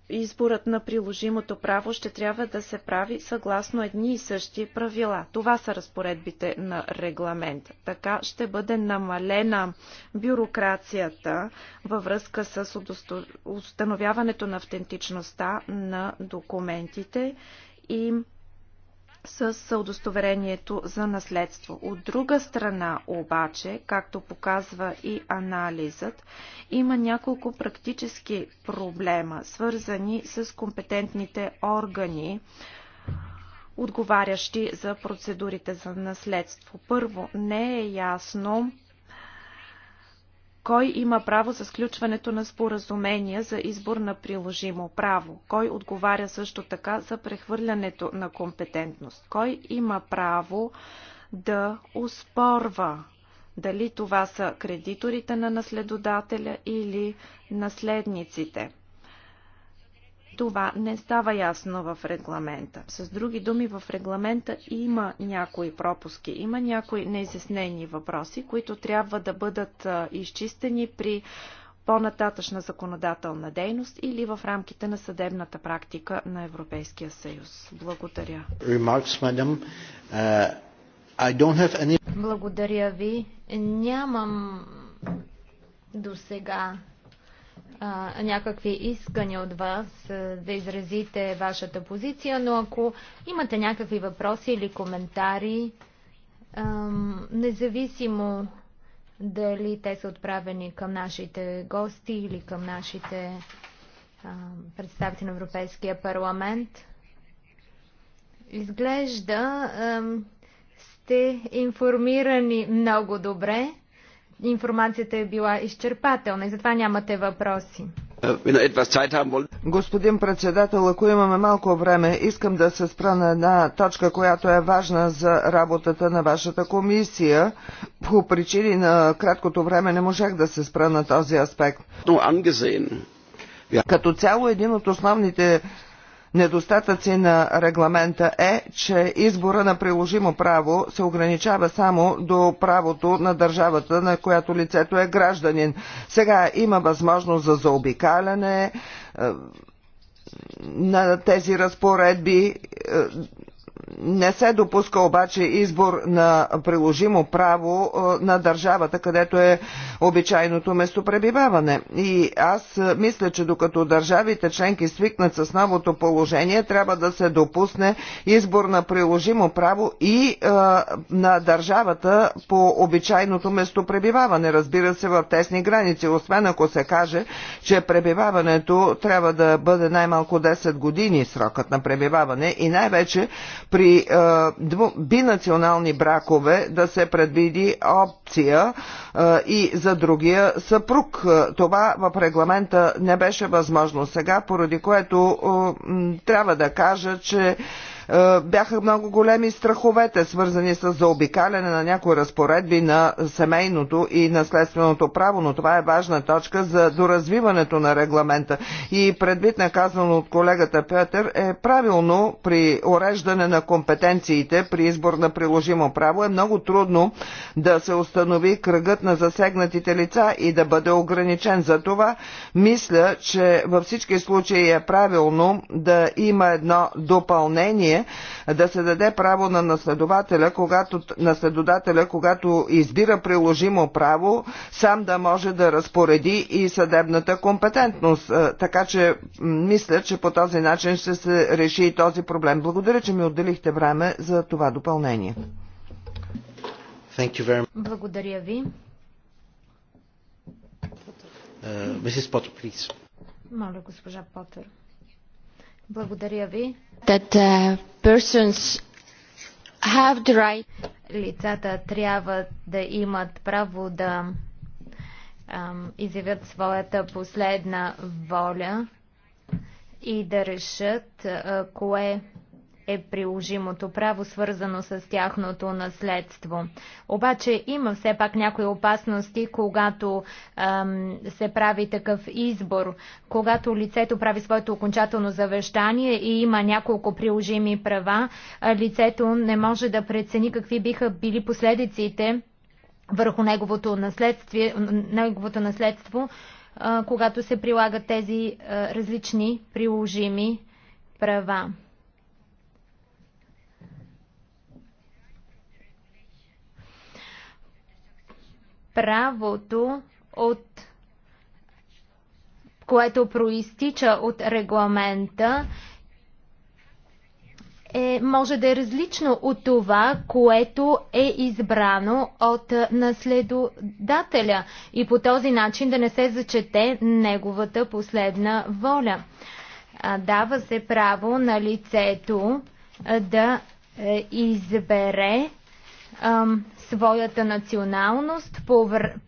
изборът на приложимото право ще трябва да се прави съгласно едни и същи правила. Това са разпоредбите на регламент. Така ще бъде намалена бюрокрацията във връзка с установяването на автентичността на документите и с удостоверението за наследство. От друга страна обаче, както показва и анализът, има няколко практически проблема, свързани с компетентните органи, отговарящи за процедурите за наследство. Първо, не е ясно кой има право за сключването на споразумения за избор на приложимо право? Кой отговаря също така за прехвърлянето на компетентност? Кой има право да успорва дали това са кредиторите на наследодателя или наследниците? Това не става ясно в регламента. С други думи, в регламента има някои пропуски, има някои неизяснени въпроси, които трябва да бъдат изчистени при по-нататъчна законодателна дейност или в рамките на съдебната практика на Европейския съюз. Благодаря. Remarks, madam. Uh, I don't have any... Благодаря ви. Нямам до сега а, някакви искания от вас да изразите вашата позиция, но ако имате някакви въпроси или коментари, независимо дали те са отправени към нашите гости или към нашите представители на Европейския парламент, изглежда сте информирани много добре информацията е била изчерпателна и затова нямате въпроси. Е, Господин председател, ако имаме малко време, искам да се спра на една точка, която е важна за работата на вашата комисия. По причини на краткото време не можах да се спра на този аспект. Като цяло един от основните недостатъци на регламента е, че избора на приложимо право се ограничава само до правото на държавата, на която лицето е гражданин. Сега има възможност за заобикаляне е, на тези разпоредби е, не се допуска обаче избор на приложимо право е, на държавата, където е обичайното местопребиваване. И аз е, мисля, че докато държавите членки свикнат с новото положение, трябва да се допусне избор на приложимо право и е, на държавата по обичайното местопребиваване, разбира се, в тесни граници, освен ако се каже, че пребиваването трябва да бъде най-малко 10 години срокът на пребиваване и най-вече при е, бинационални бракове да се предвиди опция а, и за другия съпруг. Това в регламента не беше възможно сега, поради което а, трябва да кажа, че е, бяха много големи страховете, свързани с заобикаляне на някои разпоредби на семейното и наследственото право, но това е важна точка за доразвиването на регламента. И предвид наказано от колегата Петър е правилно при уреждане на компетенциите при избор на приложимо право е много трудно да се установи кръгът на засегнатите лица и да бъде ограничен. За това мисля, че във всички случаи е правилно да има едно допълнение решение да се даде право на наследователя, когато, наследодателя, когато избира приложимо право, сам да може да разпореди и съдебната компетентност. Е, така че мисля, че по този начин ще се реши и този проблем. Благодаря, че ми отделихте време за това допълнение. Благодаря ви. Potter, е, please. Моля, госпожа Потър. Благодаря ви. That, uh, persons have the right... Лицата трябва да имат право да um, изявят своята последна воля и да решат uh, кое е приложимото право, свързано с тяхното наследство. Обаче има все пак някои опасности, когато ем, се прави такъв избор, когато лицето прави своето окончателно завещание и има няколко приложими права, лицето не може да прецени какви биха били последиците върху неговото, неговото наследство, когато се прилагат тези различни приложими права. правото от което проистича от регламента, е, може да е различно от това, което е избрано от наследодателя и по този начин да не се зачете неговата последна воля. Дава се право на лицето да е, избере своята националност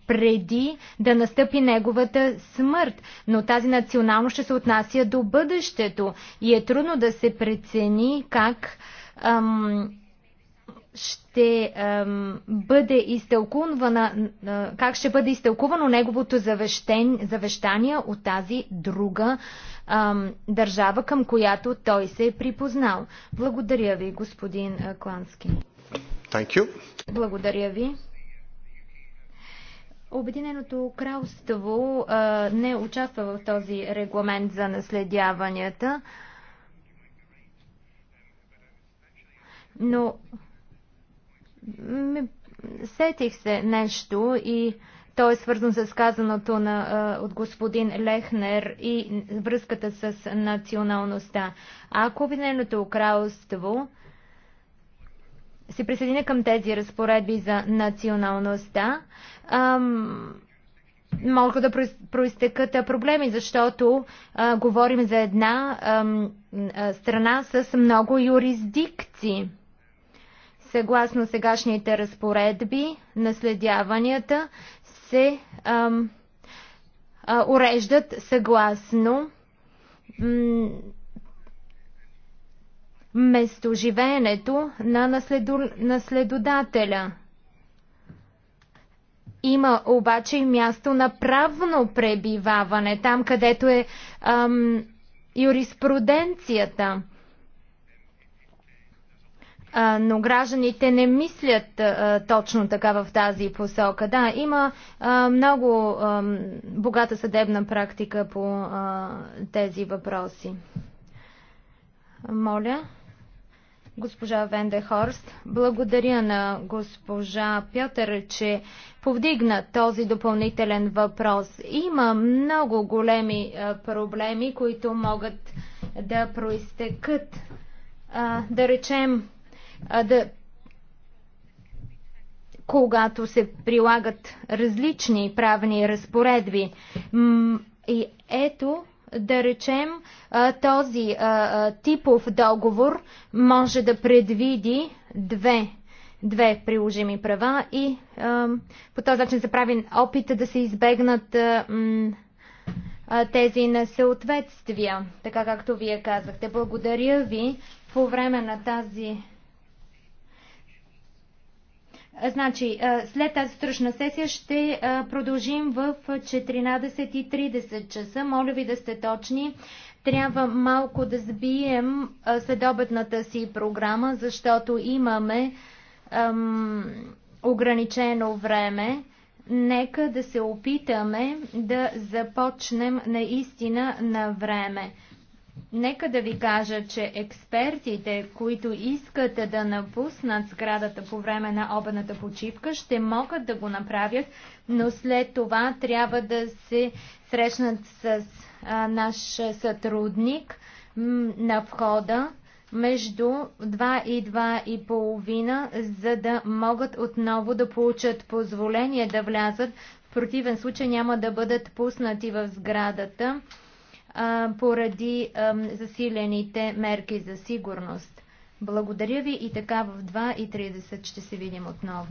преди да настъпи неговата смърт. Но тази националност ще се отнася до бъдещето и е трудно да се прецени как ам, ще ам, бъде изтълкувана, как ще бъде изтълкувано неговото завещен, завещание от тази друга ам, държава, към която той се е припознал. Благодаря ви, господин Клански. Thank you. Благодаря ви. Обединеното кралство а, не участва в този регламент за наследяванията, но сетих се нещо и то е свързано с казаното на, от господин Лехнер и връзката с националността. Ако Обединеното кралство се присъединя към тези разпоредби за националността, ам, могат да проистекат проблеми, защото а, говорим за една ам, страна с много юрисдикции. Съгласно сегашните разпоредби, наследяванията се ам, а, уреждат съгласно местоживеенето на наследу... наследодателя. Има обаче и място на правно пребиваване, там където е ам, юриспруденцията. А, но гражданите не мислят а, точно така в тази посока. Да, има а, много а, богата съдебна практика по а, тези въпроси. Моля госпожа Вендехорст. Благодаря на госпожа Пьотър, че повдигна този допълнителен въпрос. Има много големи проблеми, които могат да проистекат. Да речем, да когато се прилагат различни правни разпоредби. И ето да речем, този типов договор може да предвиди две, две приложими права и по този начин се прави опит да се избегнат тези несъответствия, така както вие казахте. Благодаря ви по време на тази Значи, след тази сутрешна сесия ще продължим в 14.30 часа. Моля ви да сте точни. Трябва малко да сбием следобедната си програма, защото имаме ам, ограничено време. Нека да се опитаме да започнем наистина на време. Нека да ви кажа, че експертите, които искат да напуснат сградата по време на обедната почивка, ще могат да го направят, но след това трябва да се срещнат с а, наш сътрудник на входа между 2 и 2 и половина, за да могат отново да получат позволение да влязат. В противен случай няма да бъдат пуснати в сградата поради засилените мерки за сигурност. Благодаря ви и така в 2.30 ще се видим отново.